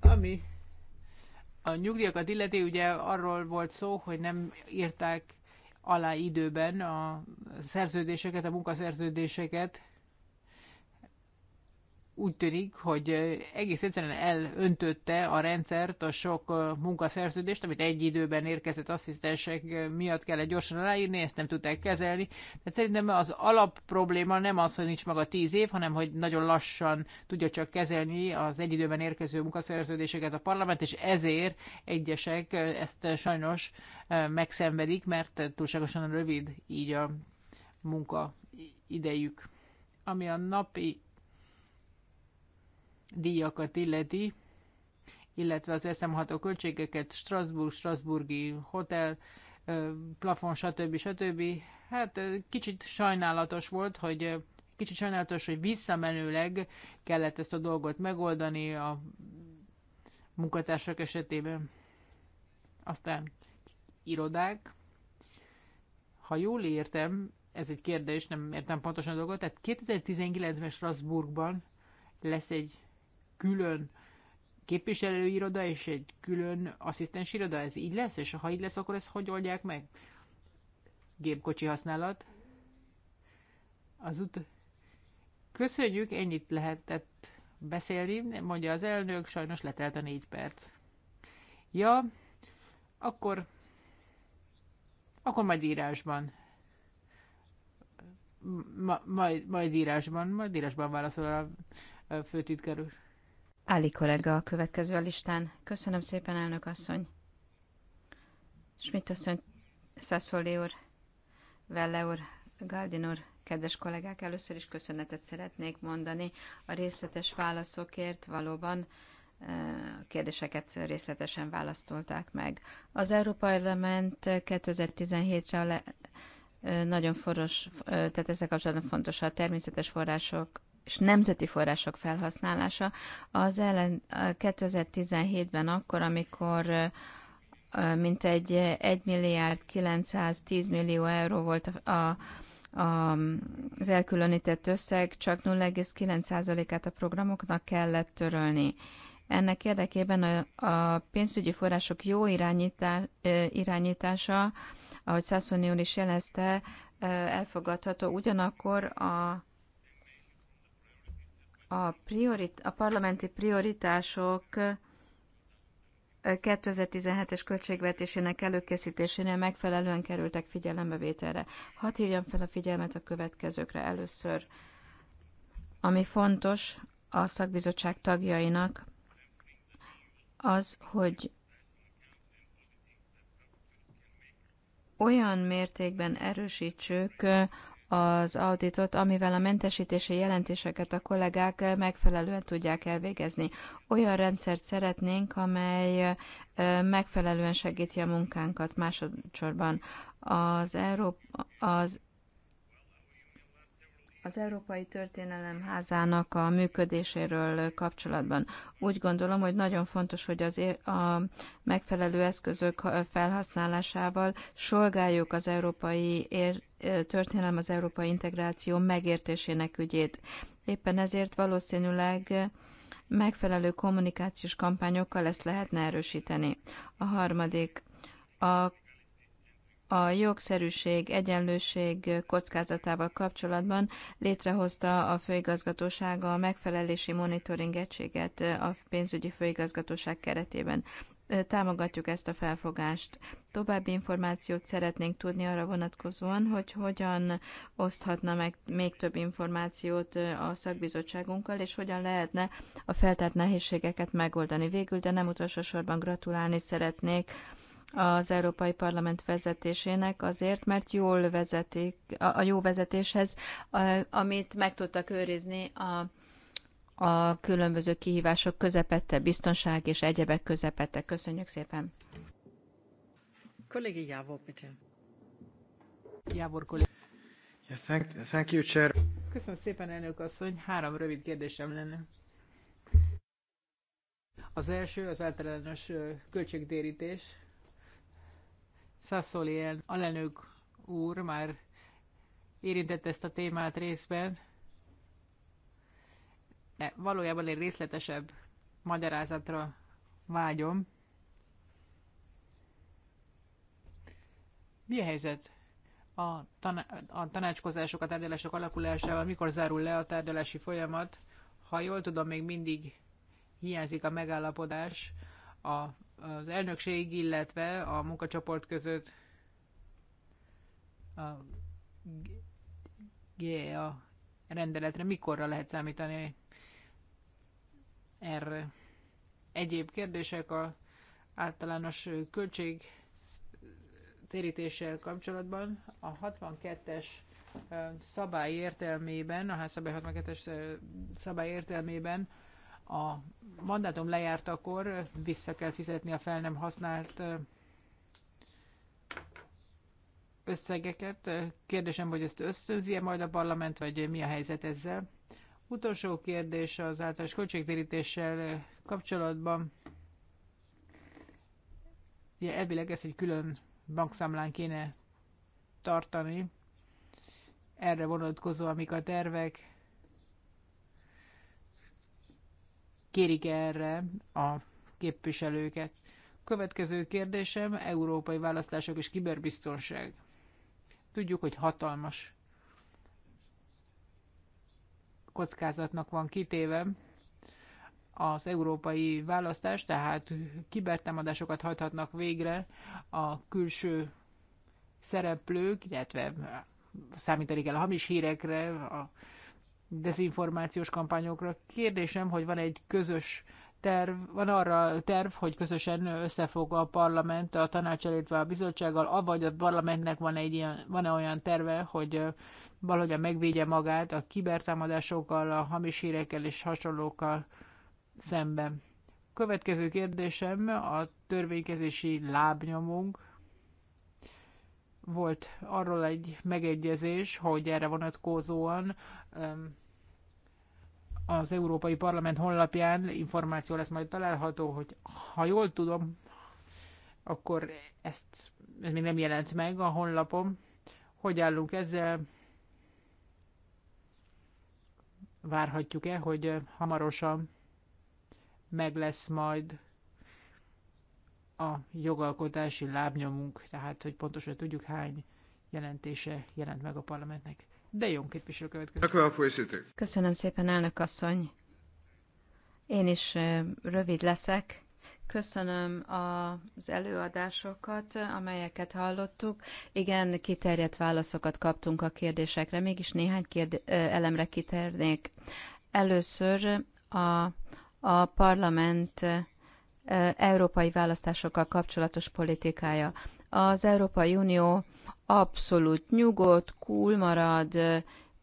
Ami a nyugdíjakat illeti, ugye arról volt szó, hogy nem írták alá időben a szerződéseket, a munkaszerződéseket, úgy tűnik, hogy egész egyszerűen elöntötte a rendszert a sok munkaszerződést, amit egy időben érkezett asszisztensek miatt kellett gyorsan aláírni, ezt nem tudták kezelni. Tehát szerintem az alap probléma nem az, hogy nincs maga tíz év, hanem hogy nagyon lassan tudja csak kezelni az egy időben érkező munkaszerződéseket a parlament, és ezért egyesek ezt sajnos megszenvedik, mert túlságosan rövid így a munka idejük. Ami a napi díjakat illeti, illetve az SM6 költségeket, Strasbourg, Strasburgi hotel, plafon, stb. stb. Hát kicsit sajnálatos volt, hogy kicsit sajnálatos, hogy visszamenőleg kellett ezt a dolgot megoldani a munkatársak esetében. Aztán irodák. Ha jól értem, ez egy kérdés, nem értem pontosan a dolgot, tehát 2019-ben Strasbourgban lesz egy külön képviselőiroda és egy külön asszisztens iroda? Ez így lesz? És ha így lesz, akkor ezt hogy oldják meg? Gépkocsi használat? Az ut... Köszönjük, ennyit lehetett beszélni, mondja az elnök, sajnos letelt a négy perc. Ja, akkor, akkor majd írásban. Ma, majd, majd írásban, majd írásban válaszol a főtitkár úr. Áli kollega a következő a listán. Köszönöm szépen, elnök asszony. Schmidt asszony, Szaszoli úr, Velle úr, Galdin úr, kedves kollégák, először is köszönetet szeretnék mondani a részletes válaszokért. Valóban a eh, kérdéseket részletesen választolták meg. Az Európai Parlament 2017-re eh, nagyon foros, eh, tehát ezzel kapcsolatban fontos a természetes források és nemzeti források felhasználása az ellen 2017-ben akkor, amikor mint egy 1 milliárd 910 millió euró volt a, a, a, az elkülönített összeg, csak 0,9%-át a programoknak kellett törölni. Ennek érdekében a, a pénzügyi források jó irányítá, irányítása, ahogy Szászoni úr is jelezte, elfogadható, ugyanakkor a a, priorit- a parlamenti prioritások 2017-es költségvetésének előkészítésénél megfelelően kerültek figyelembevételre. Hadd hívjam fel a figyelmet a következőkre először. Ami fontos a szakbizottság tagjainak, az, hogy olyan mértékben erősítsük az auditot, amivel a mentesítési jelentéseket a kollégák megfelelően tudják elvégezni. Olyan rendszert szeretnénk, amely megfelelően segíti a munkánkat másodszorban. Az, Európa, az az Európai Történelem Házának a működéséről kapcsolatban. Úgy gondolom, hogy nagyon fontos, hogy az a megfelelő eszközök felhasználásával szolgáljuk az európai ér- történelem, az európai integráció megértésének ügyét. Éppen ezért valószínűleg megfelelő kommunikációs kampányokkal ezt lehetne erősíteni. A harmadik, a a jogszerűség, egyenlőség kockázatával kapcsolatban létrehozta a főigazgatósága a megfelelési monitoring egységet a pénzügyi főigazgatóság keretében. Támogatjuk ezt a felfogást. További információt szeretnénk tudni arra vonatkozóan, hogy hogyan oszthatna meg még több információt a szakbizottságunkkal, és hogyan lehetne a feltárt nehézségeket megoldani. Végül, de nem utolsó sorban gratulálni szeretnék az Európai Parlament vezetésének azért, mert jól vezetik, a, jó vezetéshez, amit meg tudtak őrizni a, a különböző kihívások közepette, biztonság és egyebek közepette. Köszönjük szépen! Kollégi Jávor, bitte. Jávor kollégi. Yeah, thank, thank you, Chair. Köszönöm szépen, elnök asszony. Három rövid kérdésem lenne. Az első az általános költségtérítés. Szaszoli alelnök úr már érintett ezt a témát részben. De valójában egy részletesebb magyarázatra vágyom. Mi a helyzet a, taná- a tanácskozások, a tárgyalások alakulásával, mikor zárul le a tárgyalási folyamat? Ha jól tudom, még mindig hiányzik a megállapodás a az elnökség, illetve a munkacsoport között a GEA rendeletre mikorra lehet számítani erre. Egyéb kérdések a általános költség térítéssel kapcsolatban a 62-es szabály értelmében, a házszabály 62-es szabály értelmében a mandátum akkor vissza kell fizetni a fel nem használt összegeket. Kérdésem, hogy ezt ösztönzi-e majd a parlament, vagy mi a helyzet ezzel? Utolsó kérdés az általános költségtérítéssel kapcsolatban. Ugye elvileg ezt egy külön bankszámlán kéne tartani. Erre vonatkozó, amik a tervek. kérik erre a képviselőket. Következő kérdésem, európai választások és kiberbiztonság. Tudjuk, hogy hatalmas kockázatnak van kitéve az európai választás, tehát kibertámadásokat hajthatnak végre a külső szereplők, illetve számítani kell a hamis hírekre, a dezinformációs kampányokra. Kérdésem, hogy van egy közös terv, van arra terv, hogy közösen összefog a parlament, a tanács, illetve a bizottsággal, avagy a parlamentnek van egy ilyen, van-e olyan terve, hogy valahogyan megvédje magát a kibertámadásokkal, a hamis hírekkel és hasonlókkal szemben. Következő kérdésem a törvénykezési lábnyomunk volt arról egy megegyezés, hogy erre vonatkozóan az Európai Parlament honlapján információ lesz majd található, hogy ha jól tudom, akkor ezt ez még nem jelent meg a honlapom. Hogy állunk ezzel? Várhatjuk-e, hogy hamarosan meg lesz majd a jogalkotási lábnyomunk, tehát hogy pontosan tudjuk hány jelentése jelent meg a parlamentnek. De jó képviselő következő. Köszönöm szépen, elnök asszony. Én is rövid leszek. Köszönöm az előadásokat, amelyeket hallottuk. Igen, kiterjedt válaszokat kaptunk a kérdésekre, mégis néhány kérde- elemre kiternék. Először a, a parlament európai választásokkal kapcsolatos politikája. Az Európai Unió abszolút nyugodt, cool marad,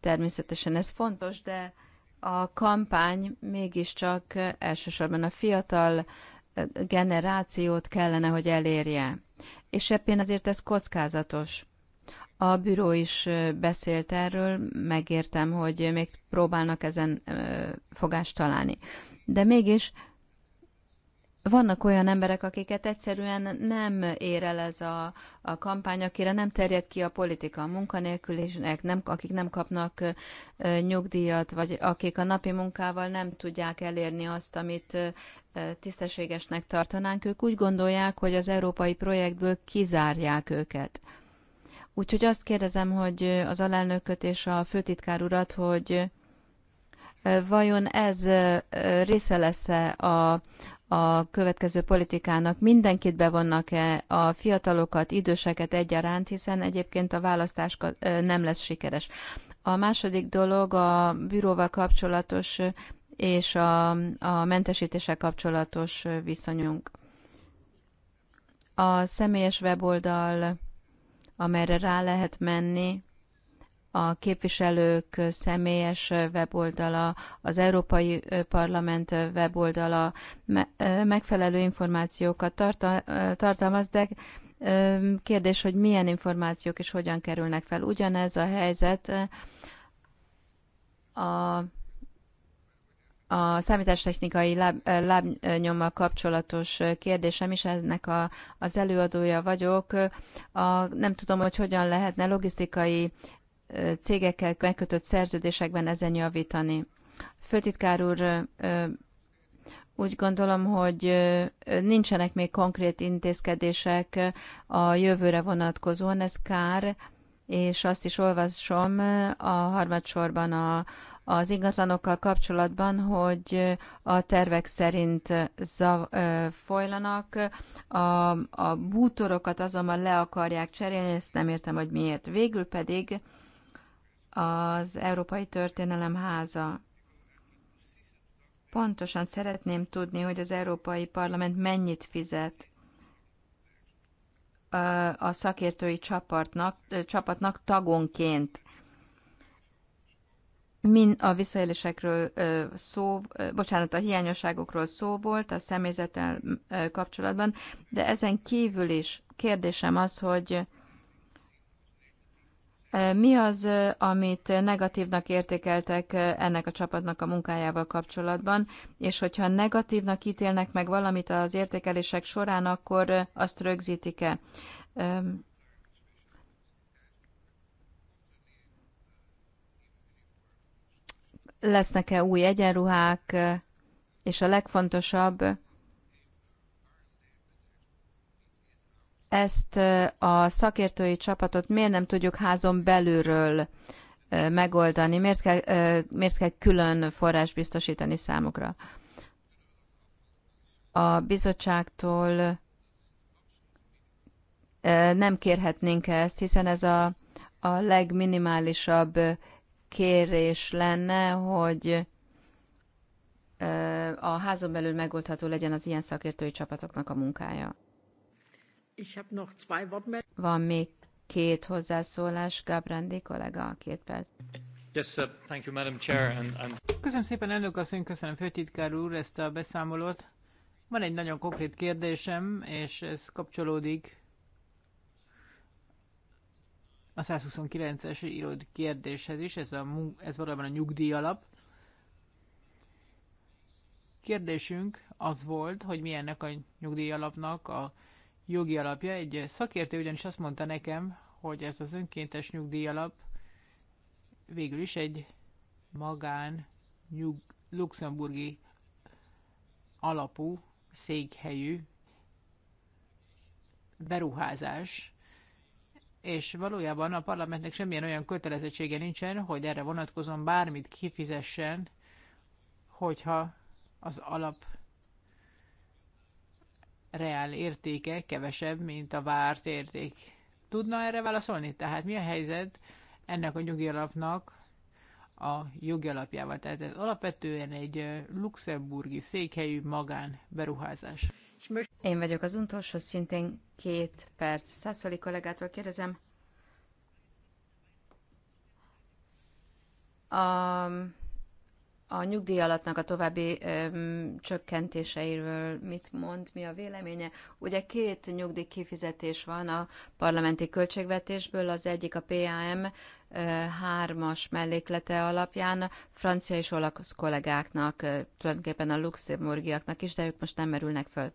természetesen ez fontos, de a kampány mégiscsak elsősorban a fiatal generációt kellene, hogy elérje. És ebben azért ez kockázatos. A büró is beszélt erről, megértem, hogy még próbálnak ezen fogást találni. De mégis vannak olyan emberek, akiket egyszerűen nem ér el ez a, a kampány, akire nem terjed ki a politika, a munkanélkülisnek, nem, akik nem kapnak ö, nyugdíjat, vagy akik a napi munkával nem tudják elérni azt, amit ö, tisztességesnek tartanánk, ők úgy gondolják, hogy az európai projektből kizárják őket. Úgyhogy azt kérdezem, hogy az alelnököt és a főtitkár urat, hogy vajon ez része lesz -e a, a következő politikának mindenkit bevonnak-e a fiatalokat, időseket egyaránt, hiszen egyébként a választás nem lesz sikeres. A második dolog a bíróval kapcsolatos és a, a mentesítéssel kapcsolatos viszonyunk. A személyes weboldal, amelyre rá lehet menni, a képviselők személyes weboldala, az Európai Parlament weboldala megfelelő információkat tartalmaz, de kérdés, hogy milyen információk és hogyan kerülnek fel. Ugyanez a helyzet a a számítástechnikai láb, lábnyommal kapcsolatos kérdésem is, ennek a, az előadója vagyok. A, nem tudom, hogy hogyan lehetne logisztikai cégekkel megkötött szerződésekben ezen javítani. Főtitkár úr, úgy gondolom, hogy nincsenek még konkrét intézkedések a jövőre vonatkozóan, ez kár, és azt is olvasom a harmadsorban a, az ingatlanokkal kapcsolatban, hogy a tervek szerint zav, ö, folylanak, a, a bútorokat azonban le akarják cserélni, ezt nem értem, hogy miért. Végül pedig az Európai Történelem Háza. Pontosan szeretném tudni, hogy az Európai Parlament mennyit fizet a szakértői csapatnak, csapatnak tagonként. Min a visszaélésekről szó, bocsánat, a hiányosságokról szó volt a személyzettel kapcsolatban, de ezen kívül is kérdésem az, hogy mi az, amit negatívnak értékeltek ennek a csapatnak a munkájával kapcsolatban, és hogyha negatívnak ítélnek meg valamit az értékelések során, akkor azt rögzítik-e? Lesznek-e új egyenruhák, és a legfontosabb, ezt a szakértői csapatot miért nem tudjuk házon belülről megoldani, miért kell, miért kell külön forrás biztosítani számukra. A bizottságtól nem kérhetnénk ezt, hiszen ez a, a legminimálisabb kérés lenne, hogy a házon belül megoldható legyen az ilyen szakértői csapatoknak a munkája. Van még két hozzászólás, Gabrandi kollega, két perc. Yes, sir. Thank you, Madam Chair. And, and... Köszönöm szépen, elnök asszony, köszönöm főtitkár úr ezt a beszámolót. Van egy nagyon konkrét kérdésem, és ez kapcsolódik a 129-es írod kérdéshez is, ez, a, ez valóban a nyugdíj alap. Kérdésünk az volt, hogy milyennek a nyugdíj alapnak a jogi alapja. Egy szakértő ugyanis azt mondta nekem, hogy ez az önkéntes nyugdíjalap végül is egy magán nyug, luxemburgi alapú székhelyű beruházás, és valójában a parlamentnek semmilyen olyan kötelezettsége nincsen, hogy erre vonatkozóan bármit kifizessen, hogyha az alap reál értéke kevesebb, mint a várt érték. Tudna erre válaszolni? Tehát mi a helyzet ennek a nyugi alapnak a jogi alapjával? Tehát ez alapvetően egy luxemburgi székhelyű magán beruházás. Én vagyok az utolsó, szintén két perc. Szászoli kollégától kérdezem. A a nyugdíjalatnak a további öm, csökkentéseiről mit mond, mi a véleménye. Ugye két nyugdíj kifizetés van a parlamenti költségvetésből, az egyik a PAM hármas melléklete alapján francia és olasz kollégáknak, tulajdonképpen a luxemburgiaknak is, de ők most nem merülnek föl.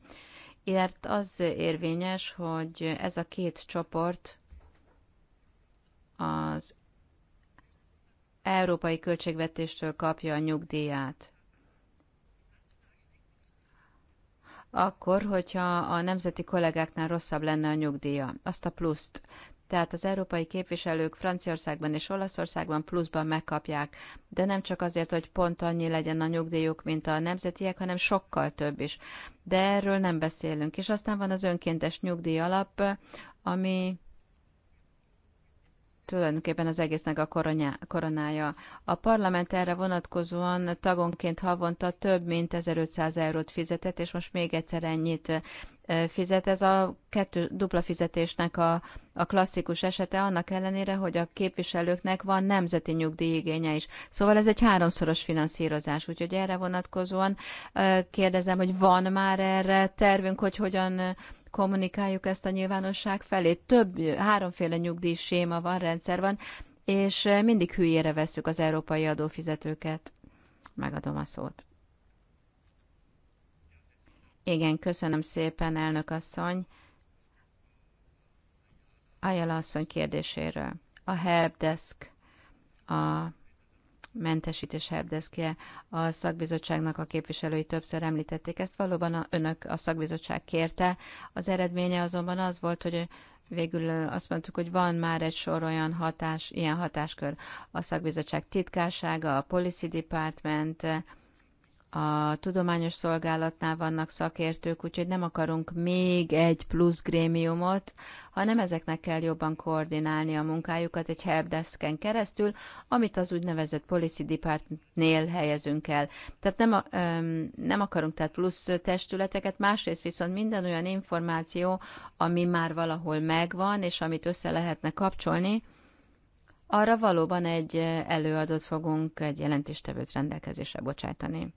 Ért az érvényes, hogy ez a két csoport az európai költségvetéstől kapja a nyugdíját. Akkor, hogyha a nemzeti kollégáknál rosszabb lenne a nyugdíja, azt a pluszt. Tehát az európai képviselők Franciaországban és Olaszországban pluszban megkapják, de nem csak azért, hogy pont annyi legyen a nyugdíjuk, mint a nemzetiek, hanem sokkal több is. De erről nem beszélünk. És aztán van az önkéntes nyugdíj alap, ami tulajdonképpen az egésznek a koronyá, koronája. A parlament erre vonatkozóan tagonként havonta több mint 1500 eurót fizetett, és most még egyszer ennyit fizet. Ez a kettő dupla fizetésnek a, a klasszikus esete, annak ellenére, hogy a képviselőknek van nemzeti nyugdíjigénye is. Szóval ez egy háromszoros finanszírozás, úgyhogy erre vonatkozóan kérdezem, hogy van már erre tervünk, hogy hogyan kommunikáljuk ezt a nyilvánosság felé. Több, háromféle nyugdíjséma van, rendszer van, és eh, mindig hülyére vesszük az európai adófizetőket. Megadom a szót. Igen, köszönöm szépen, elnök asszony. Ajala asszony kérdéséről. A helpdesk, a mentesítés helpdeskje a szakbizottságnak a képviselői többször említették ezt. Valóban a, önök a szakbizottság kérte. Az eredménye azonban az volt, hogy végül azt mondtuk, hogy van már egy sor olyan hatás, ilyen hatáskör a szakbizottság titkársága, a Policy Department, a tudományos szolgálatnál vannak szakértők, úgyhogy nem akarunk még egy plusz grémiumot, hanem ezeknek kell jobban koordinálni a munkájukat egy helpdesken keresztül, amit az úgynevezett policy Departmentnél helyezünk el. Tehát nem, nem akarunk tehát plusz testületeket, másrészt viszont minden olyan információ, ami már valahol megvan, és amit össze lehetne kapcsolni, arra valóban egy előadót fogunk, egy jelentéstevőt rendelkezésre bocsájtani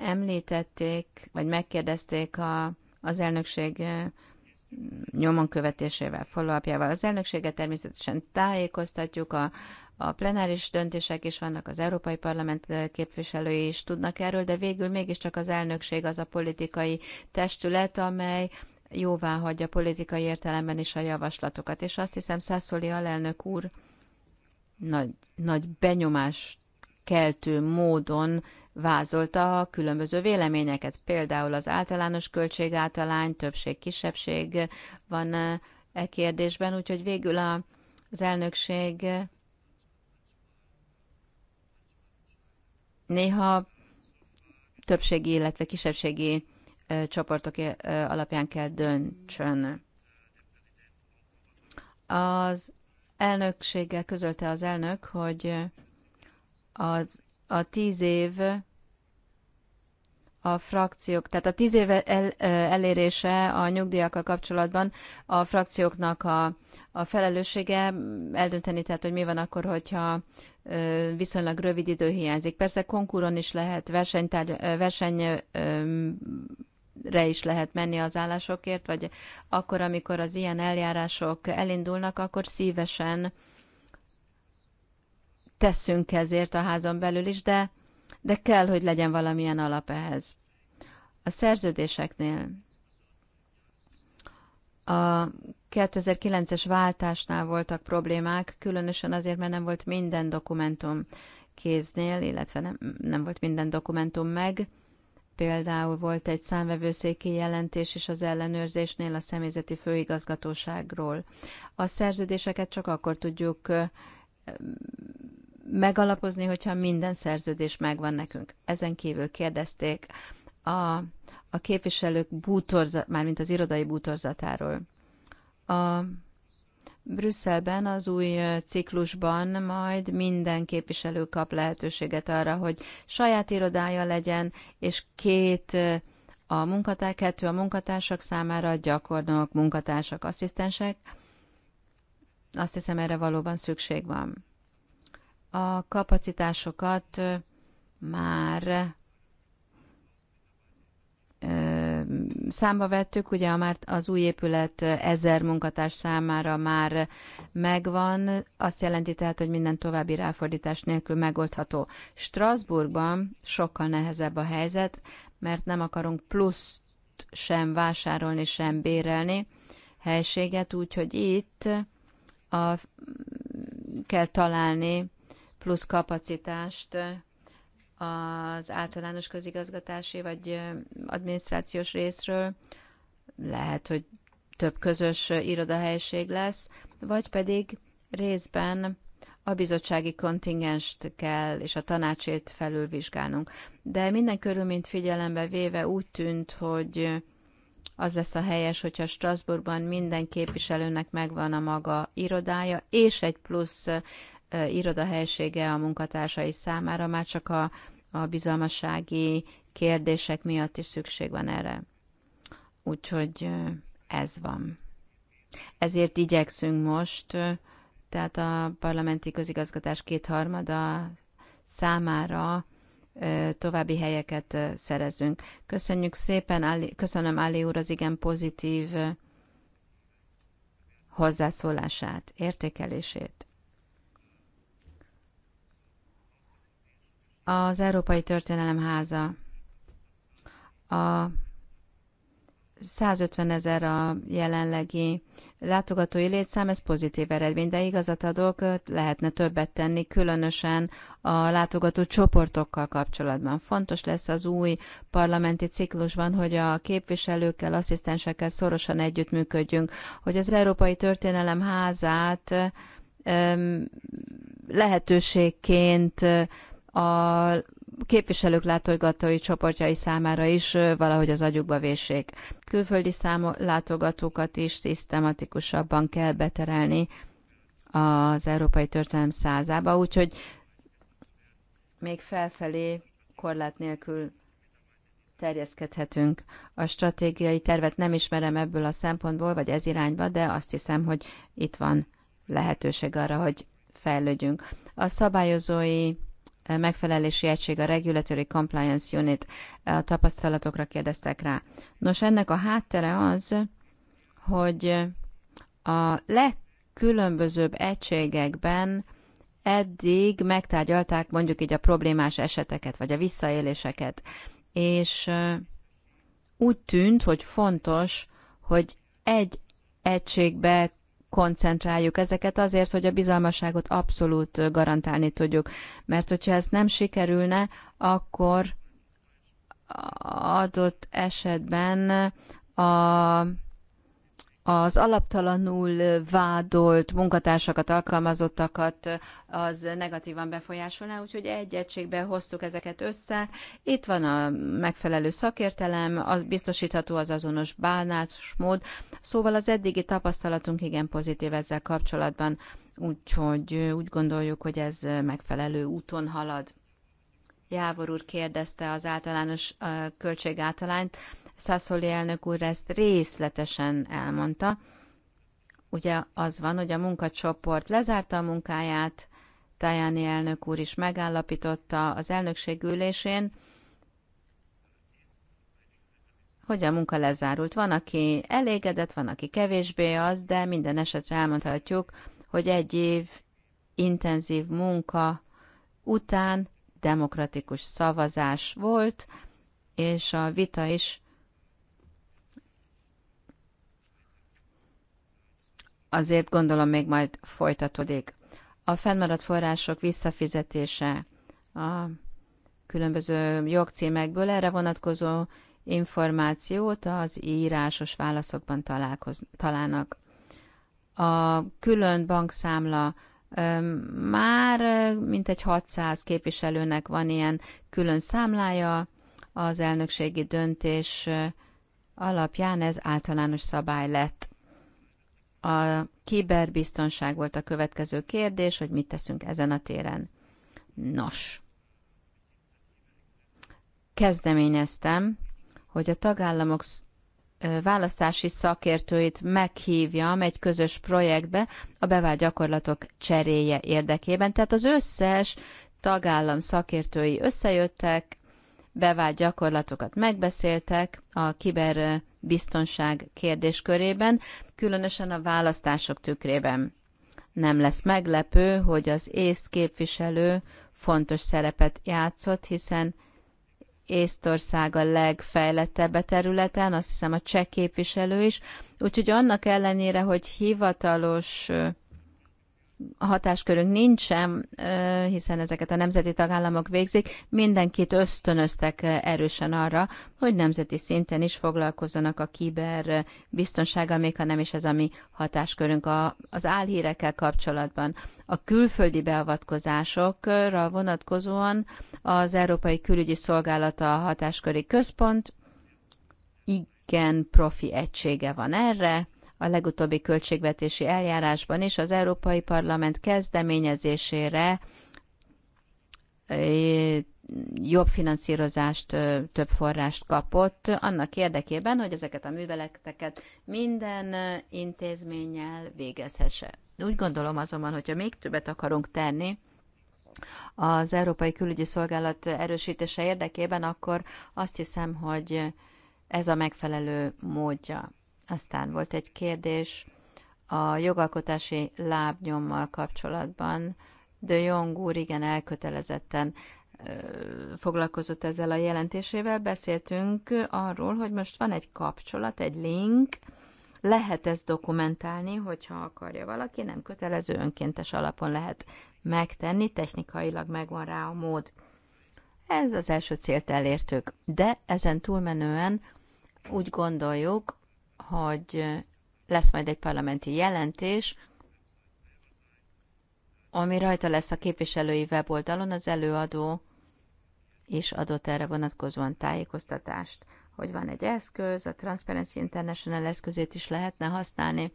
említették, vagy megkérdezték a, az elnökség nyomon követésével, follow Az elnökséget természetesen tájékoztatjuk, a, a plenáris döntések is vannak, az Európai Parlament képviselői is tudnak erről, de végül mégiscsak az elnökség az a politikai testület, amely jóvá hagyja politikai értelemben is a javaslatokat. És azt hiszem, Szászoli alelnök úr nagy, nagy benyomást keltő módon vázolta a különböző véleményeket, például az általános költségáltalány, többség-kisebbség van e kérdésben, úgyhogy végül a, az elnökség néha többségi, illetve kisebbségi csoportok alapján kell döntsön. Az elnökséggel közölte az elnök, hogy az a tíz év a frakciók, tehát a tíz év el, elérése a nyugdíjakkal kapcsolatban a frakcióknak a, a felelőssége eldönteni, tehát hogy mi van akkor, hogyha viszonylag rövid idő hiányzik. Persze konkuron is lehet, versenytár, re is lehet menni az állásokért, vagy akkor, amikor az ilyen eljárások elindulnak, akkor szívesen teszünk ezért a házon belül is, de, de kell, hogy legyen valamilyen alap ehhez. A szerződéseknél a 2009-es váltásnál voltak problémák, különösen azért, mert nem volt minden dokumentum kéznél, illetve nem, nem volt minden dokumentum meg. Például volt egy számvevőszéki jelentés is az ellenőrzésnél a személyzeti főigazgatóságról. A szerződéseket csak akkor tudjuk megalapozni, hogyha minden szerződés megvan nekünk. Ezen kívül kérdezték a, a képviselők bútorzat, mármint az irodai bútorzatáról. A Brüsszelben az új ciklusban majd minden képviselő kap lehetőséget arra, hogy saját irodája legyen, és két a munkatár, kettő a munkatársak számára, gyakornok, munkatársak, asszisztensek. Azt hiszem, erre valóban szükség van a kapacitásokat már számba vettük, ugye már az új épület ezer munkatárs számára már megvan, azt jelenti tehát, hogy minden további ráfordítás nélkül megoldható. Strasbourgban sokkal nehezebb a helyzet, mert nem akarunk pluszt sem vásárolni, sem bérelni helységet, úgyhogy itt a, kell találni plusz kapacitást az általános közigazgatási vagy adminisztrációs részről, lehet, hogy több közös irodahelyiség lesz, vagy pedig részben a bizottsági kontingenst kell és a tanácsét felülvizsgálnunk. De minden körülményt figyelembe véve úgy tűnt, hogy az lesz a helyes, hogyha Strasbourgban minden képviselőnek megvan a maga irodája, és egy plusz irodahelysége a munkatársai számára, már csak a, a bizalmassági kérdések miatt is szükség van erre. Úgyhogy ez van. Ezért igyekszünk most, tehát a parlamenti közigazgatás kétharmada számára további helyeket szerezünk. Köszönjük szépen, köszönöm Ali úr az igen pozitív hozzászólását, értékelését. az Európai Történelem Háza. A 150 ezer a jelenlegi látogatói létszám, ez pozitív eredmény, de igazat adok, lehetne többet tenni, különösen a látogató csoportokkal kapcsolatban. Fontos lesz az új parlamenti ciklusban, hogy a képviselőkkel, asszisztensekkel szorosan együttműködjünk, hogy az Európai Történelem házát lehetőségként a képviselők látogatói csoportjai számára is valahogy az agyukba vésség. Külföldi számo- látogatókat is szisztematikusabban kell beterelni az európai történelem százába, úgyhogy még felfelé korlát nélkül terjeszkedhetünk. A stratégiai tervet nem ismerem ebből a szempontból, vagy ez irányba, de azt hiszem, hogy itt van lehetőség arra, hogy fejlődjünk. A szabályozói megfelelési egység, a Regulatory Compliance Unit a tapasztalatokra kérdeztek rá. Nos, ennek a háttere az, hogy a legkülönbözőbb egységekben eddig megtárgyalták mondjuk így a problémás eseteket, vagy a visszaéléseket, és úgy tűnt, hogy fontos, hogy egy egységbe koncentráljuk ezeket azért, hogy a bizalmaságot abszolút garantálni tudjuk. Mert hogyha ez nem sikerülne, akkor adott esetben a az alaptalanul vádolt munkatársakat, alkalmazottakat az negatívan befolyásolná, úgyhogy egy egységbe hoztuk ezeket össze. Itt van a megfelelő szakértelem, az biztosítható az azonos bánásmód, szóval az eddigi tapasztalatunk igen pozitív ezzel kapcsolatban, úgyhogy úgy gondoljuk, hogy ez megfelelő úton halad. Jávor úr kérdezte az általános költségáltalányt. Szaszoli elnök úr ezt részletesen elmondta. Ugye az van, hogy a munkacsoport lezárta a munkáját, Tajani elnök úr is megállapította az elnökség ülésén, hogy a munka lezárult. Van, aki elégedett, van, aki kevésbé az, de minden esetre elmondhatjuk, hogy egy év intenzív munka után demokratikus szavazás volt, és a vita is azért gondolom még majd folytatódik. A fennmaradt források visszafizetése a különböző jogcímekből erre vonatkozó információt az írásos válaszokban találkoz, találnak. A külön bankszámla már mintegy 600 képviselőnek van ilyen külön számlája, az elnökségi döntés alapján ez általános szabály lett. A kiberbiztonság volt a következő kérdés, hogy mit teszünk ezen a téren. Nos, kezdeményeztem, hogy a tagállamok választási szakértőit meghívjam egy közös projektbe a bevált gyakorlatok cseréje érdekében. Tehát az összes tagállam szakértői összejöttek, bevált gyakorlatokat megbeszéltek a kiberbiztonság kérdéskörében, különösen a választások tükrében. Nem lesz meglepő, hogy az észt képviselő fontos szerepet játszott, hiszen Észtország a legfejlettebb területen, azt hiszem a cseh képviselő is. Úgyhogy annak ellenére, hogy hivatalos a hatáskörünk nincsen, hiszen ezeket a nemzeti tagállamok végzik, mindenkit ösztönöztek erősen arra, hogy nemzeti szinten is foglalkozzanak a kiber biztonsággal, még ha nem is ez a mi hatáskörünk a, az álhírekkel kapcsolatban. A külföldi beavatkozásokra vonatkozóan az Európai Külügyi Szolgálata hatásköri központ igen profi egysége van erre, a legutóbbi költségvetési eljárásban is az Európai Parlament kezdeményezésére jobb finanszírozást, több forrást kapott, annak érdekében, hogy ezeket a műveleteket minden intézménnyel végezhesse. Úgy gondolom azonban, hogyha még többet akarunk tenni, az Európai Külügyi Szolgálat erősítése érdekében, akkor azt hiszem, hogy ez a megfelelő módja. Aztán volt egy kérdés a jogalkotási lábnyommal kapcsolatban. De Jong úr igen elkötelezetten foglalkozott ezzel a jelentésével, beszéltünk arról, hogy most van egy kapcsolat, egy link, lehet ezt dokumentálni, hogyha akarja valaki, nem kötelező, önkéntes alapon lehet megtenni, technikailag megvan rá a mód. Ez az első célt elértük, de ezen túlmenően úgy gondoljuk, hogy lesz majd egy parlamenti jelentés, ami rajta lesz a képviselői weboldalon, az előadó is adott erre vonatkozóan tájékoztatást, hogy van egy eszköz, a Transparency International eszközét is lehetne használni.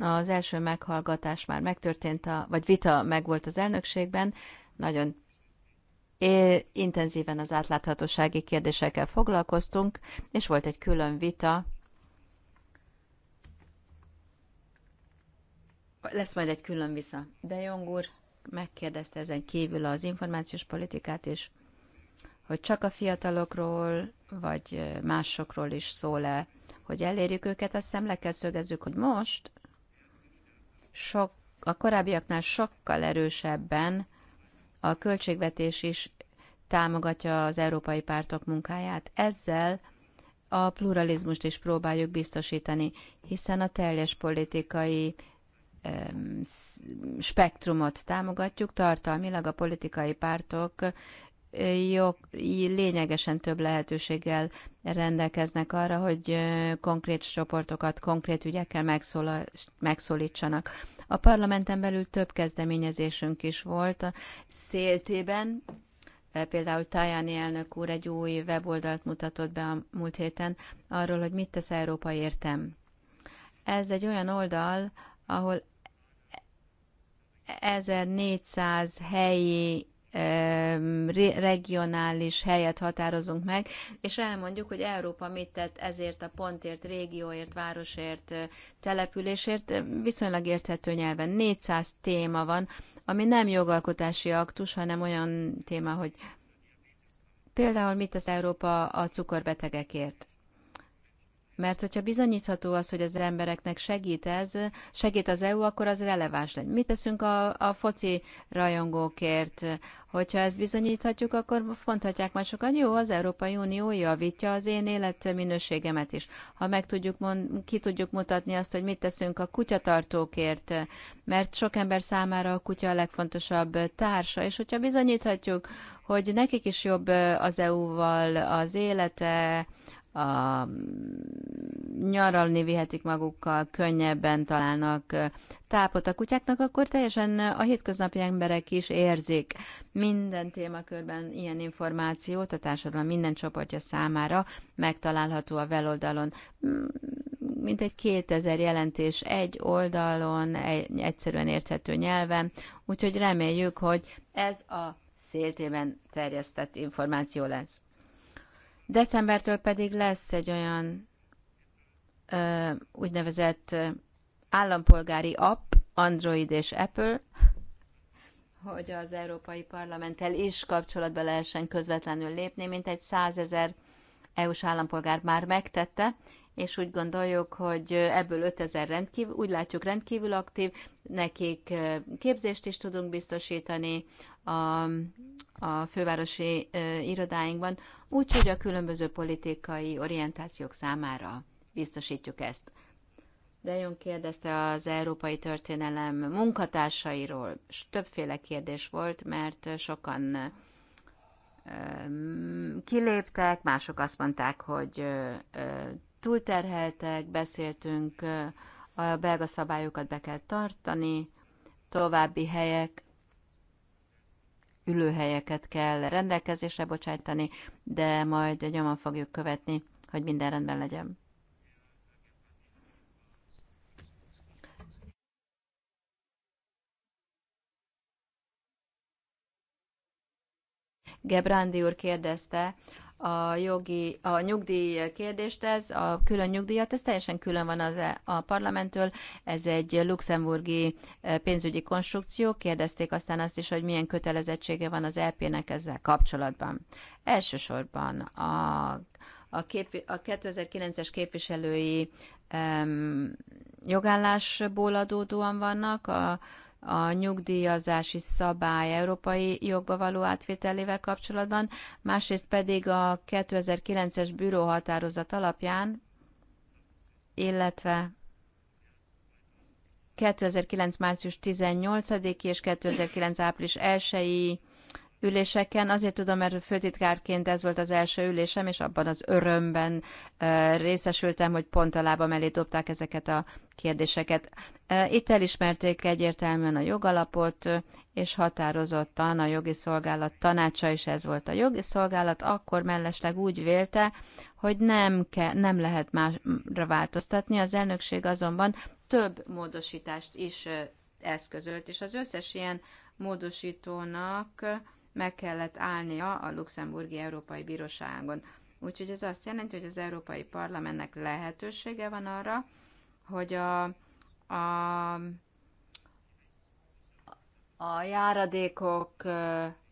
Az első meghallgatás már megtörtént, a, vagy vita megvolt az elnökségben, nagyon intenzíven az átláthatósági kérdésekkel foglalkoztunk, és volt egy külön vita Lesz majd egy külön vissza. De Jong úr megkérdezte ezen kívül az információs politikát is, hogy csak a fiatalokról, vagy másokról is szól-e, hogy elérjük őket, azt le kell szögezzük, hogy most sok, a korábbiaknál sokkal erősebben a költségvetés is támogatja az európai pártok munkáját. Ezzel a pluralizmust is próbáljuk biztosítani, hiszen a teljes politikai spektrumot támogatjuk, tartalmilag a politikai pártok jog, lényegesen több lehetőséggel rendelkeznek arra, hogy konkrét csoportokat, konkrét ügyekkel megszólítsanak. A parlamenten belül több kezdeményezésünk is volt. A széltében például Tajani elnök úr egy új weboldalt mutatott be a múlt héten arról, hogy mit tesz Európa értem. Ez egy olyan oldal, ahol 1400 helyi regionális helyet határozunk meg, és elmondjuk, hogy Európa mit tett ezért a pontért, régióért, városért, településért, viszonylag érthető nyelven. 400 téma van, ami nem jogalkotási aktus, hanem olyan téma, hogy például mit tesz Európa a cukorbetegekért. Mert hogyha bizonyítható az, hogy az embereknek segít ez, segít az EU, akkor az releváns legyen. Mit teszünk a, a foci rajongókért? Hogyha ezt bizonyíthatjuk, akkor mondhatják már sokan, jó, az Európai Unió javítja az én életminőségemet is. Ha meg tudjuk mond, ki tudjuk mutatni azt, hogy mit teszünk a kutyatartókért, mert sok ember számára a kutya a legfontosabb társa, és hogyha bizonyíthatjuk, hogy nekik is jobb az EU-val az élete, a mm, nyaralni vihetik magukkal, könnyebben találnak tápot a kutyáknak, akkor teljesen a hétköznapi emberek is érzik minden témakörben ilyen információt a társadalom minden csoportja számára megtalálható a weboldalon. Mm, mint egy 2000 jelentés egy oldalon, egy egyszerűen érthető nyelven, úgyhogy reméljük, hogy ez a széltében terjesztett információ lesz. Decembertől pedig lesz egy olyan ö, úgynevezett állampolgári app, Android és Apple, hogy az Európai Parlamenttel is kapcsolatba lehessen közvetlenül lépni, mint egy százezer EU-s állampolgár már megtette, és úgy gondoljuk, hogy ebből 5000 rendkívül, úgy látjuk rendkívül aktív, nekik képzést is tudunk biztosítani, a, a fővárosi irodáinkban, úgyhogy a különböző politikai orientációk számára biztosítjuk ezt. De Jön kérdezte az európai történelem munkatársairól, és többféle kérdés volt, mert sokan kiléptek, mások azt mondták, hogy túlterheltek, beszéltünk, a belga szabályokat be kell tartani, további helyek ülőhelyeket kell rendelkezésre bocsájtani, de majd nyomon fogjuk követni, hogy minden rendben legyen. Gebrandi úr kérdezte, a jogi, a nyugdíj kérdést, ez a külön nyugdíjat, ez teljesen külön van az, e, a parlamenttől, ez egy luxemburgi e, pénzügyi konstrukció, kérdezték aztán azt is, hogy milyen kötelezettsége van az LP-nek e ezzel kapcsolatban. Elsősorban a, a, kép, a 2009-es képviselői um, jogállásból adódóan vannak, a, a nyugdíjazási szabály európai jogba való átvételével kapcsolatban, másrészt pedig a 2009-es bűróhatározat alapján, illetve 2009. március 18 és 2009. április 1-i üléseken. Azért tudom, mert főtitkárként ez volt az első ülésem, és abban az örömben részesültem, hogy pont a lábam elé dobták ezeket a kérdéseket. Itt elismerték egyértelműen a jogalapot, és határozottan a jogi szolgálat tanácsa is ez volt. A jogi szolgálat akkor mellesleg úgy vélte, hogy nem, ke, nem lehet másra változtatni, az elnökség azonban több módosítást is eszközölt, és az összes ilyen módosítónak meg kellett állnia a Luxemburgi Európai Bíróságon. Úgyhogy ez azt jelenti, hogy az Európai Parlamentnek lehetősége van arra, hogy a, a, a járadékok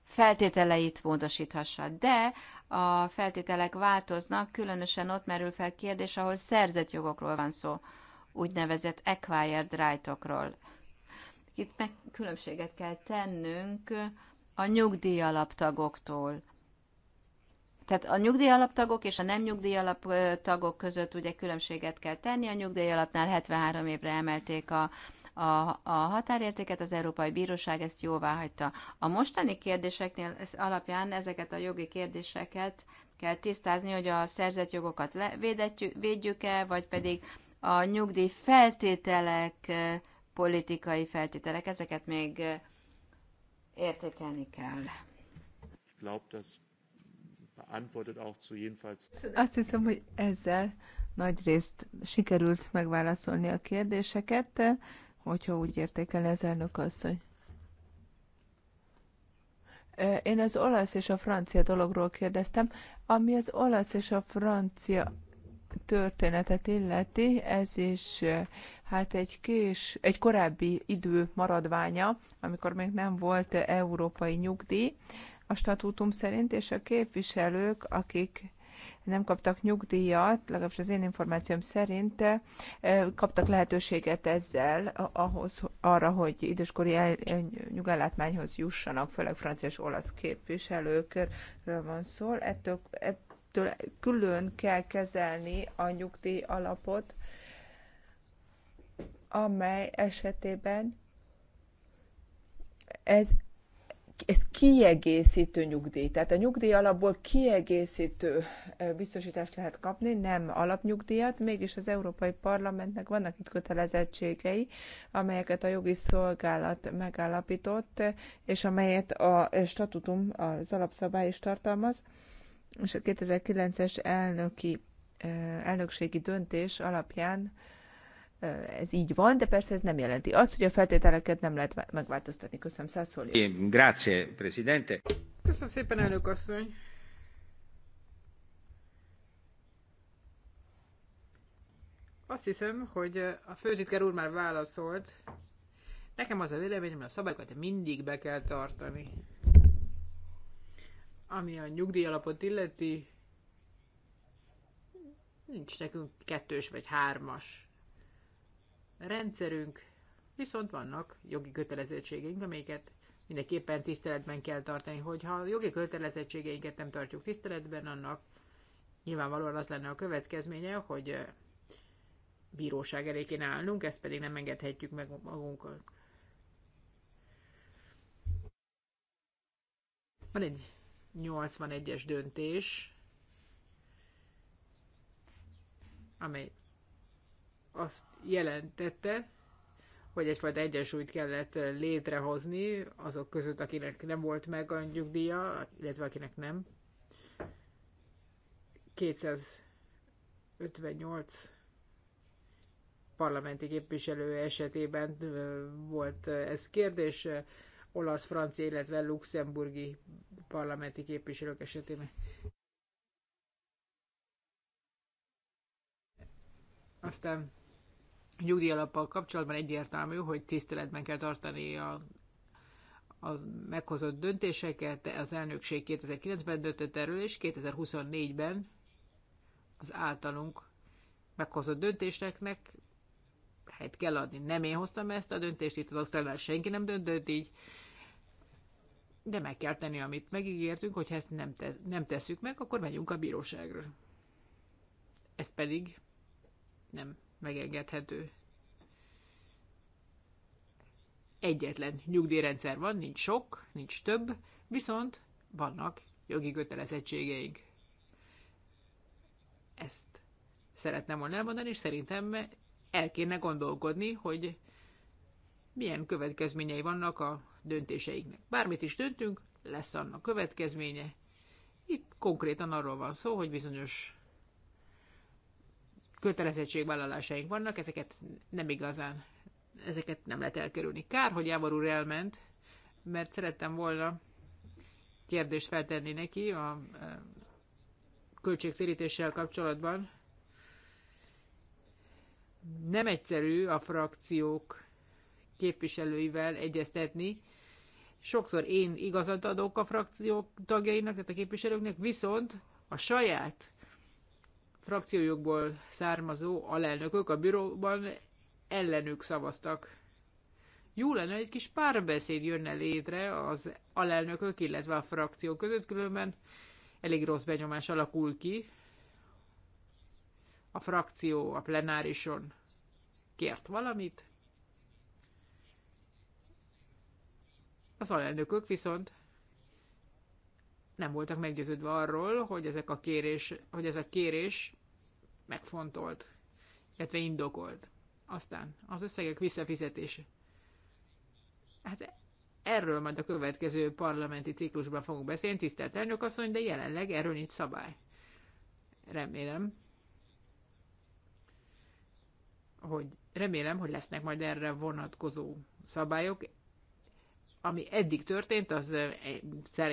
feltételeit módosíthassa. De a feltételek változnak, különösen ott merül fel kérdés, ahol szerzett jogokról van szó, úgynevezett acquired rightokról. Itt meg különbséget kell tennünk a nyugdíjalaptagoktól. Tehát a nyugdíjalaptagok és a nem nyugdíjalaptagok között ugye különbséget kell tenni. A nyugdíjalapnál 73 évre emelték a, a, a határértéket, az Európai Bíróság ezt jóvá hagyta. A mostani kérdéseknél ez alapján ezeket a jogi kérdéseket kell tisztázni, hogy a szerzett jogokat védjük-e, vagy pedig a nyugdíj feltételek, eh, politikai feltételek, ezeket még eh, értékelni kell. Azt hiszem, hogy ezzel nagy részt sikerült megválaszolni a kérdéseket, hogyha úgy értékelni az elnök asszony. Én az olasz és a francia dologról kérdeztem. Ami az olasz és a francia történetet illeti, ez is hát egy kés, egy korábbi idő maradványa, amikor még nem volt európai nyugdíj a statútum szerint, és a képviselők, akik nem kaptak nyugdíjat, legalábbis az én információm szerint eh, kaptak lehetőséget ezzel ahhoz, arra, hogy időskori nyugellátmányhoz jussanak, főleg francia és olasz képviselőkről van szó. Ettől, ettől külön kell kezelni a nyugdíj alapot, amely esetében ez, ez kiegészítő nyugdíj. Tehát a nyugdíj alapból kiegészítő biztosítást lehet kapni, nem alapnyugdíjat, mégis az Európai Parlamentnek vannak itt kötelezettségei, amelyeket a jogi szolgálat megállapított, és amelyet a statutum, az alapszabály is tartalmaz és a 2009-es elnöki, elnökségi döntés alapján ez így van, de persze ez nem jelenti azt, hogy a feltételeket nem lehet megváltoztatni. Köszönöm, Szászoli. Grazie, Presidente. Köszönöm szépen, elnök asszony. Azt hiszem, hogy a főzitker úr már válaszolt. Nekem az a véleményem, hogy a szabályokat mindig be kell tartani. Ami a nyugdíjalapot illeti, nincs nekünk kettős vagy hármas rendszerünk, viszont vannak jogi kötelezettségeink, amelyeket mindenképpen tiszteletben kell tartani. Hogyha a jogi kötelezettségeinket nem tartjuk tiszteletben, annak nyilvánvalóan az lenne a következménye, hogy bíróság elé kéne állnunk, ezt pedig nem engedhetjük meg magunkat. Van egy 81-es döntés, amely azt jelentette, hogy egyfajta egyensúlyt kellett eh, létrehozni azok között, akinek nem volt meg a nyugdíja, illetve akinek nem. 258 parlamenti képviselő esetében eh, volt eh, ez kérdés, olasz, francia, illetve luxemburgi parlamenti képviselők esetében. Aztán nyugdíjalappal kapcsolatban egyértelmű, hogy tiszteletben kell tartani a, a meghozott döntéseket, az elnökség 2009-ben döntött erről, és 2024-ben az általunk meghozott döntéseknek helyet kell adni. Nem én hoztam ezt a döntést, itt az asztalnál senki nem döntött így, de meg kell tenni, amit megígértünk, hogy ha ezt nem, te, nem tesszük meg, akkor megyünk a bíróságra. Ez pedig nem megengedhető. Egyetlen nyugdíjrendszer van, nincs sok, nincs több, viszont vannak jogi kötelezettségeink. Ezt szeretném volna elmondani, és szerintem el kéne gondolkodni, hogy milyen következményei vannak a döntéseinknek. Bármit is döntünk, lesz annak következménye. Itt konkrétan arról van szó, hogy bizonyos kötelezettségvállalásaink vannak, ezeket nem igazán, ezeket nem lehet elkerülni. Kár, hogy Jávor úr elment, mert szerettem volna kérdést feltenni neki a költségtérítéssel kapcsolatban. Nem egyszerű a frakciók képviselőivel egyeztetni. Sokszor én igazat adok a frakció tagjainak, tehát a képviselőknek, viszont a saját frakciójukból származó alelnökök a büróban ellenük szavaztak. Jó lenne, egy kis párbeszéd jönne létre az alelnökök, illetve a frakció között, különben elég rossz benyomás alakul ki. A frakció a plenárison kért valamit, Az alelnökök viszont nem voltak meggyőződve arról, hogy, ezek a kérés, hogy ez a kérés megfontolt, illetve indokolt. Aztán az összegek visszafizetése. Hát erről majd a következő parlamenti ciklusban fogunk beszélni, tisztelt elnök asszony, de jelenleg erről nincs szabály. Remélem, hogy remélem, hogy lesznek majd erre vonatkozó szabályok ami eddig történt, az eh,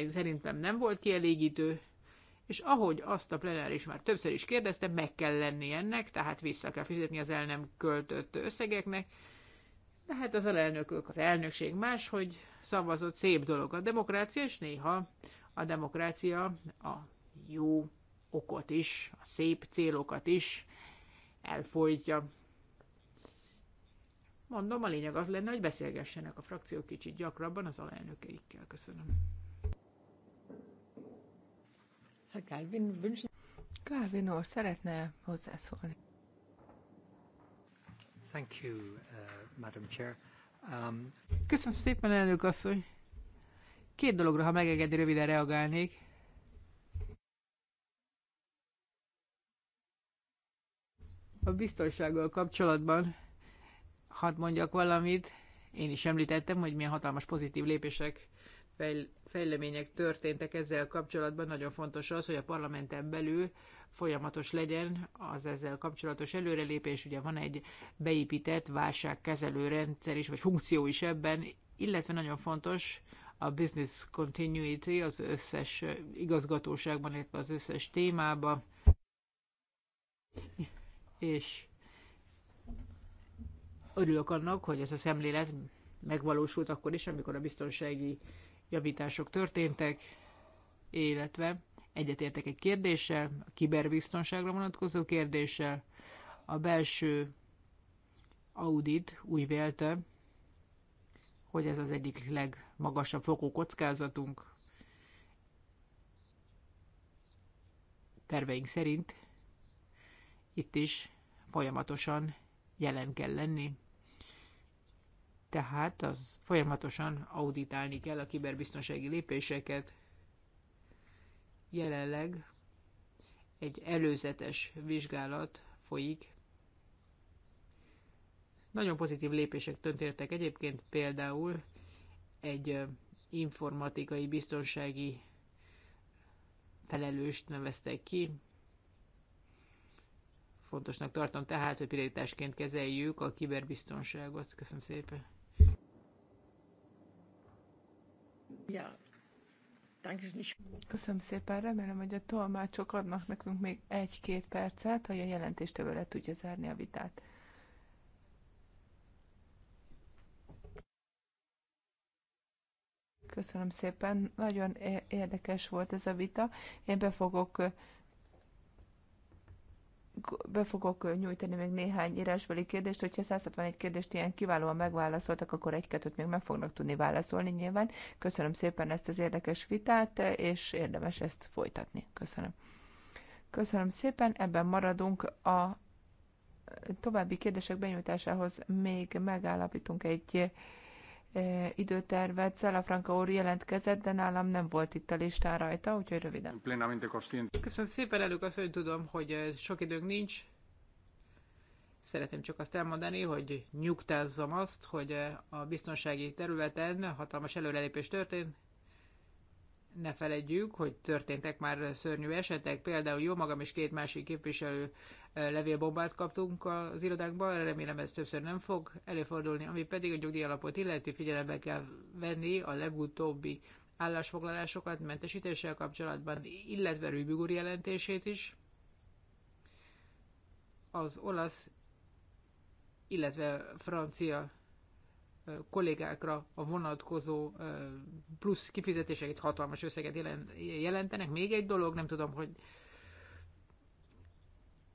szerintem nem volt kielégítő, és ahogy azt a plenáris már többször is kérdezte, meg kell lenni ennek, tehát vissza kell fizetni az el nem költött összegeknek, de hát az alelnökök, az elnökség más, hogy szavazott szép dolog a demokrácia, és néha a demokrácia a jó okot is, a szép célokat is elfolytja. Mondom, a lényeg az lenne, hogy beszélgessenek a frakciók kicsit gyakrabban az alelnökeikkel. Köszönöm. Calvin úr szeretne hozzászólni. Thank you, uh, Madam Chair. Um... Köszönöm szépen, elnök asszony. Két dologra, ha megengedi, röviden reagálnék. A biztonsággal kapcsolatban hadd mondjak valamit. Én is említettem, hogy milyen hatalmas pozitív lépések, fejlemények történtek ezzel kapcsolatban. Nagyon fontos az, hogy a parlamenten belül folyamatos legyen az ezzel kapcsolatos előrelépés. Ugye van egy beépített válságkezelő rendszer is, vagy funkció is ebben, illetve nagyon fontos a business continuity az összes igazgatóságban, illetve az összes témában. És Örülök annak, hogy ez a szemlélet megvalósult akkor is, amikor a biztonsági javítások történtek, illetve egyetértek egy kérdéssel, a kiberbiztonságra vonatkozó kérdéssel. A belső audit úgy vélte, hogy ez az egyik legmagasabb fokú kockázatunk. Terveink szerint itt is folyamatosan jelen kell lenni. Tehát az folyamatosan auditálni kell a kiberbiztonsági lépéseket. Jelenleg egy előzetes vizsgálat folyik. Nagyon pozitív lépések történtek egyébként, például egy informatikai biztonsági felelőst neveztek ki, Fontosnak tartom tehát, hogy prioritásként kezeljük a kiberbiztonságot. Köszönöm szépen. Ja. Köszönöm szépen, remélem, hogy a tolmácsok adnak nekünk még egy-két percet, hogy a jelentéstől le tudja zárni a vitát. Köszönöm szépen, nagyon érdekes volt ez a vita. Én be fogok be fogok nyújtani még néhány írásbeli kérdést, hogyha 161 kérdést ilyen kiválóan megválaszoltak, akkor egy-kettőt még meg fognak tudni válaszolni nyilván. Köszönöm szépen ezt az érdekes vitát, és érdemes ezt folytatni. Köszönöm. Köszönöm szépen, ebben maradunk a további kérdések benyújtásához még megállapítunk egy időtervet. Zala Franka úr jelentkezett, de nálam nem volt itt a listán rajta, úgyhogy röviden. Köszönöm szépen, elők azt, hogy tudom, hogy sok időnk nincs. Szeretném csak azt elmondani, hogy nyugtázzam azt, hogy a biztonsági területen hatalmas előrelépés történt, ne feledjük, hogy történtek már szörnyű esetek, például jó magam és két másik képviselő eh, levélbombát kaptunk az irodákba, remélem ez többször nem fog előfordulni, ami pedig a nyugdíjalapot illeti figyelembe kell venni a legutóbbi állásfoglalásokat mentesítéssel kapcsolatban, illetve Rübig jelentését is. Az olasz, illetve francia kollégákra a vonatkozó plusz kifizetéseket hatalmas összeget jelentenek. Még egy dolog, nem tudom, hogy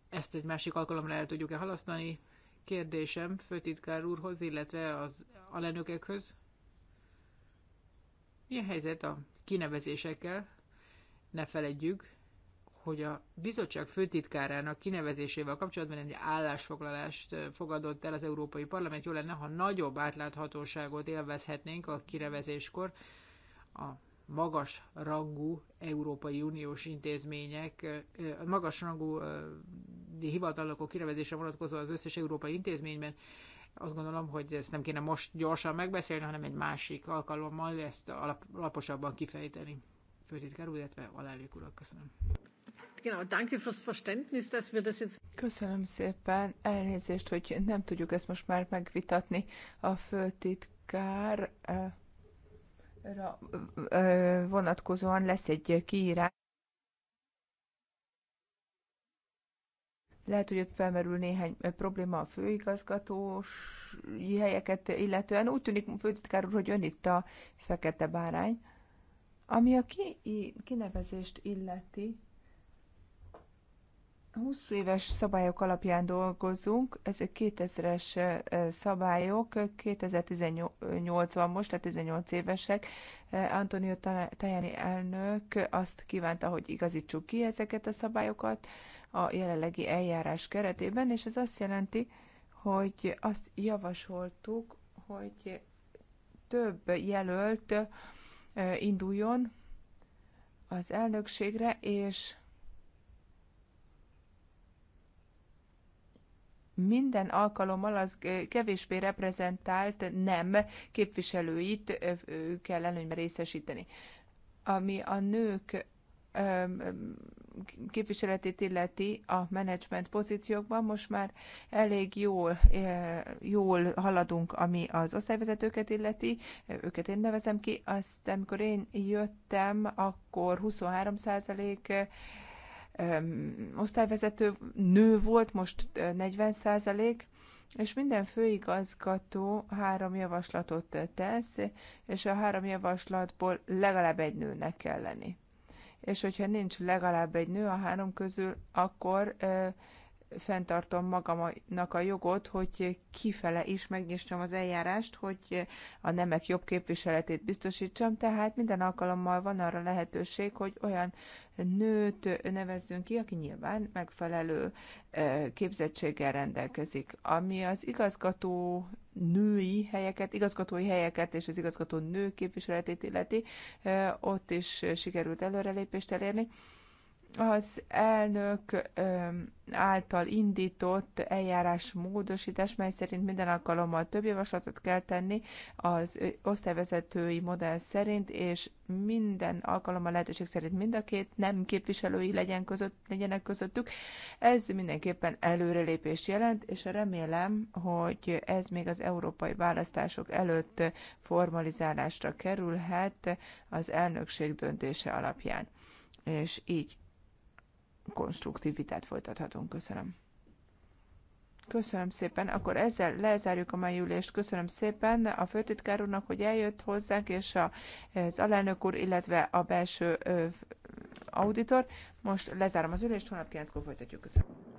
ezt egy másik alkalomra el tudjuk-e halasztani. Kérdésem főtitkár úrhoz, illetve az alelnökekhöz. Mi a helyzet a kinevezésekkel? Ne feledjük, hogy a bizottság főtitkárának kinevezésével kapcsolatban egy állásfoglalást fogadott el az Európai Parlament. Jó lenne, ha nagyobb átláthatóságot élvezhetnénk a kinevezéskor a magas rangú Európai Uniós intézmények, magas rangú hivatalnokok kinevezése vonatkozó az összes európai intézményben. Azt gondolom, hogy ezt nem kéne most gyorsan megbeszélni, hanem egy másik alkalommal ezt alaposabban kifejteni. Főtitkár úr, illetve alelnök urak, köszönöm. Köszönöm szépen, elnézést, hogy nem tudjuk ezt most már megvitatni. A főtitkár eh, eh, vonatkozóan lesz egy kiírás. Lehet, hogy ott felmerül néhány eh, probléma a főigazgatós helyeket illetően. Úgy tűnik, főtitkár úr, hogy ön itt a fekete bárány. Ami a ki, kinevezést illeti, 20 éves szabályok alapján dolgozunk, ezek 2000-es szabályok, 2018 van most, tehát 18 évesek. Antonio Tajani elnök azt kívánta, hogy igazítsuk ki ezeket a szabályokat a jelenlegi eljárás keretében, és ez azt jelenti, hogy azt javasoltuk, hogy több jelölt induljon az elnökségre, és minden alkalommal az kevésbé reprezentált nem képviselőit kell előnyben részesíteni. Ami a nők képviseletét illeti a menedzsment pozíciókban. Most már elég jól, jól haladunk, ami az osztályvezetőket illeti. Őket én nevezem ki. Azt, amikor én jöttem, akkor 23 százalék osztályvezető nő volt, most 40 százalék, és minden főigazgató három javaslatot tesz, és a három javaslatból legalább egy nőnek kell lenni. És hogyha nincs legalább egy nő a három közül, akkor fenntartom magamnak a jogot, hogy kifele is megnyissam az eljárást, hogy a nemek jobb képviseletét biztosítsam, tehát minden alkalommal van arra lehetőség, hogy olyan nőt nevezzünk ki, aki nyilván megfelelő eh, képzettséggel rendelkezik. Ami az igazgató női helyeket, igazgatói helyeket és az igazgató nő képviseletét illeti, eh, ott is sikerült előrelépést elérni az elnök által indított eljárás módosítás, mely szerint minden alkalommal több javaslatot kell tenni az osztályvezetői modell szerint, és minden alkalommal lehetőség szerint mind a két nem képviselői legyen között, legyenek közöttük. Ez mindenképpen előrelépés jelent, és remélem, hogy ez még az európai választások előtt formalizálásra kerülhet az elnökség döntése alapján és így konstruktív vitát folytathatunk. Köszönöm. Köszönöm szépen. Akkor ezzel lezárjuk a mai ülést. Köszönöm szépen a főtitkár úrnak, hogy eljött hozzánk, és a, az alelnök úr, illetve a belső auditor. Most lezárom az ülést, holnap 9-kor folytatjuk. Köszönöm.